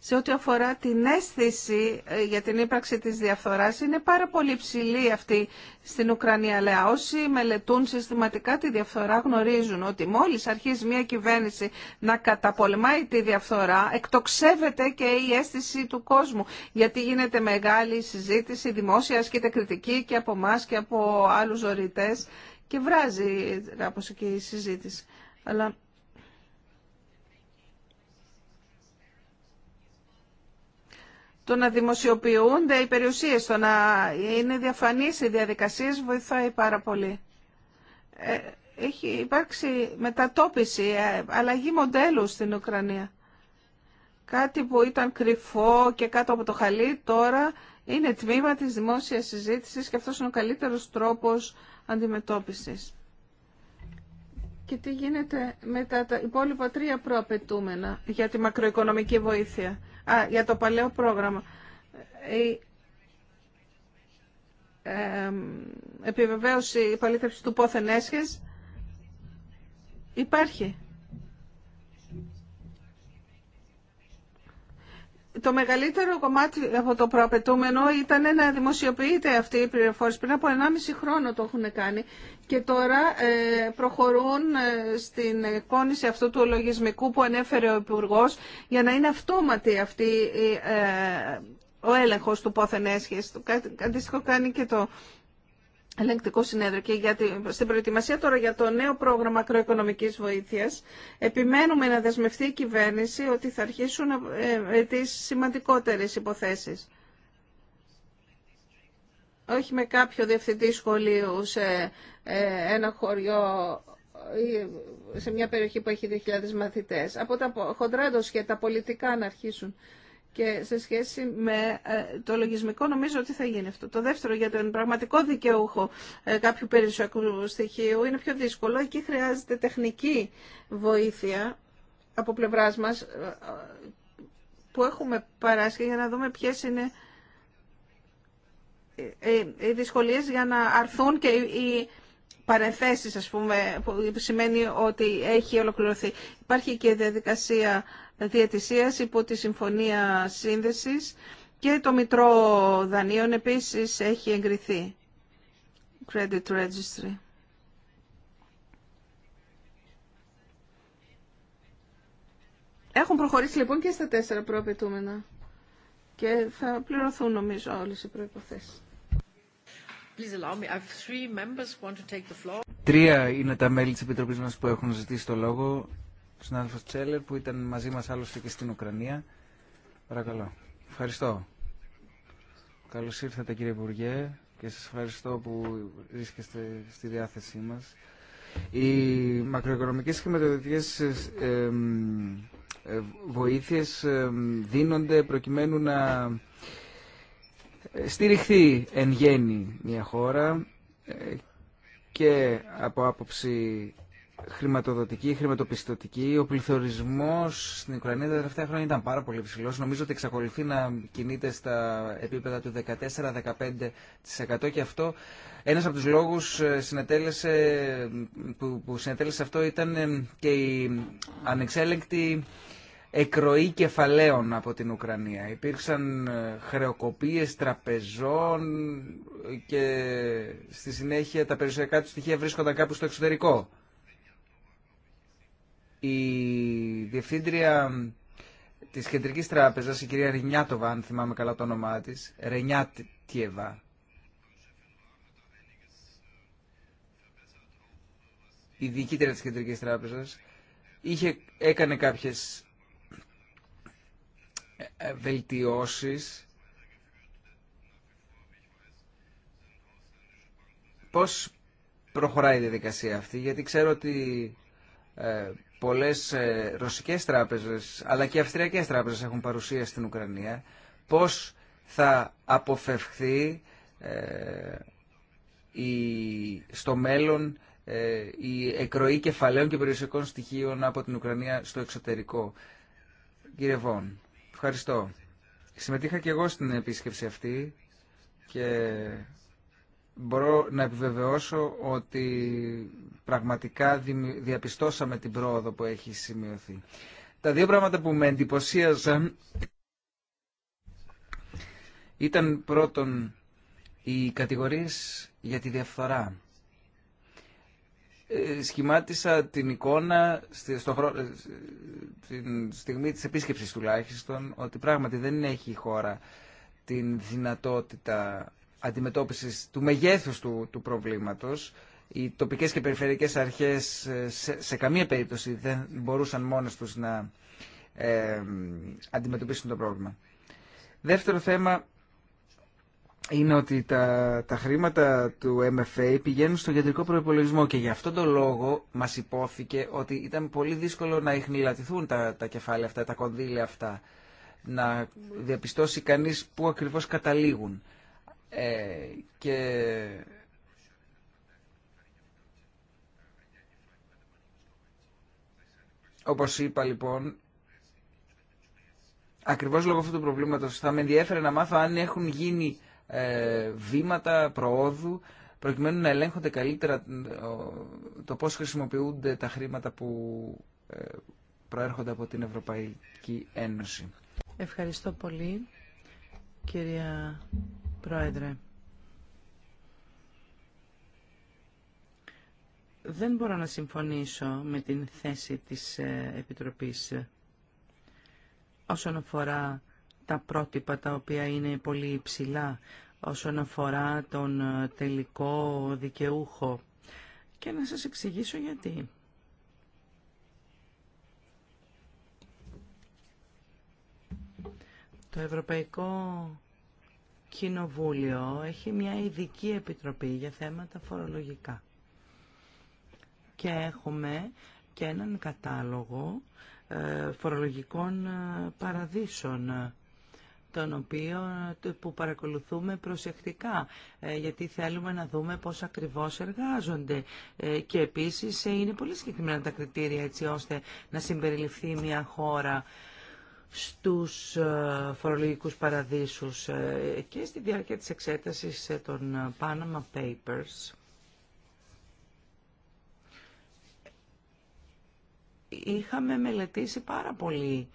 σε ό,τι αφορά την αίσθηση ε, για την ύπαρξη της διαφθοράς είναι πάρα πολύ ψηλή αυτή στην Ουκρανία. Αλλά όσοι μελετούν συστηματικά τη διαφθορά γνωρίζουν ότι μόλις αρχίζει μια κυβέρνηση να καταπολεμάει τη διαφθορά εκτοξεύεται και η αίσθηση του κόσμου γιατί γίνεται μεγάλη συζήτηση δημόσια και κριτική και από εμά και από άλλους ζωρητές και βράζει κάπως εκεί η συζήτηση. το να δημοσιοποιούνται οι περιουσίες, το να είναι διαφανείς οι διαδικασίες βοηθάει πάρα πολύ. Ε, έχει υπάρξει μετατόπιση, ε, αλλαγή μοντέλου στην Ουκρανία. Κάτι που ήταν κρυφό και κάτω από το χαλί τώρα είναι τμήμα της δημόσιας συζήτησης και αυτός είναι ο καλύτερος τρόπος αντιμετώπισης. Και τι γίνεται με τα υπόλοιπα τρία προαπαιτούμενα για τη μακροοικονομική βοήθεια. Α, για το παλαιό πρόγραμμα. Ε επιβεβαίωση, η του πόθεν υπάρχει. το μεγαλύτερο κομμάτι από το προαπαιτούμενο ήταν να δημοσιοποιείται αυτή η πληροφόρηση. Πριν από 1,5 χρόνο το έχουν κάνει και τώρα ε, προχωρούν ε, στην εκπόνηση αυτού του λογισμικού που ανέφερε ο υπουργό για να είναι αυτόματη αυτή η ε, ο έλεγχος του πόθεν έσχεση. Αντίστοιχο κάνει και το ελεγκτικό συνέδριο και για στην προετοιμασία τώρα για το νέο πρόγραμμα ακροοικονομικής βοήθειας επιμένουμε να δεσμευτεί η κυβέρνηση ότι θα αρχίσουν ε, ε τις σημαντικότερες υποθέσεις. Όχι με κάποιο διευθυντή σχολείου σε ε, ένα χωριό ή σε μια περιοχή που έχει 2.000 μαθητές. Από τα χοντράντος και τα πολιτικά να αρχίσουν και σε σχέση με ε, το λογισμικό νομίζω ότι θα γίνει αυτό. Το δεύτερο για τον πραγματικό δικαιούχο ε, κάποιου περιουσιακού στοιχείου είναι πιο δύσκολο. Εκεί χρειάζεται τεχνική βοήθεια από πλευράς μας ε, που έχουμε παράσχει για να δούμε ποιες είναι οι δυσκολίες για να αρθούν και οι παρεθέσεις ας πούμε, που σημαίνει ότι έχει ολοκληρωθεί. Υπάρχει και διαδικασία διατησίας υπό τη Συμφωνία Σύνδεσης και το Μητρό Δανείων επίσης έχει εγκριθεί. Credit Registry. Έχουν προχωρήσει λοιπόν και στα τέσσερα προαπαιτούμενα και θα πληρωθούν νομίζω όλες οι προϋποθέσεις. Τρία είναι τα μέλη της Επιτροπής μας που έχουν ζητήσει το λόγο συνάδελφος Τσέλερ που ήταν μαζί μας άλλωστε και στην Ουκρανία. Παρακαλώ. Ευχαριστώ. Καλώς ήρθατε κύριε Υπουργέ και σα ευχαριστώ που βρίσκεστε στη διάθεσή μας. Οι μακροοικονομικές και ε, ε, βοήθειες δίνονται προκειμένου να ε, στηριχθεί εν γέννη μια χώρα ε, και από άποψη χρηματοδοτική, χρηματοπιστωτική. Ο πληθωρισμό στην Ουκρανία τα τελευταία χρόνια ήταν πάρα πολύ ψηλό. Νομίζω ότι εξακολουθεί να κινείται στα επίπεδα του 14-15% και αυτό ένας από τους λόγους ε, που, που συνετέλεσε αυτό ήταν ε, και η ανεξέλεγκτη εκροή κεφαλαίων από την Ουκρανία. Υπήρξαν ε, χρεοκοπίες τραπεζών και στη συνέχεια τα περιουσιακά του στοιχεία βρίσκονταν κάπου στο εξωτερικό η διευθύντρια της Κεντρικής Τράπεζας, η κυρία Ρενιάτοβα, αν θυμάμαι καλά το όνομά της, Ρενιάτιεβα, η διοικήτρια της Κεντρικής Τράπεζας, είχε, έκανε κάποιες ε, ε, βελτιώσεις. Πώς προχωράει η διαδικασία αυτή, γιατί ξέρω ότι ε, πολλές ε, ρωσικές τράπεζες αλλά και αυστριακές τράπεζες έχουν παρουσία στην Ουκρανία πώς θα αποφευχθεί ε, στο μέλλον ε, η εκροή κεφαλαίων και περιουσιακών στοιχείων από την Ουκρανία στο εξωτερικό. Κύριε Βόν, ευχαριστώ. Συμμετείχα και εγώ στην επίσκεψη αυτή και μπορώ να επιβεβαιώσω ότι πραγματικά διαπιστώσαμε την πρόοδο που έχει σημειωθεί. Τα δύο πράγματα που με εντυπωσίαζαν ήταν πρώτον οι κατηγορίες για τη διαφθορά. Ε, σχημάτισα την εικόνα στο χρο... Ε, την στιγμή της επίσκεψης τουλάχιστον ότι πράγματι δεν έχει η χώρα την δυνατότητα αντιμετώπισης του μεγέθου του, του προβλήματος. Οι τοπικές και περιφερειακές αρχές ε, σε, καμία περίπτωση δεν μπορούσαν μόνε τους να ε, αντιμετωπίσουν το πρόβλημα. Δεύτερο θέμα είναι ότι τα, τα χρήματα του MFA πηγαίνουν στο κεντρικό προπολογισμό και γι' αυτόν τον λόγο μας υπόθηκε ότι ήταν πολύ δύσκολο να ειχνηλατηθούν τα, τα κεφάλαια αυτά, τα κονδύλια αυτά, να διαπιστώσει κανείς πού ακριβώς καταλήγουν. Ε, και όπως είπα λοιπόν, ακριβώς λόγω αυτού του προβλήματος θα με ενδιέφερε να μάθω αν έχουν γίνει ε, βήματα προόδου προκειμένου να ελέγχονται καλύτερα ε, το πώς χρησιμοποιούνται τα χρήματα που ε, προέρχονται από την Ευρωπαϊκή Ένωση. Ευχαριστώ πολύ, κυρία Πρόεδρε. Δεν μπορώ να συμφωνήσω με την θέση της ε, Επιτροπής ε, όσον αφορά τα πρότυπα τα οποία είναι πολύ υψηλά, όσον αφορά τον ε, τελικό δικαιούχο. Και να σας εξηγήσω γιατί. Το Ευρωπαϊκό Κοινοβούλιο έχει μια ειδική επιτροπή για θέματα φορολογικά. Και έχουμε και έναν κατάλογο ε, φορολογικών ε, παραδείσων ε, τον οποίο που παρακολουθούμε προσεκτικά, γιατί θέλουμε να δούμε πώς ακριβώς εργάζονται. Και επίσης είναι πολύ συγκεκριμένα τα κριτήρια έτσι ώστε να συμπεριληφθεί μια χώρα στους ε, φορολογικούς παραδείσους ε, και στη διάρκεια της εξέτασης ε, των Panama Papers είχαμε μελετήσει πάρα πολύ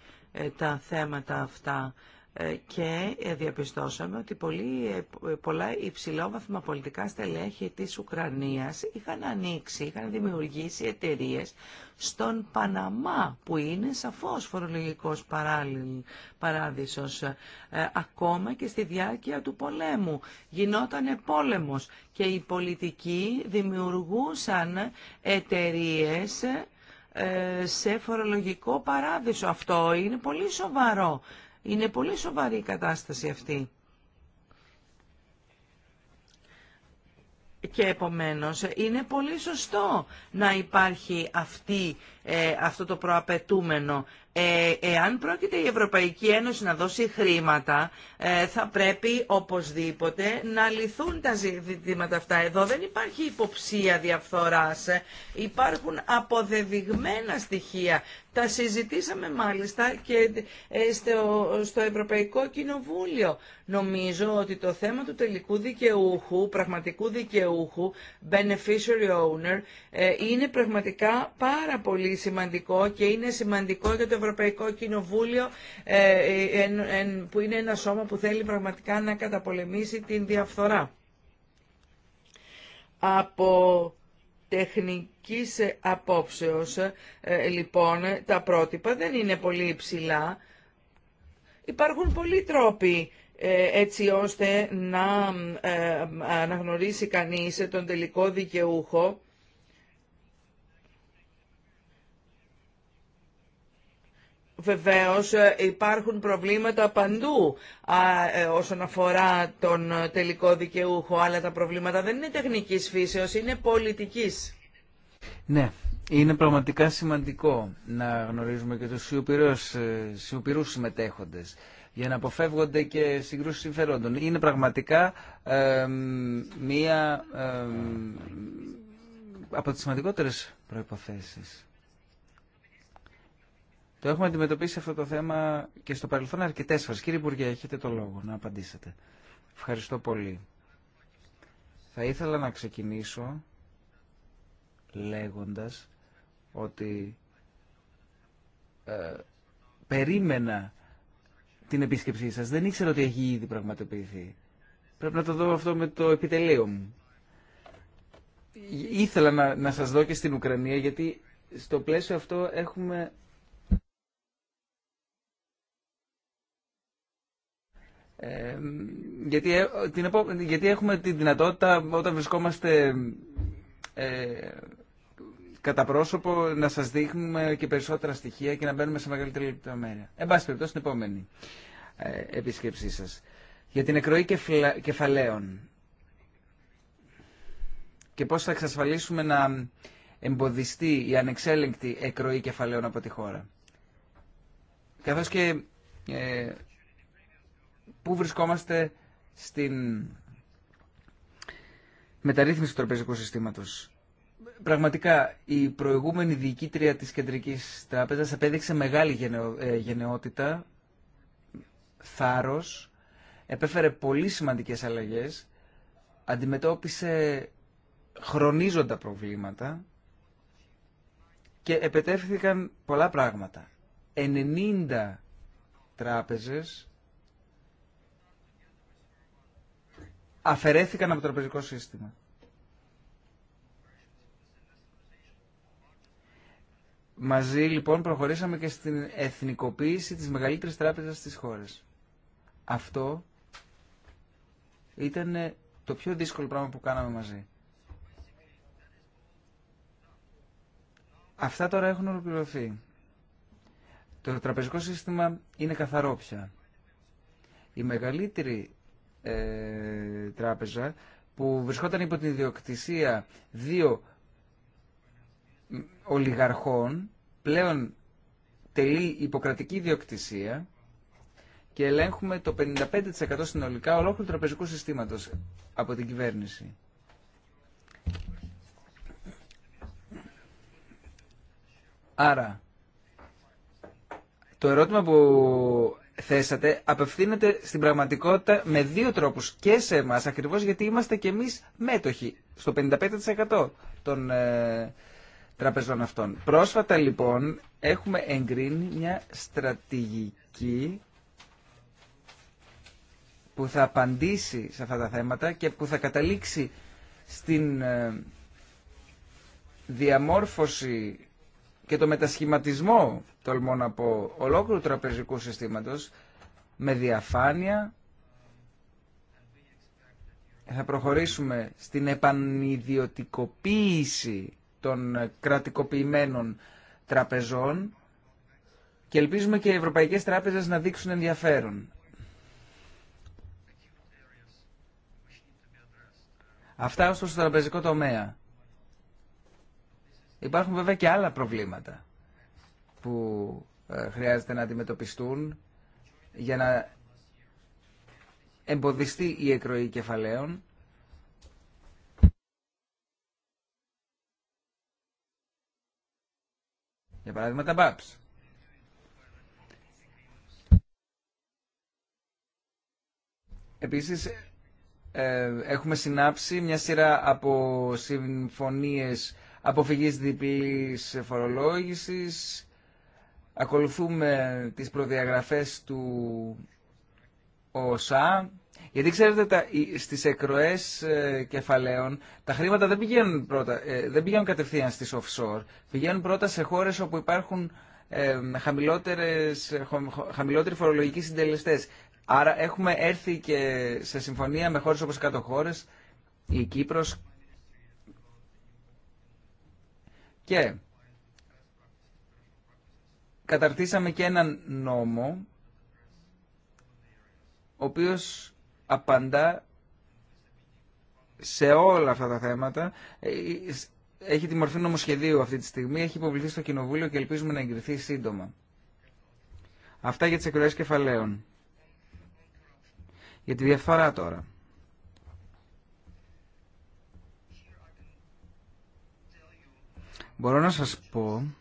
τα θέματα αυτά ε, και ε, διαπιστώσαμε ότι πολλοί, ε, πολλά υψηλόβαθμα πολιτικά στελέχη της Ουκρανίας είχαν ανοίξει, είχαν δημιουργήσει εταιρείε στον Παναμά που είναι σαφώς φορολογικός παράδεισος ακόμα και στη διάρκεια του πολέμου. Γινότανε πόλεμος και οι πολιτικοί δημιουργούσαν εταιρείε σε φορολογικό παράδεισο. Αυτό είναι πολύ σοβαρό. Είναι πολύ σοβαρή η κατάσταση αυτή. Και επομένως είναι πολύ σωστό να υπάρχει αυτή ε, αυτό το προαπαιτούμενο. Ε, εάν πρόκειται η Ευρωπαϊκή Ένωση να δώσει χρήματα, ε, θα πρέπει οπωσδήποτε να λυθούν τα ζητήματα αυτά. Εδώ δεν υπάρχει υποψία διαφθοράς, υπάρχουν αποδεδειγμένα στοιχεία. Τα συζητήσαμε μάλιστα και στο Ευρωπαϊκό Κοινοβούλιο. Νομίζω ότι το θέμα του τελικού δικαιούχου, πραγματικού δικαιούχου, beneficiary owner, είναι πραγματικά πάρα πολύ σημαντικό και είναι σημαντικό για το Ευρωπαϊκό Κοινοβούλιο ε, ε, που είναι ένα σώμα που θέλει πραγματικά να καταπολεμήσει την διαφθορά. Από τεχνικής απόψεως, ε, λοιπόν, τα πρότυπα δεν είναι πολύ υψηλά. Υπάρχουν πολλοί τρόποι έτσι ώστε να αναγνωρίσει κανείς τον τελικό δικαιούχο Βεβαίως ε, υπάρχουν προβλήματα παντού ε, όσον αφορά τον ε, τελικό δικαιούχο, αλλά τα προβλήματα δεν είναι τεχνικής φύσεως, είναι πολιτικής. Ναι, είναι πραγματικά σημαντικό να γνωρίζουμε και τους σιωπηρούς συμμετέχοντες για να αποφεύγονται και συγκρούσεις συμφερόντων. Είναι πραγματικά μία ε, από τις σημαντικότερες προϋποθέσεις. Το έχουμε αντιμετωπίσει αυτό το θέμα και στο παρελθόν αρκετές φορές. Κύριε Υπουργέ, έχετε το λόγο να απαντήσετε. Ευχαριστώ πολύ. Θα ήθελα να ξεκινήσω λέγοντας ότι ε, περίμενα την επίσκεψή σας. Δεν ήξερα ότι έχει ήδη πραγματοποιηθεί. Πρέπει να το δω αυτό με το επιτελείο μου. Ήθελα να, να σας δω και στην Ουκρανία γιατί στο πλαίσιο αυτό έχουμε Ε, γιατί, ε, την, γιατί έχουμε τη δυνατότητα όταν βρισκόμαστε ε, κατά πρόσωπο να σας δείχνουμε και περισσότερα στοιχεία και να μπαίνουμε σε μεγαλύτερη λεπτομέρεια. Εν πάση περιπτώσει την επόμενη ε, επίσκεψή σας. Για την εκροή κεφλα, κεφαλαίων και πώς θα εξασφαλίσουμε να εμποδιστεί η ανεξέλεγκτη εκροή κεφαλαίων από τη χώρα. Καθώς και ε, πού βρισκόμαστε στην μεταρρύθμιση του τραπεζικού συστήματος. Πραγματικά, η προηγούμενη διοικήτρια της Κεντρικής Τράπεζας απέδειξε μεγάλη ε, γενναιότητα, θάρρος, επέφερε πολύ σημαντικές αλλαγές, αντιμετώπισε χρονίζοντα προβλήματα και επετέφθηκαν πολλά πράγματα. 90 τράπεζες αφαιρέθηκαν από το τραπεζικό σύστημα. Μαζί λοιπόν προχωρήσαμε και στην εθνικοποίηση της μεγαλύτερης τράπεζας της χώρας. Αυτό ήταν το πιο δύσκολο πράγμα που κάναμε μαζί. Αυτά τώρα έχουν ολοκληρωθεί. Το τραπεζικό σύστημα είναι καθαρό πια. Η μεγαλύτερη ε, τράπεζα που βρισκόταν υπό την ιδιοκτησία δύο ολιγαρχών, πλέον τελεί υποκρατική ιδιοκτησία και ελέγχουμε το 55% συνολικά ολόκληρου τραπεζικού συστήματος από την κυβέρνηση. Άρα, το ερώτημα που θέσατε απευθύνεται στην πραγματικότητα με δύο τρόπους και σε εμάς ακριβώς γιατί είμαστε και εμείς μέτοχοι στο 55% των ε, τραπεζών αυτών. Πρόσφατα λοιπόν έχουμε εγκρίνει μια στρατηγική που θα απαντήσει σε αυτά τα θέματα και που θα καταλήξει στην ε, διαμόρφωση και το μετασχηματισμό τολμώ να πω, ολόκληρου τραπεζικού συστήματος με διαφάνεια θα προχωρήσουμε στην επανειδιωτικοποίηση των κρατικοποιημένων τραπεζών και ελπίζουμε και οι ευρωπαϊκές τράπεζες να δείξουν ενδιαφέρον. Αυτά ως το τραπεζικό τομέα. Υπάρχουν βέβαια και άλλα προβλήματα που ε, χρειάζεται να αντιμετωπιστούν για να εμποδιστεί η εκροή κεφαλαίων για παράδειγμα τα BAPS. Επίσης, ε, έχουμε συνάψει μια σειρά από συμφωνίες αποφυγής διπλής φορολόγησης, ακολουθούμε τις προδιαγραφές του ΟΣΑ, γιατί ξέρετε τα, στις εκροές ε, κεφαλαίων τα χρήματα δεν πηγαίνουν, πρώτα, ε, δεν πηγαίνουν κατευθείαν στις offshore, πηγαίνουν πρώτα σε χώρες όπου υπάρχουν ε, χαμηλότερες, χαμηλότεροι φορολογικοί συντελεστές. Άρα έχουμε έρθει και σε συμφωνία με χώρες όπως κάτω χώρες, η Κύπρος και καταρτήσαμε και έναν νόμο ο οποίος απαντά σε όλα αυτά τα θέματα. Ε, έχει τη μορφή νομοσχεδίου αυτή τη στιγμή, έχει υποβληθεί στο Κοινοβούλιο και ελπίζουμε να εγκριθεί σύντομα. Αυτά για τις εκλογές κεφαλαίων. Για τη διαφθορά τώρα. Μπορώ να σας πω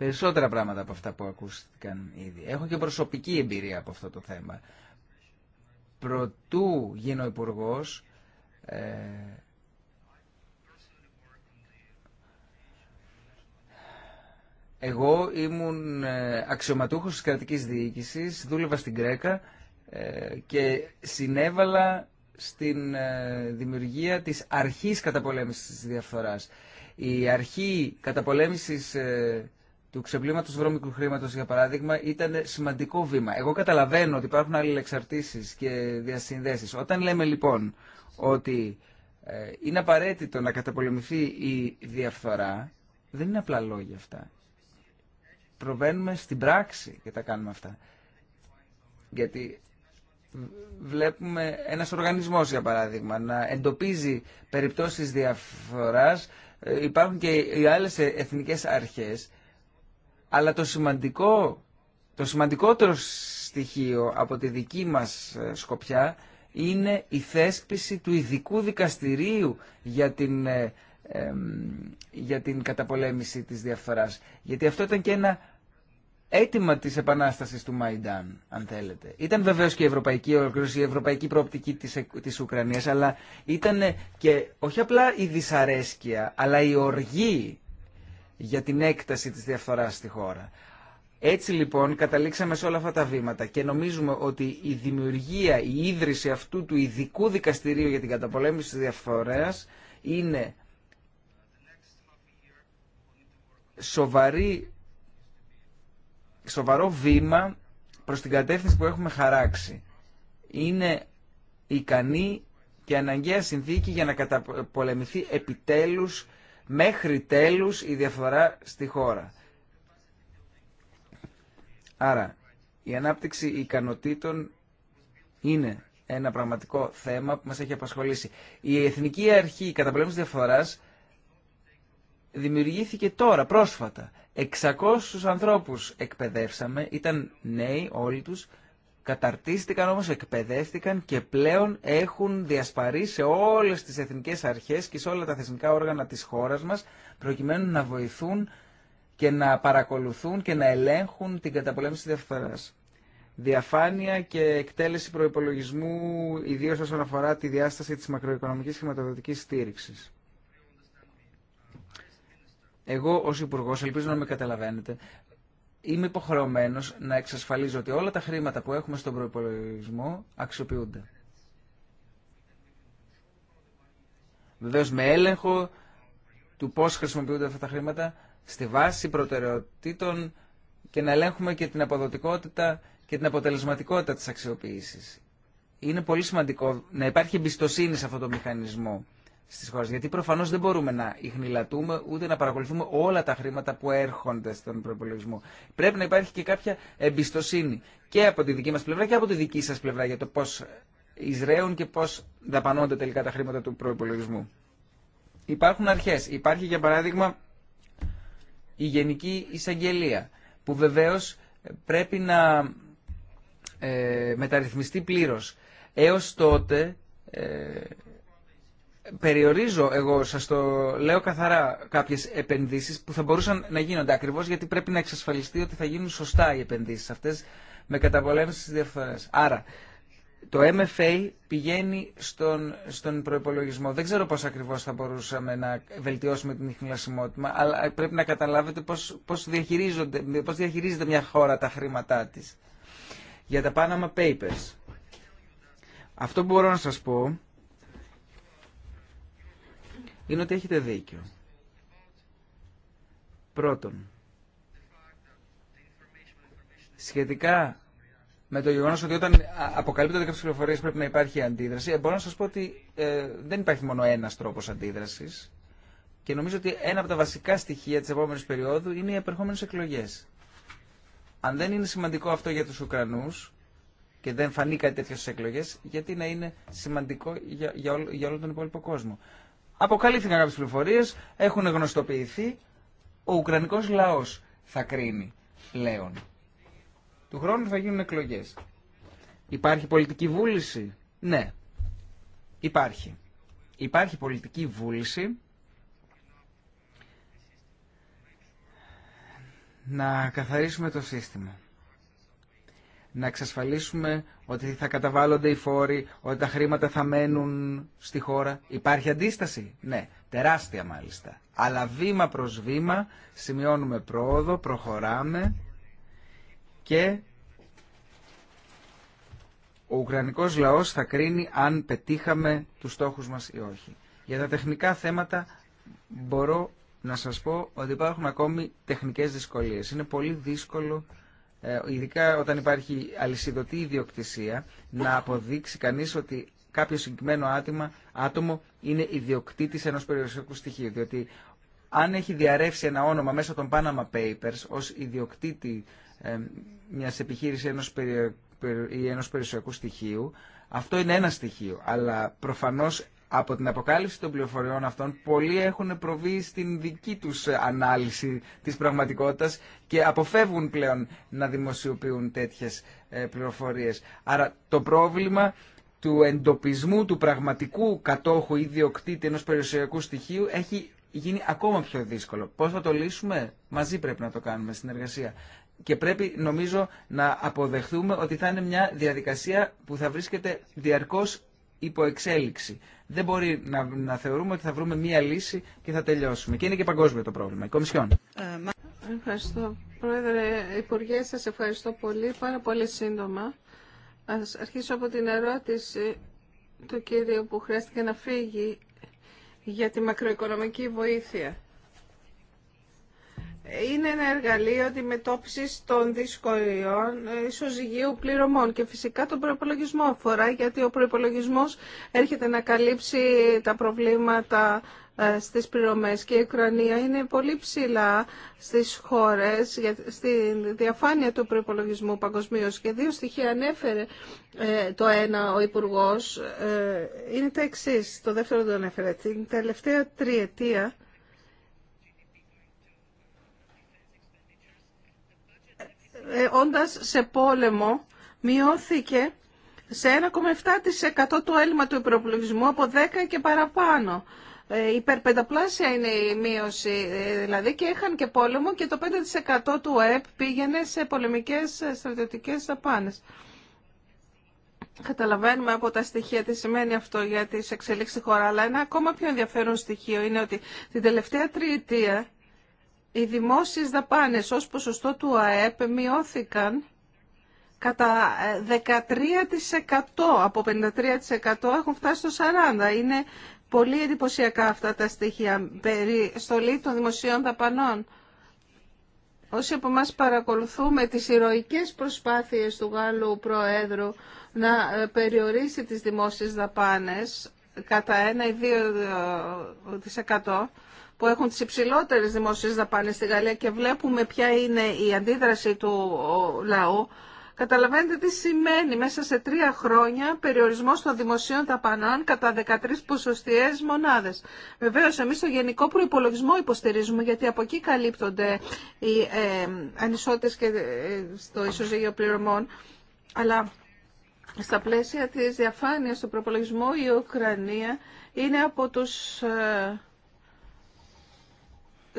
περισσότερα πράγματα από αυτά που ακούστηκαν ήδη. Έχω και προσωπική εμπειρία από αυτό το θέμα. Προτού γίνω υπουργό. Ε, εγώ ήμουν ε, αξιωματούχος της κρατικής διοίκησης, δούλευα στην Κρέκα ε, και συνέβαλα στην δημιουργία της αρχής καταπολέμησης της διαφθοράς. Η αρχή καταπολέμησης του ξεπλήματος βρώμικου χρήματος, για παράδειγμα, ήταν σημαντικό βήμα. Εγώ καταλαβαίνω ότι υπάρχουν εξαρτήσεις και διασυνδέσεις. Όταν λέμε λοιπόν ότι ε, είναι απαραίτητο να καταπολεμηθεί η διαφθορά, δεν είναι απλά λόγια αυτά. Προβαίνουμε στην πράξη και τα κάνουμε αυτά. Γιατί βλέπουμε ένας οργανισμός, για παράδειγμα, να εντοπίζει περιπτώσεις διαφθοράς. Ε, υπάρχουν και οι άλλες εθνικές αρχές αλλά το σημαντικό, το σημαντικότερο στοιχείο από τη δική μας ε, σκοπιά είναι η θέσπιση του ειδικού δικαστηρίου για την, ε, για την καταπολέμηση της διαφθοράς. Γιατί αυτό ήταν και ένα αίτημα της επανάστασης του Μαϊντάν, αν θέλετε. Ήταν βεβαίως και η ευρωπαϊκή η ευρωπαϊκή προοπτική της, ε, της Ουκρανίας, αλλά ήταν και όχι απλά η δυσαρέσκεια, αλλά η οργή για την έκταση της διαφθοράς στη χώρα. Έτσι λοιπόν καταλήξαμε σε όλα αυτά τα βήματα και νομίζουμε ότι η δημιουργία, η ίδρυση αυτού του ειδικού δικαστηρίου για την καταπολέμηση της διαφθοράς είναι σοβαρή, σοβαρό βήμα προς την κατεύθυνση που έχουμε χαράξει. Είναι ικανή και αναγκαία συνθήκη για να καταπολεμηθεί επιτέλους μέχρι τέλους η διαφορά στη χώρα. Άρα, η ανάπτυξη ικανοτήτων είναι ένα πραγματικό θέμα που μας έχει απασχολήσει. Η Εθνική Αρχή Καταπολέμησης Διαφοράς δημιουργήθηκε τώρα, πρόσφατα. 600 ανθρώπους εκπαιδεύσαμε, ήταν νέοι όλοι τους, Καταρτίστηκαν όμως, εκπαιδεύτηκαν και πλέον έχουν διασπαρεί σε όλες τις εθνικές αρχές και σε όλα τα θεσμικά όργανα της χώρας μας προκειμένου να βοηθούν και να παρακολουθούν και να ελέγχουν την καταπολέμηση διαφθοράς. Διαφάνεια και εκτέλεση προϋπολογισμού, ιδίως όσον αφορά τη διάσταση της μακροοικονομικής χρηματοδοτικής στήριξης. Εγώ ως υπουργό, ελπίζω να με καταλαβαίνετε, είμαι υποχρεωμένος να εξασφαλίζω ότι όλα τα χρήματα που έχουμε στον προϋπολογισμό αξιοποιούνται. Βεβαίω με έλεγχο του πώς χρησιμοποιούνται αυτά τα χρήματα στη βάση προτεραιοτήτων και να ελέγχουμε και την αποδοτικότητα και την αποτελεσματικότητα της αξιοποίησης. Είναι πολύ σημαντικό να υπάρχει εμπιστοσύνη σε αυτό το μηχανισμό στι χώρε. Γιατί προφανώ δεν μπορούμε να ιχνηλατούμε ούτε να παρακολουθούμε όλα τα χρήματα που έρχονται στον προπολογισμό. Πρέπει να υπάρχει και κάποια εμπιστοσύνη και από τη δική μα πλευρά και από τη δική σα πλευρά για το πώ εισραίουν και πώ δαπανώνται τελικά τα χρήματα του προπολογισμού. Υπάρχουν αρχέ. Υπάρχει για παράδειγμα η Γενική Εισαγγελία που βεβαίω πρέπει να ε, μεταρρυθμιστεί πλήρω. Έως τότε ε, περιορίζω εγώ, σα το λέω καθαρά, κάποιε επενδύσει που θα μπορούσαν να γίνονται ακριβώ γιατί πρέπει να εξασφαλιστεί ότι θα γίνουν σωστά οι επενδύσει αυτέ με καταπολέμηση της διαφθοράς. Άρα, το MFA πηγαίνει στον, στον προπολογισμό. Δεν ξέρω πώ ακριβώ θα μπορούσαμε να βελτιώσουμε την ειχνηλασιμότητα, αλλά πρέπει να καταλάβετε πώ πώς, διαχειρίζεται μια χώρα τα χρήματά τη. Για τα Panama Papers. Αυτό που μπορώ να σας πω είναι ότι έχετε δίκιο. Πρώτον, σχετικά με το γεγονό ότι όταν αποκαλύπτονται κάποιε πληροφορίε πρέπει να υπάρχει αντίδραση, ε, μπορώ να σα πω ότι ε, δεν υπάρχει μόνο ένα τρόπο αντίδραση. Και νομίζω ότι ένα από τα βασικά στοιχεία τη επόμενη περίοδου είναι οι επερχόμενε εκλογέ. Αν δεν είναι σημαντικό αυτό για του Ουκρανού και δεν φανεί κάτι τέτοιο στι εκλογέ, γιατί να είναι σημαντικό για, για, όλο, για όλο τον υπόλοιπο κόσμο. Αποκαλύφθηκαν κάποιε πληροφορίε, έχουν γνωστοποιηθεί. Ο Ουκρανικό λαό θα κρίνει πλέον. Του χρόνου θα γίνουν εκλογέ. Υπάρχει πολιτική βούληση. Ναι, υπάρχει. Υπάρχει πολιτική βούληση να καθαρίσουμε το σύστημα να εξασφαλίσουμε ότι θα καταβάλλονται οι φόροι, ότι τα χρήματα θα μένουν στη χώρα. Υπάρχει αντίσταση. Ναι, τεράστια μάλιστα. Αλλά βήμα προς βήμα σημειώνουμε πρόοδο, προχωράμε και ο Ουκρανικός λαός θα κρίνει αν πετύχαμε τους στόχους μας ή όχι. Για τα τεχνικά θέματα μπορώ να σας πω ότι υπάρχουν ακόμη τεχνικές δυσκολίες. Είναι πολύ δύσκολο ε, ειδικά όταν υπάρχει αλυσιδωτή ιδιοκτησία, να αποδείξει κανείς ότι κάποιο συγκεκριμένο άτομο, άτομο είναι ιδιοκτήτη ενό περιοριστικού στοιχείου. Διότι αν έχει διαρρεύσει ένα όνομα μέσα των Panama Papers ως ιδιοκτήτη ε, μιας επιχείρησης ενός περιο... ή ενός περιουσιακού στοιχείου, αυτό είναι ένα στοιχείο. Αλλά προφανώς από την αποκάλυψη των πληροφοριών αυτών, πολλοί έχουν προβεί στην δική τους ανάλυση της πραγματικότητας και αποφεύγουν πλέον να δημοσιοποιούν τέτοιες ε, πληροφορίε. Άρα το πρόβλημα του εντοπισμού του πραγματικού κατόχου ή διοκτήτη ενός περιουσιακού στοιχείου έχει γίνει ακόμα πιο δύσκολο. Πώς θα το λύσουμε? Μαζί πρέπει να το κάνουμε, συνεργασία. Και πρέπει νομίζω να αποδεχθούμε ότι θα είναι μια διαδικασία που θα βρίσκεται διαρκώς υπό εξέλιξη. Δεν μπορεί να, να θεωρούμε ότι θα βρούμε μία λύση και θα τελειώσουμε. Και είναι και παγκόσμιο το πρόβλημα. Η Κομισιόν. Ευχαριστώ. Πρόεδρε Υπουργέ, σα ευχαριστώ πολύ. Πάρα πολύ σύντομα. Α αρχίσω από την ερώτηση του κύριου που χρειάστηκε να φύγει για τη μακροοικονομική βοήθεια είναι ένα εργαλείο αντιμετώπιση των δυσκολιών ε, ισοζυγίου πληρωμών και φυσικά τον προπολογισμό αφορά γιατί ο προπολογισμό έρχεται να καλύψει τα προβλήματα ε, στις πληρωμές και η Ουκρανία είναι πολύ ψηλά στις χώρες στη διαφάνεια του προϋπολογισμού παγκοσμίω και δύο στοιχεία ανέφερε ε, το ένα ο Υπουργός είναι τα εξής, το δεύτερο το ανέφερε την τελευταία τριετία Ε, όντας σε πόλεμο μειώθηκε σε 1,7% το έλλειμμα του υπεροπλογισμού από 10 και παραπάνω. Ε, υπερπενταπλάσια είναι η μείωση, ε, δηλαδή και είχαν και πόλεμο και το 5% του ΕΠ πήγαινε σε πολεμικές στρατιωτικές δαπάνες. Καταλαβαίνουμε από τα στοιχεία τι σημαίνει αυτό για τις εξελίξεις στη χώρα, αλλά ένα ακόμα πιο ενδιαφέρον στοιχείο είναι ότι την τελευταία τριετία οι δημόσιες δαπάνες ως ποσοστό του ΑΕΠ μειώθηκαν κατά 13% ε, από 53% έχουν φτάσει στο 40%. Είναι πολύ εντυπωσιακά αυτά τα στοιχεία περί στολή των δημοσίων δαπανών. Όσοι από εμά παρακολουθούμε τις ηρωικές προσπάθειες του Γάλλου Προέδρου να ε, περιορίσει τις δημόσιες δαπάνες κατά 1 ή 2% που έχουν τις υψηλότερες δημοσίες δαπάνες στη Γαλλία και βλέπουμε ποια είναι η αντίδραση του λαού, καταλαβαίνετε τι σημαίνει μέσα σε τρία χρόνια περιορισμός των δημοσίων δαπανών κατά 13 ποσοστιαίες μονάδες. Βεβαίως εμείς το γενικό προϋπολογισμό υποστηρίζουμε γιατί από εκεί καλύπτονται οι ε, ε στο ισοζύγιο πληρωμών. Αλλά στα πλαίσια της διαφάνεια του προπολογισμού η Ουκρανία είναι από τους... Ε,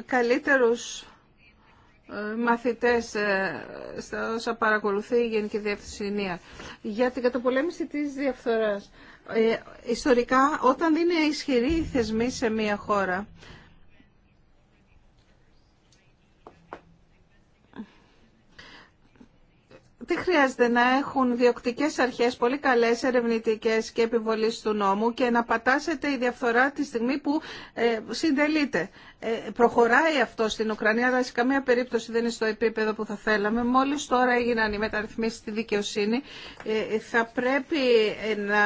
καλύτερους ε, μαθητές ε, στα όσα παρακολουθεί η Γενική Διεύθυνση Για την καταπολέμηση της διαφθοράς. Ε, ιστορικά, όταν είναι ισχυροί οι θεσμοί σε μία χώρα, Τι χρειάζεται να έχουν διοκτικές αρχές πολύ καλές ερευνητικές και επιβολής του νόμου και να πατάσετε η διαφθορά τη στιγμή που ε, συντελείται. Ε, προχωράει αυτό στην Ουκρανία, αλλά σε καμία περίπτωση δεν είναι στο επίπεδο που θα θέλαμε. Μόλις τώρα έγιναν οι μεταρρυθμίσεις στη δικαιοσύνη, ε, θα πρέπει να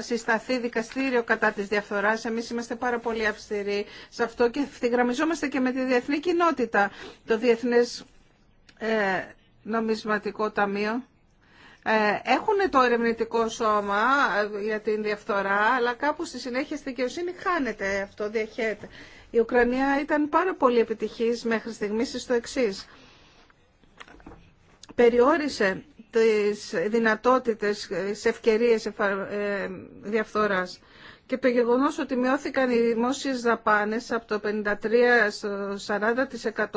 συσταθεί δικαστήριο κατά της διαφθοράς. Εμείς είμαστε πάρα πολύ αυστηροί σε αυτό και ευθυγραμμιζόμαστε και με τη διεθνή κοινότητα, το διεθνές νομισματικό ταμείο ε, έχουν το ερευνητικό σώμα ε, για την διαφθορά, αλλά κάπου στη συνέχεια στη δικαιοσύνη χάνεται αυτό, διαχέεται. Η Ουκρανία ήταν πάρα πολύ επιτυχής μέχρι στιγμής στο εξή. Περιόρισε τις δυνατότητες, ε, τις ευκαιρίες διαφθοράς και το γεγονός ότι μειώθηκαν οι δημόσιες δαπάνες από το 53% στο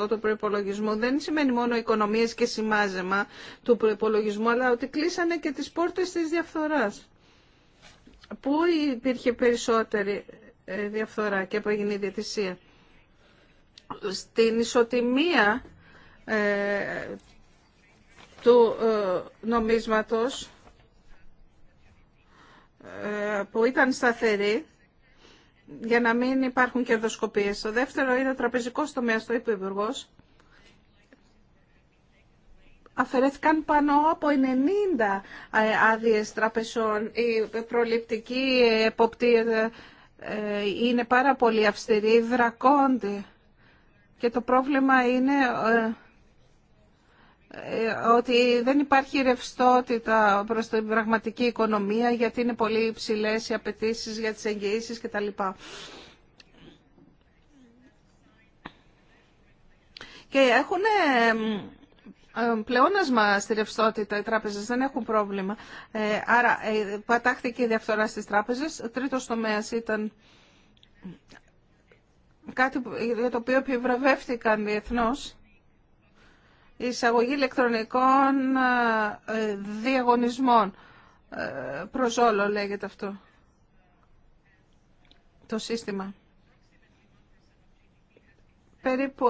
40% του προϋπολογισμού δεν σημαίνει μόνο οικονομίες και σημάζεμα του προϋπολογισμού, αλλά ότι κλείσανε και τις πόρτες της διαφθοράς. Πού υπήρχε περισσότερη ε, διαφθορά και που έγινε η διατησία. Στην ισοτιμία ε, του ε, νομίσματος ε, που ήταν σταθερή για να μην υπάρχουν κερδοσκοπίες. Το δεύτερο είναι ο τραπεζικός τομέας, το είπε ο Υπουργός. Αφαιρέθηκαν πάνω από 90 ε, άδειε τραπεζών. Η προληπτική εποπτεία ε, είναι πάρα πολύ αυστηρή, δρακόντη. Και το πρόβλημα είναι ε, ότι δεν υπάρχει ρευστότητα προς την πραγματική οικονομία γιατί είναι πολύ υψηλέ οι απαιτήσει για τις εγγυήσεις κτλ. Και έχουν ε, ε, πλεόνασμα στη ρευστότητα οι τράπεζες, δεν έχουν πρόβλημα. Άρα πατάχθηκε η διαφθορά στις τράπεζες. Ο τρίτος τομέας ήταν κάτι για το οποίο επιβραβεύτηκαν διεθνώς εισαγωγή ηλεκτρονικών ε, ε, διαγωνισμών. Ε, προς όλο λέγεται αυτό το σύστημα. Περίπου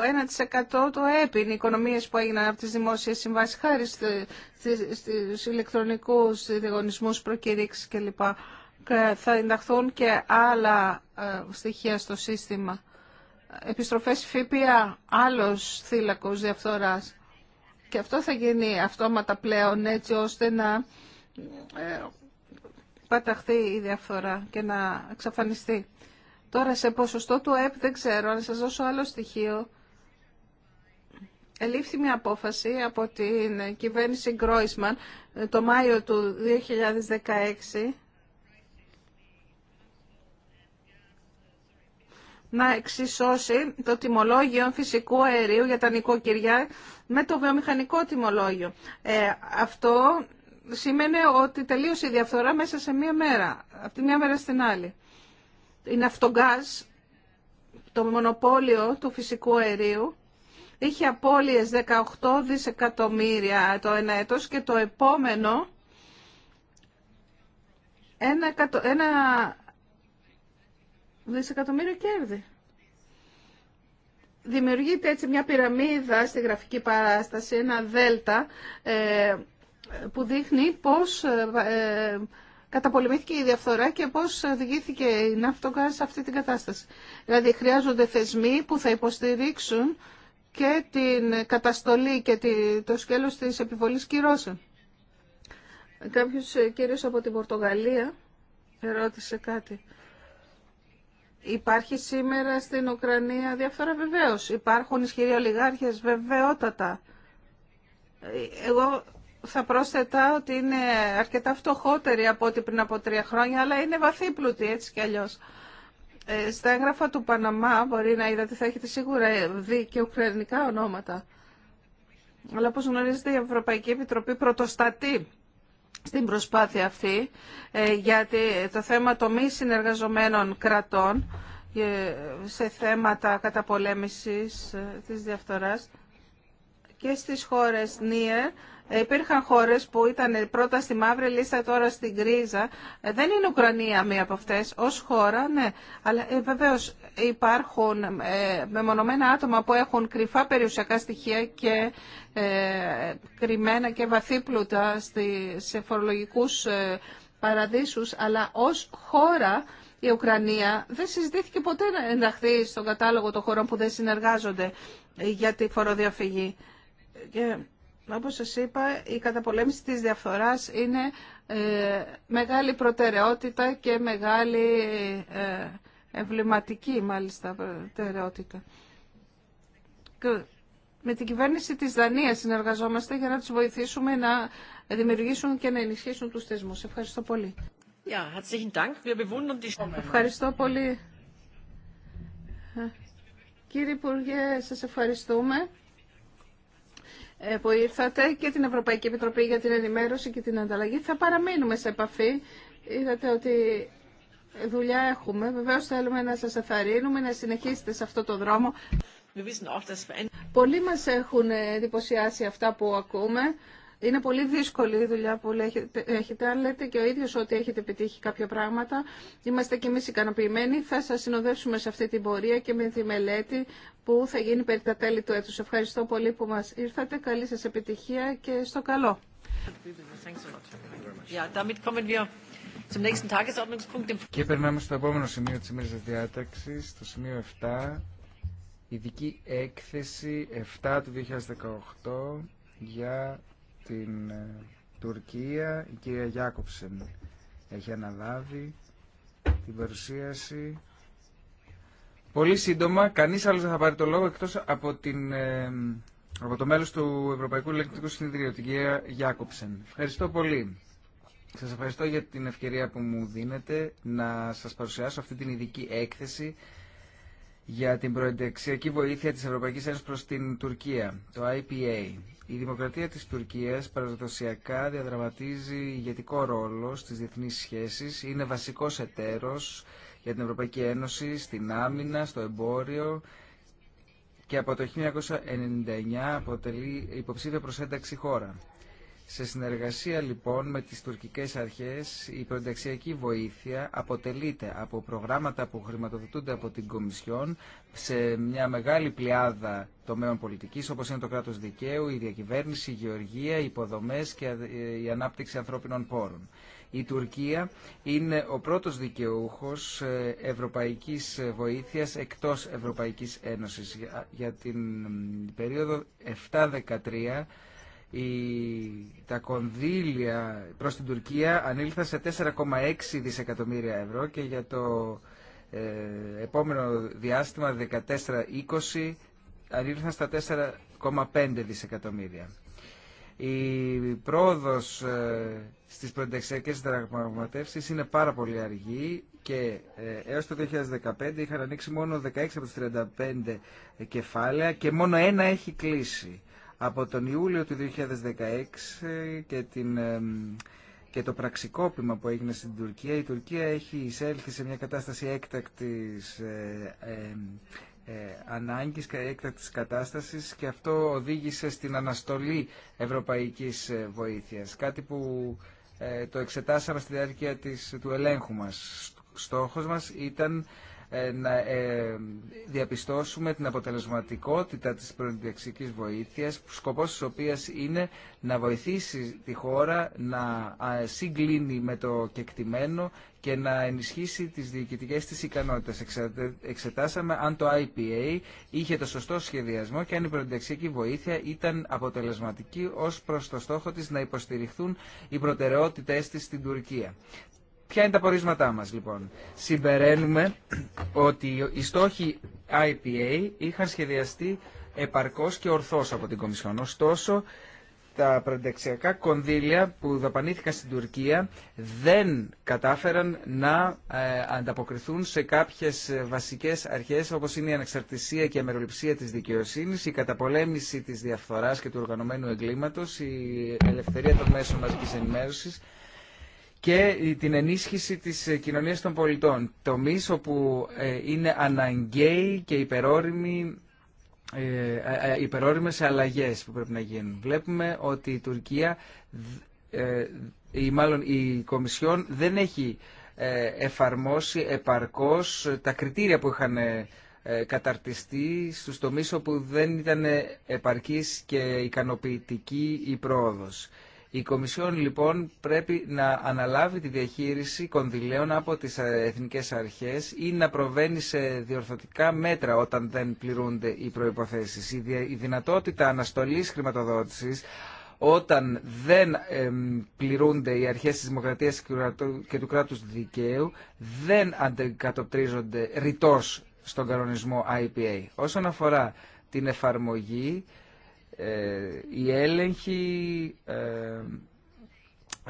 1% το έπιν, οι οικονομίες που έγιναν από τις δημόσιες συμβάσεις χάρη στους ηλεκτρονικούς διαγωνισμούς, προκηρύξεις κλπ. Θα ενταχθούν και άλλα στοιχεία στο σύστημα. Επιστροφές ΦΠΑ, άλλος θύλακος διαφθοράς. Και αυτό θα γίνει αυτόματα πλέον έτσι ώστε να ε, παταχθεί η διαφθορά και να εξαφανιστεί. Τώρα σε ποσοστό του ΕΠ δεν ξέρω, να σας δώσω άλλο στοιχείο. Ελήφθη μια απόφαση από την κυβέρνηση Γκρόισμαν ε, το Μάιο του 2016 να εξισώσει το τιμολόγιο φυσικού αερίου για τα νοικοκυριά με το βιομηχανικό τιμολόγιο. Ε, αυτό σημαίνει ότι τελείωσε η διαφθορά μέσα σε μία μέρα, από τη μία μέρα στην άλλη. Η Ναυτογκάζ, το μονοπόλιο του φυσικού αερίου, είχε απώλειες 18 δισεκατομμύρια το ένα έτος και το επόμενο ένα, ένα δισεκατομμύριο κέρδη. Δημιουργείται έτσι μια πυραμίδα στη γραφική παράσταση, ένα δέλτα, ε, που δείχνει πώς ε, ε, καταπολεμήθηκε η διαφθορά και πώς οδηγήθηκε η ναύτογκα σε αυτή την κατάσταση. Δηλαδή χρειάζονται θεσμοί που θα υποστηρίξουν και την καταστολή και το σκέλος της επιβολής κυρώσεων. Κάποιος κύριος από την Πορτογαλία ερώτησε κάτι. Υπάρχει σήμερα στην Ουκρανία διαφθορά βεβαίως. Υπάρχουν ισχυροί ολιγάρχε, βεβαιότατα. Εγώ θα πρόσθετα ότι είναι αρκετά φτωχότεροι από ό,τι πριν από τρία χρόνια, αλλά είναι βαθύπλουτοι έτσι κι αλλιώς. Ε, στα έγγραφα του Παναμά μπορεί να είδατε, θα έχετε σίγουρα δει και ουκρανικά ονόματα. Αλλά όπως γνωρίζετε η Ευρωπαϊκή Επιτροπή πρωτοστατεί στην προσπάθεια αυτή ε, γιατί το θέμα των μη συνεργαζομένων κρατών ε, σε θέματα καταπολέμησης ε, της διαφθοράς και στις χώρες ΝΙΕ υπήρχαν χώρες που ήταν πρώτα στη μαύρη λίστα, τώρα στην κρίζα. Δεν είναι Ουκρανία μία από αυτές, ως χώρα, ναι. Αλλά ε, βεβαίως υπάρχουν ε, μεμονωμένα άτομα που έχουν κρυφά περιουσιακά στοιχεία και ε, κρυμμένα και βαθύπλουτα σε φορολογικούς ε, παραδείσους, αλλά ως χώρα η Ουκρανία δεν συζητήθηκε ποτέ να ενταχθεί στον κατάλογο των χωρών που δεν συνεργάζονται για τη φοροδιαφυγή. Και, όπως σας είπα, η καταπολέμηση της διαφθοράς είναι μεγάλη προτεραιότητα και μεγάλη εμβληματική μάλιστα προτεραιότητα. Με την κυβέρνηση της Δανίας συνεργαζόμαστε για να τους βοηθήσουμε να δημιουργήσουν και να ενισχύσουν τους θεσμούς. Ευχαριστώ πολύ. Ευχαριστώ πολύ. Κύριε Υπουργέ, σας ευχαριστούμε ε, που ήρθατε και την Ευρωπαϊκή Επιτροπή για την ενημέρωση και την ανταλλαγή. Θα παραμείνουμε σε επαφή. Είδατε ότι δουλειά έχουμε. βεβαίω θέλουμε να σα αθαρρύνουμε, να συνεχίσετε σε αυτό το δρόμο. Πολλοί μα έχουν εντυπωσιάσει αυτά που ακούμε. Είναι πολύ δύσκολη η δουλειά που έχετε. Αν λέτε και ο ίδιο ότι έχετε επιτύχει κάποια πράγματα, είμαστε κι εμεί ικανοποιημένοι. Θα σα συνοδεύσουμε σε αυτή την πορεία και με τη μελέτη που θα γίνει περί τα τέλη του έτου. Ευχαριστώ πολύ που μα ήρθατε. Καλή σα επιτυχία και στο καλό. Και περνάμε στο επόμενο σημείο της ημέρας της διάταξης, το σημείο 7, ειδική έκθεση 7 του 2018 για την ε, Τουρκία. Η κυρία Γιάκοψεν έχει αναλάβει την παρουσίαση. Πολύ σύντομα, κανείς άλλος δεν θα πάρει το λόγο εκτός από, την, ε, από το μέλος του Ευρωπαϊκού Ελεκτρικού Συνεδρίου, την κυρία Γιάκοψεν. Ευχαριστώ πολύ. Σας ευχαριστώ για την ευκαιρία που μου δίνετε να σας παρουσιάσω αυτή την ειδική έκθεση για την προεντεξιακή βοήθεια της Ευρωπαϊκής Ένωσης προς την Τουρκία, το IPA. Η δημοκρατία της Τουρκίας παραδοσιακά διαδραματίζει ηγετικό ρόλο στις διεθνείς σχέσεις, είναι βασικός εταίρος για την Ευρωπαϊκή Ένωση στην άμυνα, στο εμπόριο και από το 1999 αποτελεί υποψήφια προσένταξη χώρα. Σε συνεργασία λοιπόν με τις τουρκικές αρχές, η πρωτεξιακή βοήθεια αποτελείται από προγράμματα που χρηματοδοτούνται από την Κομισιόν σε μια μεγάλη πλειάδα τομέων πολιτικής, όπως είναι το κράτος δικαίου, η διακυβέρνηση, η γεωργία, οι υποδομές και ε, η ανάπτυξη ανθρώπινων πόρων. Η Τουρκία είναι ο πρώτος δικαιούχος ε, ευρωπαϊκής βοήθειας εκτός Ευρωπαϊκής Ένωσης για την περίοδο 7-13 η, τα κονδύλια προς την Τουρκία ανήλθαν σε 4,6 δισεκατομμύρια ευρώ και για το ε, επόμενο διάστημα 14-20 ανήλθαν στα 4,5 δισεκατομμύρια. Η πρόοδος ε, στις προενταξιακές δραγματεύσεις είναι πάρα πολύ αργή και ε, έως το 2015 είχαν ανοίξει μόνο 16 από τις 35 κεφάλαια και μόνο ένα έχει κλείσει. Από τον Ιούλιο του 2016 και, την, και το πραξικόπημα που έγινε στην Τουρκία, η Τουρκία έχει εισέλθει σε μια κατάσταση έκτακτης ε, ε, ε ανάγκης και έκτακτης κατάστασης και αυτό οδήγησε στην αναστολή ευρωπαϊκής ε, βοήθειας. Κάτι που το εξετάσαμε στη διάρκεια της, του ελέγχου μας. Στόχος μας ήταν ε, να ε, διαπιστώσουμε την αποτελεσματικότητα της προληπτικής βοήθειας, σκοπός της οποίας είναι να βοηθήσει τη χώρα να συγκλίνει με το κεκτημένο και να ενισχύσει τις διοικητικές της ικανότητες. Εξετάσαμε αν το IPA είχε το σωστό σχεδιασμό και αν η προληπτική βοήθεια ήταν αποτελεσματική ως προς το στόχο της να υποστηριχθούν οι προτεραιότητές της στην Τουρκία. Ποια είναι τα πορίσματά μας λοιπόν. Συμπεραίνουμε ότι οι στόχοι IPA είχαν σχεδιαστεί επαρκώς και ορθώς από την Κομισιόν. Ωστόσο, τα πρωτεξιακά κονδύλια που δαπανήθηκαν στην Τουρκία δεν κατάφεραν να ε, ανταποκριθούν σε κάποιες βασικές αρχές όπως είναι η ανεξαρτησία και η αμεροληψία της δικαιοσύνης, η καταπολέμηση της διαφθοράς και του οργανωμένου εγκλήματος, η ελευθερία των μέσων μαζικής ενημέρωσης και την ενίσχυση της ε, κοινωνίας των πολιτών. Τομείς όπου ε, είναι αναγκαίοι και υπερόριμοι ε, υπερόριμες αλλαγές που πρέπει να γίνουν. Βλέπουμε ότι η Τουρκία ή μάλλον η Κομισιόν δεν έχει εφαρμόσει επαρκώς τα κριτήρια που είχαν καταρτιστεί στους τομείς όπου δεν ήταν επαρκής και ικανοποιητική η πρόοδος. Η Κομισιόν λοιπόν πρέπει να αναλάβει τη διαχείριση κονδυλαίων από τις εθνικές αρχές ή να προβαίνει σε διορθωτικά μέτρα όταν δεν πληρούνται οι προϋποθέσεις. Η δυνατότητα αναστολής χρηματοδότησης όταν δεν πληρούνται οι αρχές της δημοκρατίας και του κράτους δικαίου δεν αντικατοπτρίζονται ρητός στον κανονισμό IPA. Όσον αφορά την εφαρμογή ε, οι έλεγχοι ε,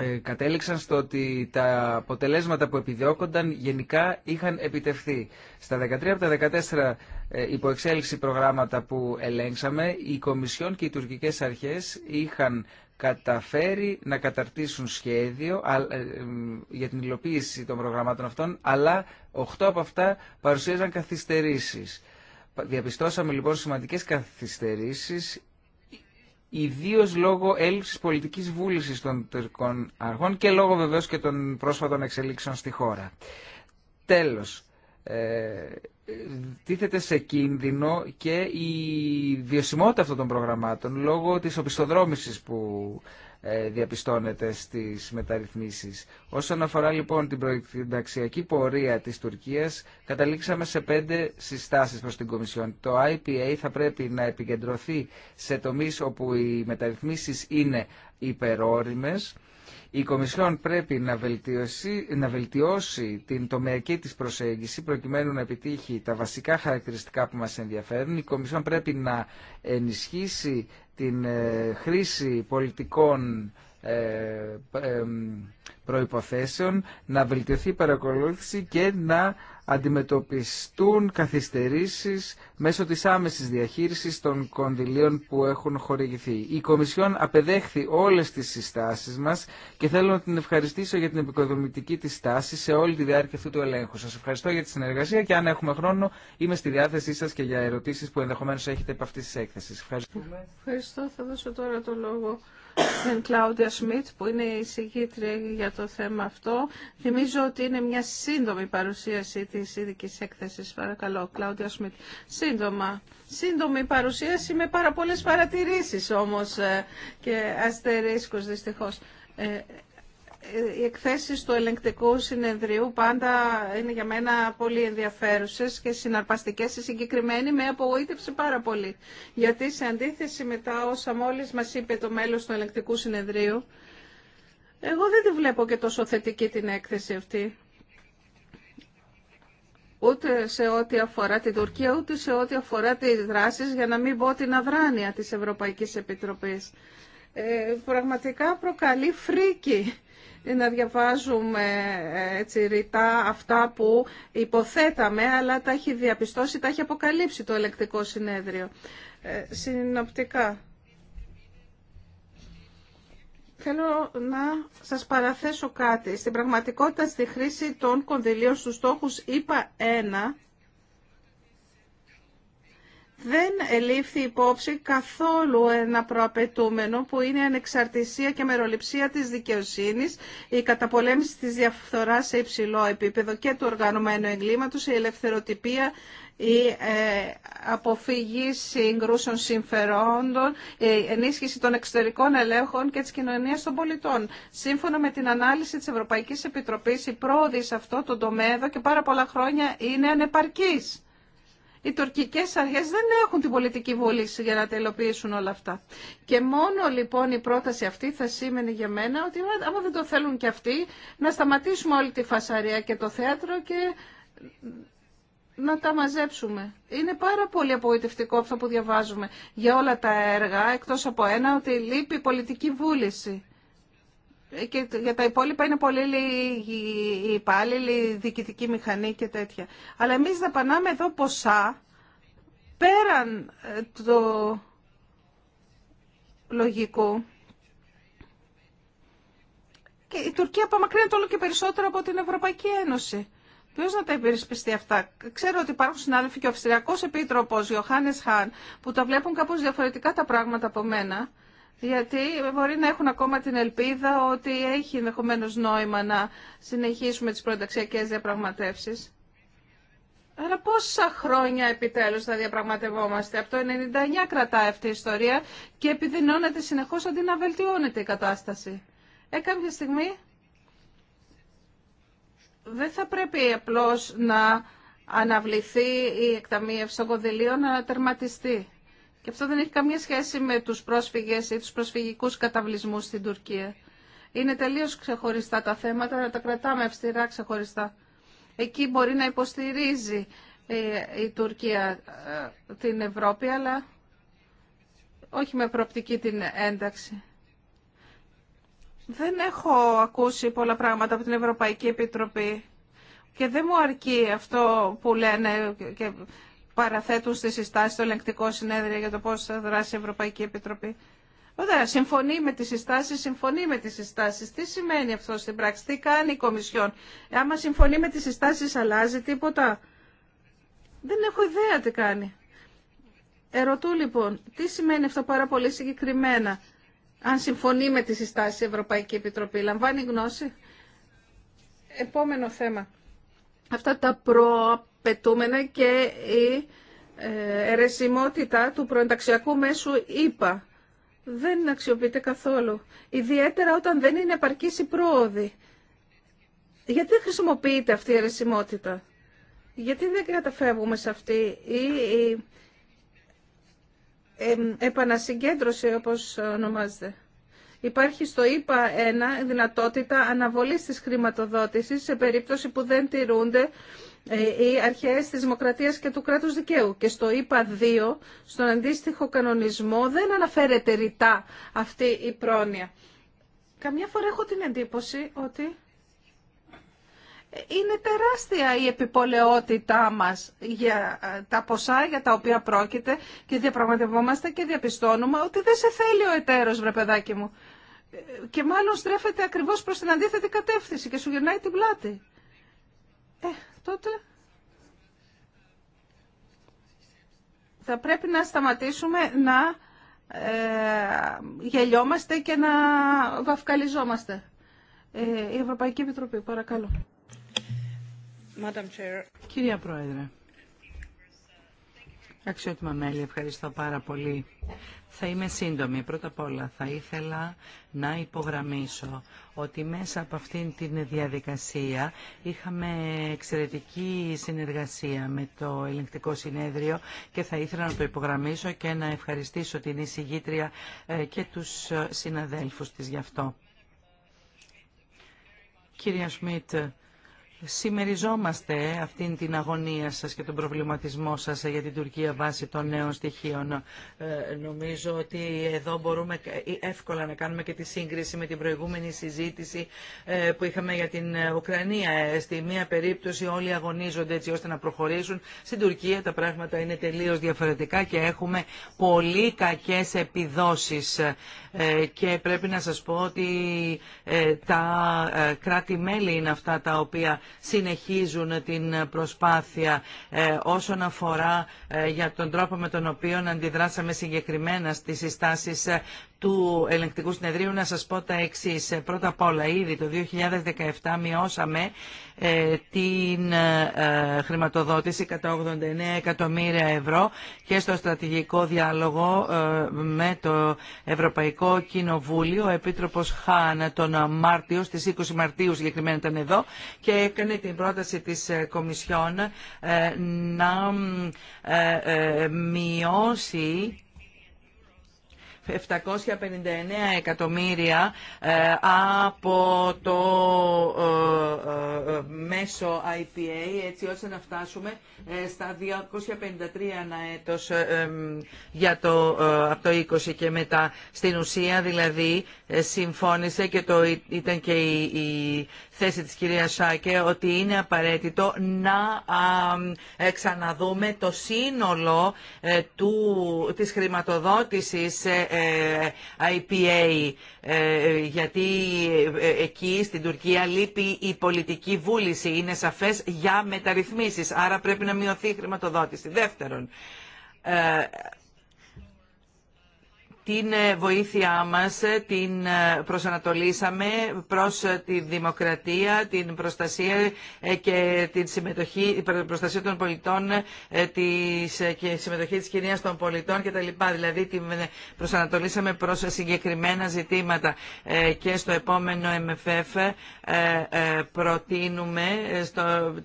ε, κατέληξαν στο ότι τα αποτελέσματα που επιδιώκονταν γενικά είχαν επιτευχθεί. Στα 13 από τα 14 υποεξέλιξη προγράμματα που ελέγξαμε, οι Κομισιόν και οι τουρκικές αρχές είχαν καταφέρει να καταρτήσουν σχέδιο για την υλοποίηση των προγραμμάτων αυτών, αλλά 8 από αυτά παρουσίαζαν καθυστερήσεις. Διαπιστώσαμε λοιπόν σημαντικές καθυστερήσεις ιδίω λόγω έλλειψη πολιτική βούληση των τουρκικών αρχών και λόγω βεβαίω και των πρόσφατων εξελίξεων στη χώρα. Τέλο, ε, τίθεται σε κίνδυνο και η βιωσιμότητα αυτών των προγραμμάτων λόγω της οπισθοδρόμησης που ε, διαπιστώνεται στις μεταρρυθμίσεις. Όσον αφορά λοιπόν την προενταξιακή πορεία της Τουρκίας, καταλήξαμε σε πέντε συστάσεις προς την Κομισιόν. Το IPA θα πρέπει να επικεντρωθεί σε τομείς όπου οι μεταρρυθμίσεις είναι υπερόριμες, η Κομισιόν πρέπει να βελτιώσει, να βελτιώσει την τομεακή της προσέγγιση προκειμένου να επιτύχει τα βασικά χαρακτηριστικά που μας ενδιαφέρουν. Η Κομισιόν πρέπει να ενισχύσει την ε, χρήση πολιτικών ε, ε, προϋποθέσεων, να βελτιωθεί η παρακολούθηση και να αντιμετωπιστούν καθυστερήσεις μέσω της άμεσης διαχείρισης των κονδυλίων που έχουν χορηγηθεί. Η Κομισιόν απεδέχθη όλες τις συστάσεις μας και θέλω να την ευχαριστήσω για την επικοδομητική της στάση σε όλη τη διάρκεια αυτού του ελέγχου. Σας ευχαριστώ για τη συνεργασία και αν έχουμε χρόνο είμαι στη διάθεσή σας και για ερωτήσεις που ενδεχομένως έχετε από αυτής της έκθεση. Ευχαριστώ. Θα δώσω τώρα το λόγο την Κλάουδια Σμιτ που είναι η συγκήτρια για το θέμα αυτό. Θυμίζω ότι είναι μια σύντομη παρουσίαση της ειδική έκθεσης. Παρακαλώ, Κλάουδια Σμιτ. Σύντομα. Σύντομη παρουσίαση με πάρα πολλές παρατηρήσεις όμως ε, και αστερίσκους δυστυχώς. Ε, οι εκθέσεις του ελεγκτικού συνεδρίου πάντα είναι για μένα πολύ ενδιαφέρουσες και συναρπαστικές. Η συγκεκριμένη με απογοήτευσε πάρα πολύ. Γιατί σε αντίθεση με τα όσα μόλις μας είπε το μέλος του ελεγκτικού συνεδρίου, εγώ δεν τη βλέπω και τόσο θετική την έκθεση αυτή. Ούτε σε ό,τι αφορά την Τουρκία, ούτε σε ό,τι αφορά τις δράσεις, για να μην πω την αδράνεια της Ευρωπαϊκής Επιτροπής. Ε, πραγματικά προκαλεί φρίκι να διαβάζουμε ε, έτσι ρητά αυτά που υποθέταμε, αλλά τα έχει διαπιστώσει, τα έχει αποκαλύψει το ελεκτικό συνέδριο. Ε, συνοπτικά. Θέλω να σας παραθέσω κάτι. Στην πραγματικότητα, στη χρήση των κονδυλίων στους στόχους είπα ένα, δεν ελήφθη υπόψη καθόλου ένα προαπαιτούμενο που είναι η ανεξαρτησία και μεροληψία της δικαιοσύνης, η καταπολέμηση της διαφθοράς σε υψηλό επίπεδο και του οργανωμένου εγκλήματος, η ελευθεροτυπία, η ε, αποφυγή συγκρούσεων συμφερόντων, η ενίσχυση των εξωτερικών ελέγχων και της κοινωνίας των πολιτών. Σύμφωνα με την ανάλυση της Ευρωπαϊκής Επιτροπής, η πρόοδη σε αυτό το τομέα εδώ και πάρα πολλά χρόνια είναι ανεπαρκής οι τουρκικές αρχές δεν έχουν την πολιτική βούληση για να τελοποιήσουν όλα αυτά. Και μόνο λοιπόν η πρόταση αυτή θα σήμαινε για μένα ότι ε, άμα δεν το θέλουν και αυτοί, να σταματήσουμε όλη τη φασαρία και το θέατρο και να τα μαζέψουμε. Είναι πάρα πολύ απογοητευτικό αυτό που διαβάζουμε για όλα τα έργα, εκτός από ένα, ότι λείπει πολιτική βούληση και για τα υπόλοιπα είναι πολύ λίγοι οι υπάλληλοι, διοικητικοί μηχανή και τέτοια. Αλλά εμείς δαπανάμε εδώ ποσά πέραν ε, το λογικό. Και η Τουρκία απομακρύνεται όλο και περισσότερο από την Ευρωπαϊκή Ένωση. Ποιο να τα υπερισπιστεί αυτά. Ξέρω ότι υπάρχουν συνάδελφοι και ο Αυστριακό Επίτροπο Ιωάννη Χαν που τα βλέπουν κάπω διαφορετικά τα πράγματα από μένα γιατί μπορεί να έχουν ακόμα την ελπίδα ότι έχει ενδεχομένω νόημα να συνεχίσουμε τις προενταξιακές διαπραγματεύσεις. Αλλά πόσα χρόνια επιτέλους θα διαπραγματευόμαστε. Από το 99 κρατάει αυτή η ιστορία και επιδεινώνεται συνεχώς αντί να βελτιώνεται η κατάσταση. Ε, κάποια στιγμή δεν θα πρέπει απλώς να αναβληθεί η εκταμείευση των κονδυλίων να τερματιστεί. Και αυτό δεν έχει καμία σχέση με τους πρόσφυγες ή τους προσφυγικούς καταβλισμούς στην Τουρκία. Είναι τελείως ξεχωριστά τα θέματα, να τα κρατάμε αυστηρά ξεχωριστά. Εκεί μπορεί να υποστηρίζει ε, η Τουρκία ε, την Ευρώπη, αλλά όχι με προοπτική την ένταξη. Δεν έχω ακούσει πολλά πράγματα από την Ευρωπαϊκή Επιτροπή και δεν μου αρκεί αυτό που λένε και παραθέτουν στη συστάσεις το ελεγκτικό συνέδριο για το πώς θα δράσει η Ευρωπαϊκή Επιτροπή. Ωραία, συμφωνεί με τις συστάσεις, συμφωνεί με τις συστάσεις. Τι σημαίνει αυτό στην πράξη, τι κάνει η Κομισιόν. Άμα συμφωνεί με τις συστάσεις αλλάζει τίποτα. Δεν έχω ιδέα τι κάνει. Ερωτώ λοιπόν, τι σημαίνει αυτό πάρα πολύ συγκεκριμένα. Αν συμφωνεί με τις συστάσεις η Ευρωπαϊκή Επιτροπή, λαμβάνει γνώση. Επόμενο θέμα αυτά τα προαπαιτούμενα και η ερεσιμότητα του προενταξιακού μέσου είπα, Δεν αξιοποιείται καθόλου. Ιδιαίτερα όταν δεν είναι επαρκής η πρόοδη. Γιατί δεν χρησιμοποιείται αυτή η αιρεσιμότητα. Γιατί δεν καταφεύγουμε σε αυτή η επανασυγκέντρωση όπως ονομάζεται. Υπάρχει στο ΙΠΑ 1 δυνατότητα αναβολής της χρηματοδότησης σε περίπτωση που δεν τηρούνται ε, οι αρχές της δημοκρατίας και του κράτους δικαίου. Και στο ΙΠΑ 2, στον αντίστοιχο κανονισμό, δεν αναφέρεται ρητά αυτή η πρόνοια. Καμιά φορά έχω την εντύπωση ότι είναι τεράστια η επιπολαιότητά μας για ε, τα ποσά για τα οποία πρόκειται και διαπραγματευόμαστε και διαπιστώνουμε ότι δεν σε θέλει ο εταίρος, βρε παιδάκι μου και μάλλον στρέφεται ακριβώς προς την αντίθετη κατεύθυνση και σου γυρνάει την πλάτη. Ε, τότε θα πρέπει να σταματήσουμε να ε, γελιόμαστε και να βαφκαλιζόμαστε. Ε, η Ευρωπαϊκή Επιτροπή, παρακαλώ. Madam Chair. Κυρία Πρόεδρε. Αξιότιμα μέλη, ευχαριστώ πάρα πολύ. Θα είμαι σύντομη. Πρώτα απ' όλα θα ήθελα να υπογραμμίσω ότι μέσα από αυτήν την διαδικασία είχαμε εξαιρετική συνεργασία με το ελεγκτικό συνέδριο και θα ήθελα να το υπογραμμίσω και να ευχαριστήσω την εισηγήτρια ε, και τους ε, συναδέλφους της γι' αυτό. Κυρία Σμιτ, Συμμεριζόμαστε αυτήν την αγωνία σας και τον προβληματισμό σας για την Τουρκία βάσει των νέων στοιχείων. Ε, νομίζω ότι εδώ μπορούμε ε, εύκολα να κάνουμε και τη σύγκριση με την προηγούμενη συζήτηση ε, που είχαμε για την Ουκρανία. Στη μία περίπτωση όλοι αγωνίζονται έτσι ώστε να προχωρήσουν. Στην Τουρκία τα πράγματα είναι τελείως διαφορετικά και έχουμε πολύ κακές επιδόσεις. Ε, και πρέπει να σας πω ότι τα κράτη-μέλη είναι αυτά τα οποία συνεχίζουν την προσπάθεια ε, όσον αφορά ε, για τον τρόπο με τον οποίο αντιδράσαμε συγκεκριμένα στις συστάσεις ε, του ελεγκτικού συνεδρίου να σας πω τα εξής. Ε, πρώτα απ' όλα, ήδη το 2017 μειώσαμε ε, την ε, χρηματοδότηση κατά 89 εκατομμύρια ευρώ και στο στρατηγικό διάλογο με το Ευρωπαϊκό Κοινοβούλιο. Ο Επίτροπος Χάν τον Μάρτιο, στις 20 Μαρτίου συγκεκριμένα ήταν εδώ και έκανε την πρόταση της Κομισιόν να μειώσει 759 εκατομμύρια ε, από το ε, ε, μέσο IPA έτσι ώστε να φτάσουμε στα 253 ανά έτος για το, από το 20 και μετά. Στην ουσία δηλαδή συμφώνησε και το, ήταν και η, θέση της κυρίας Σάκε ότι είναι απαραίτητο να ξαναδούμε το σύνολο του, της χρηματοδότησης ε, IPA ε, γιατί ε, εκεί στην Τουρκία λείπει η πολιτική βούληση. Είναι σαφές για μεταρρυθμίσεις, άρα πρέπει να μειωθεί η χρηματοδότηση. Δεύτερον, την ε, βοήθειά μας ε, την ε, προσανατολίσαμε προς τη δημοκρατία, την προστασία και την συμμετοχή, την προστασία των πολιτών της, και συμμετοχή της κοινίας των πολιτών κτλ. Δηλαδή την προσανατολίσαμε προς συγκεκριμένα ζητήματα και στο επόμενο MFF προτείνουμε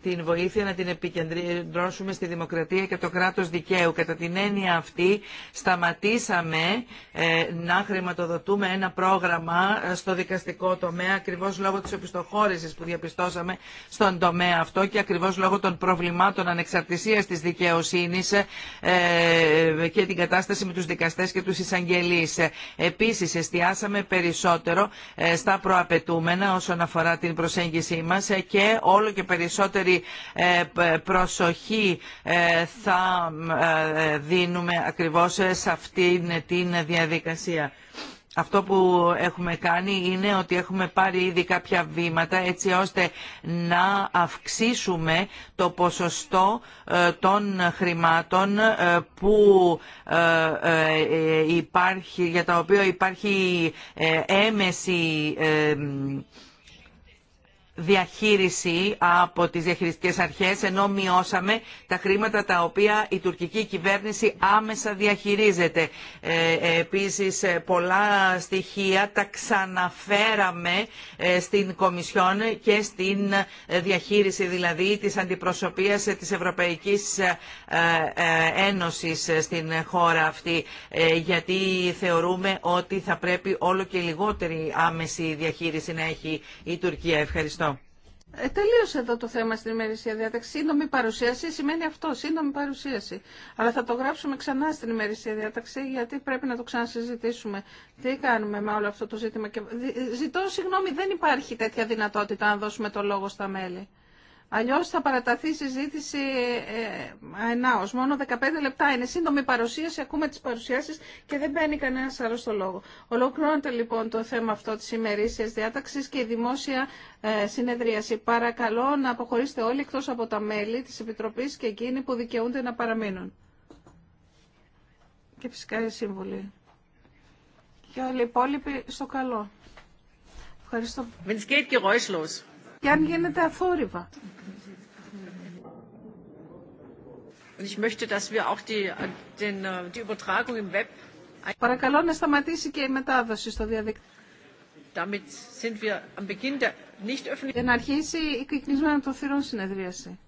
την βοήθεια να την επικεντρώσουμε στη δημοκρατία και το κράτος δικαίου. Κατά την έννοια αυτή σταματήσαμε ε, να χρηματοδοτούμε ένα πρόγραμμα ε, στο δικαστικό τομέα ακριβώς λόγω της επιστοχώρησης που διαπιστώσαμε στον τομέα αυτό και ακριβώς λόγω των προβλημάτων ανεξαρτησίας της δικαιοσύνης ε, και την κατάσταση με τους δικαστές και τους εισαγγελείς. Επίσης εστιάσαμε περισσότερο στα προαπαιτούμενα όσον αφορά την προσέγγιση μας και όλο και περισσότερη προσοχή θα δίνουμε ακριβώς σε αυτήν την διαδικασία αυτό που έχουμε κάνει είναι ότι έχουμε πάρει ήδη κάποια βήματα έτσι ώστε να αυξήσουμε το ποσοστό ε, των χρημάτων ε, που ε, υπάρχει, για τα οποία υπάρχει έμεση διαχείριση από τις διαχειριστικές αρχές ενώ μειώσαμε τα χρήματα τα οποία η τουρκική κυβέρνηση άμεσα διαχειρίζεται. Ε, ε επίσης ε, πολλά στοιχεία τα ξαναφέραμε ε, στην Κομισιόν και στην διαχείριση δηλαδή της αντιπροσωπείας της Ευρωπαϊκής Ένωσης στην χώρα αυτή γιατί θεωρούμε ότι θα πρέπει όλο και λιγότερη άμεση διαχείριση να έχει η Τουρκία. Ευχαριστώ. Ε, τελείωσε εδώ το θέμα στην ημερησία διάταξη. Σύντομη παρουσίαση σημαίνει αυτό, σύντομη παρουσίαση. Αλλά θα το γράψουμε ξανά στην ημερησία διάταξη γιατί πρέπει να το ξανασυζητήσουμε. Τι κάνουμε με όλο αυτό το ζήτημα. Και... Ζητώ συγγνώμη, δεν υπάρχει τέτοια δυνατότητα να δώσουμε το λόγο στα μέλη. Αλλιώ θα παραταθεί η συζήτηση ε, Μόνο 15 λεπτά είναι σύντομη παρουσίαση, ακούμε τις παρουσιάσεις και δεν μπαίνει κανένα άλλο στο λόγο. Ολοκληρώνεται λοιπόν το θέμα αυτό τη ημερήσιας διάταξη και η δημόσια ε, συνεδρίαση. Παρακαλώ να αποχωρήσετε όλοι εκτός από τα μέλη τη Επιτροπή και εκείνοι που δικαιούνται να παραμείνουν. Και φυσικά οι σύμβουλοι. Και όλοι οι υπόλοιποι στο καλό. Ευχαριστώ και αν γίνεται αθόρυβα. Παρακαλώ να σταματήσει και η μετάδοση στο διαδίκτυο. Για να αρχίσει η κυκλισμένα των θυρών συνεδρίαση.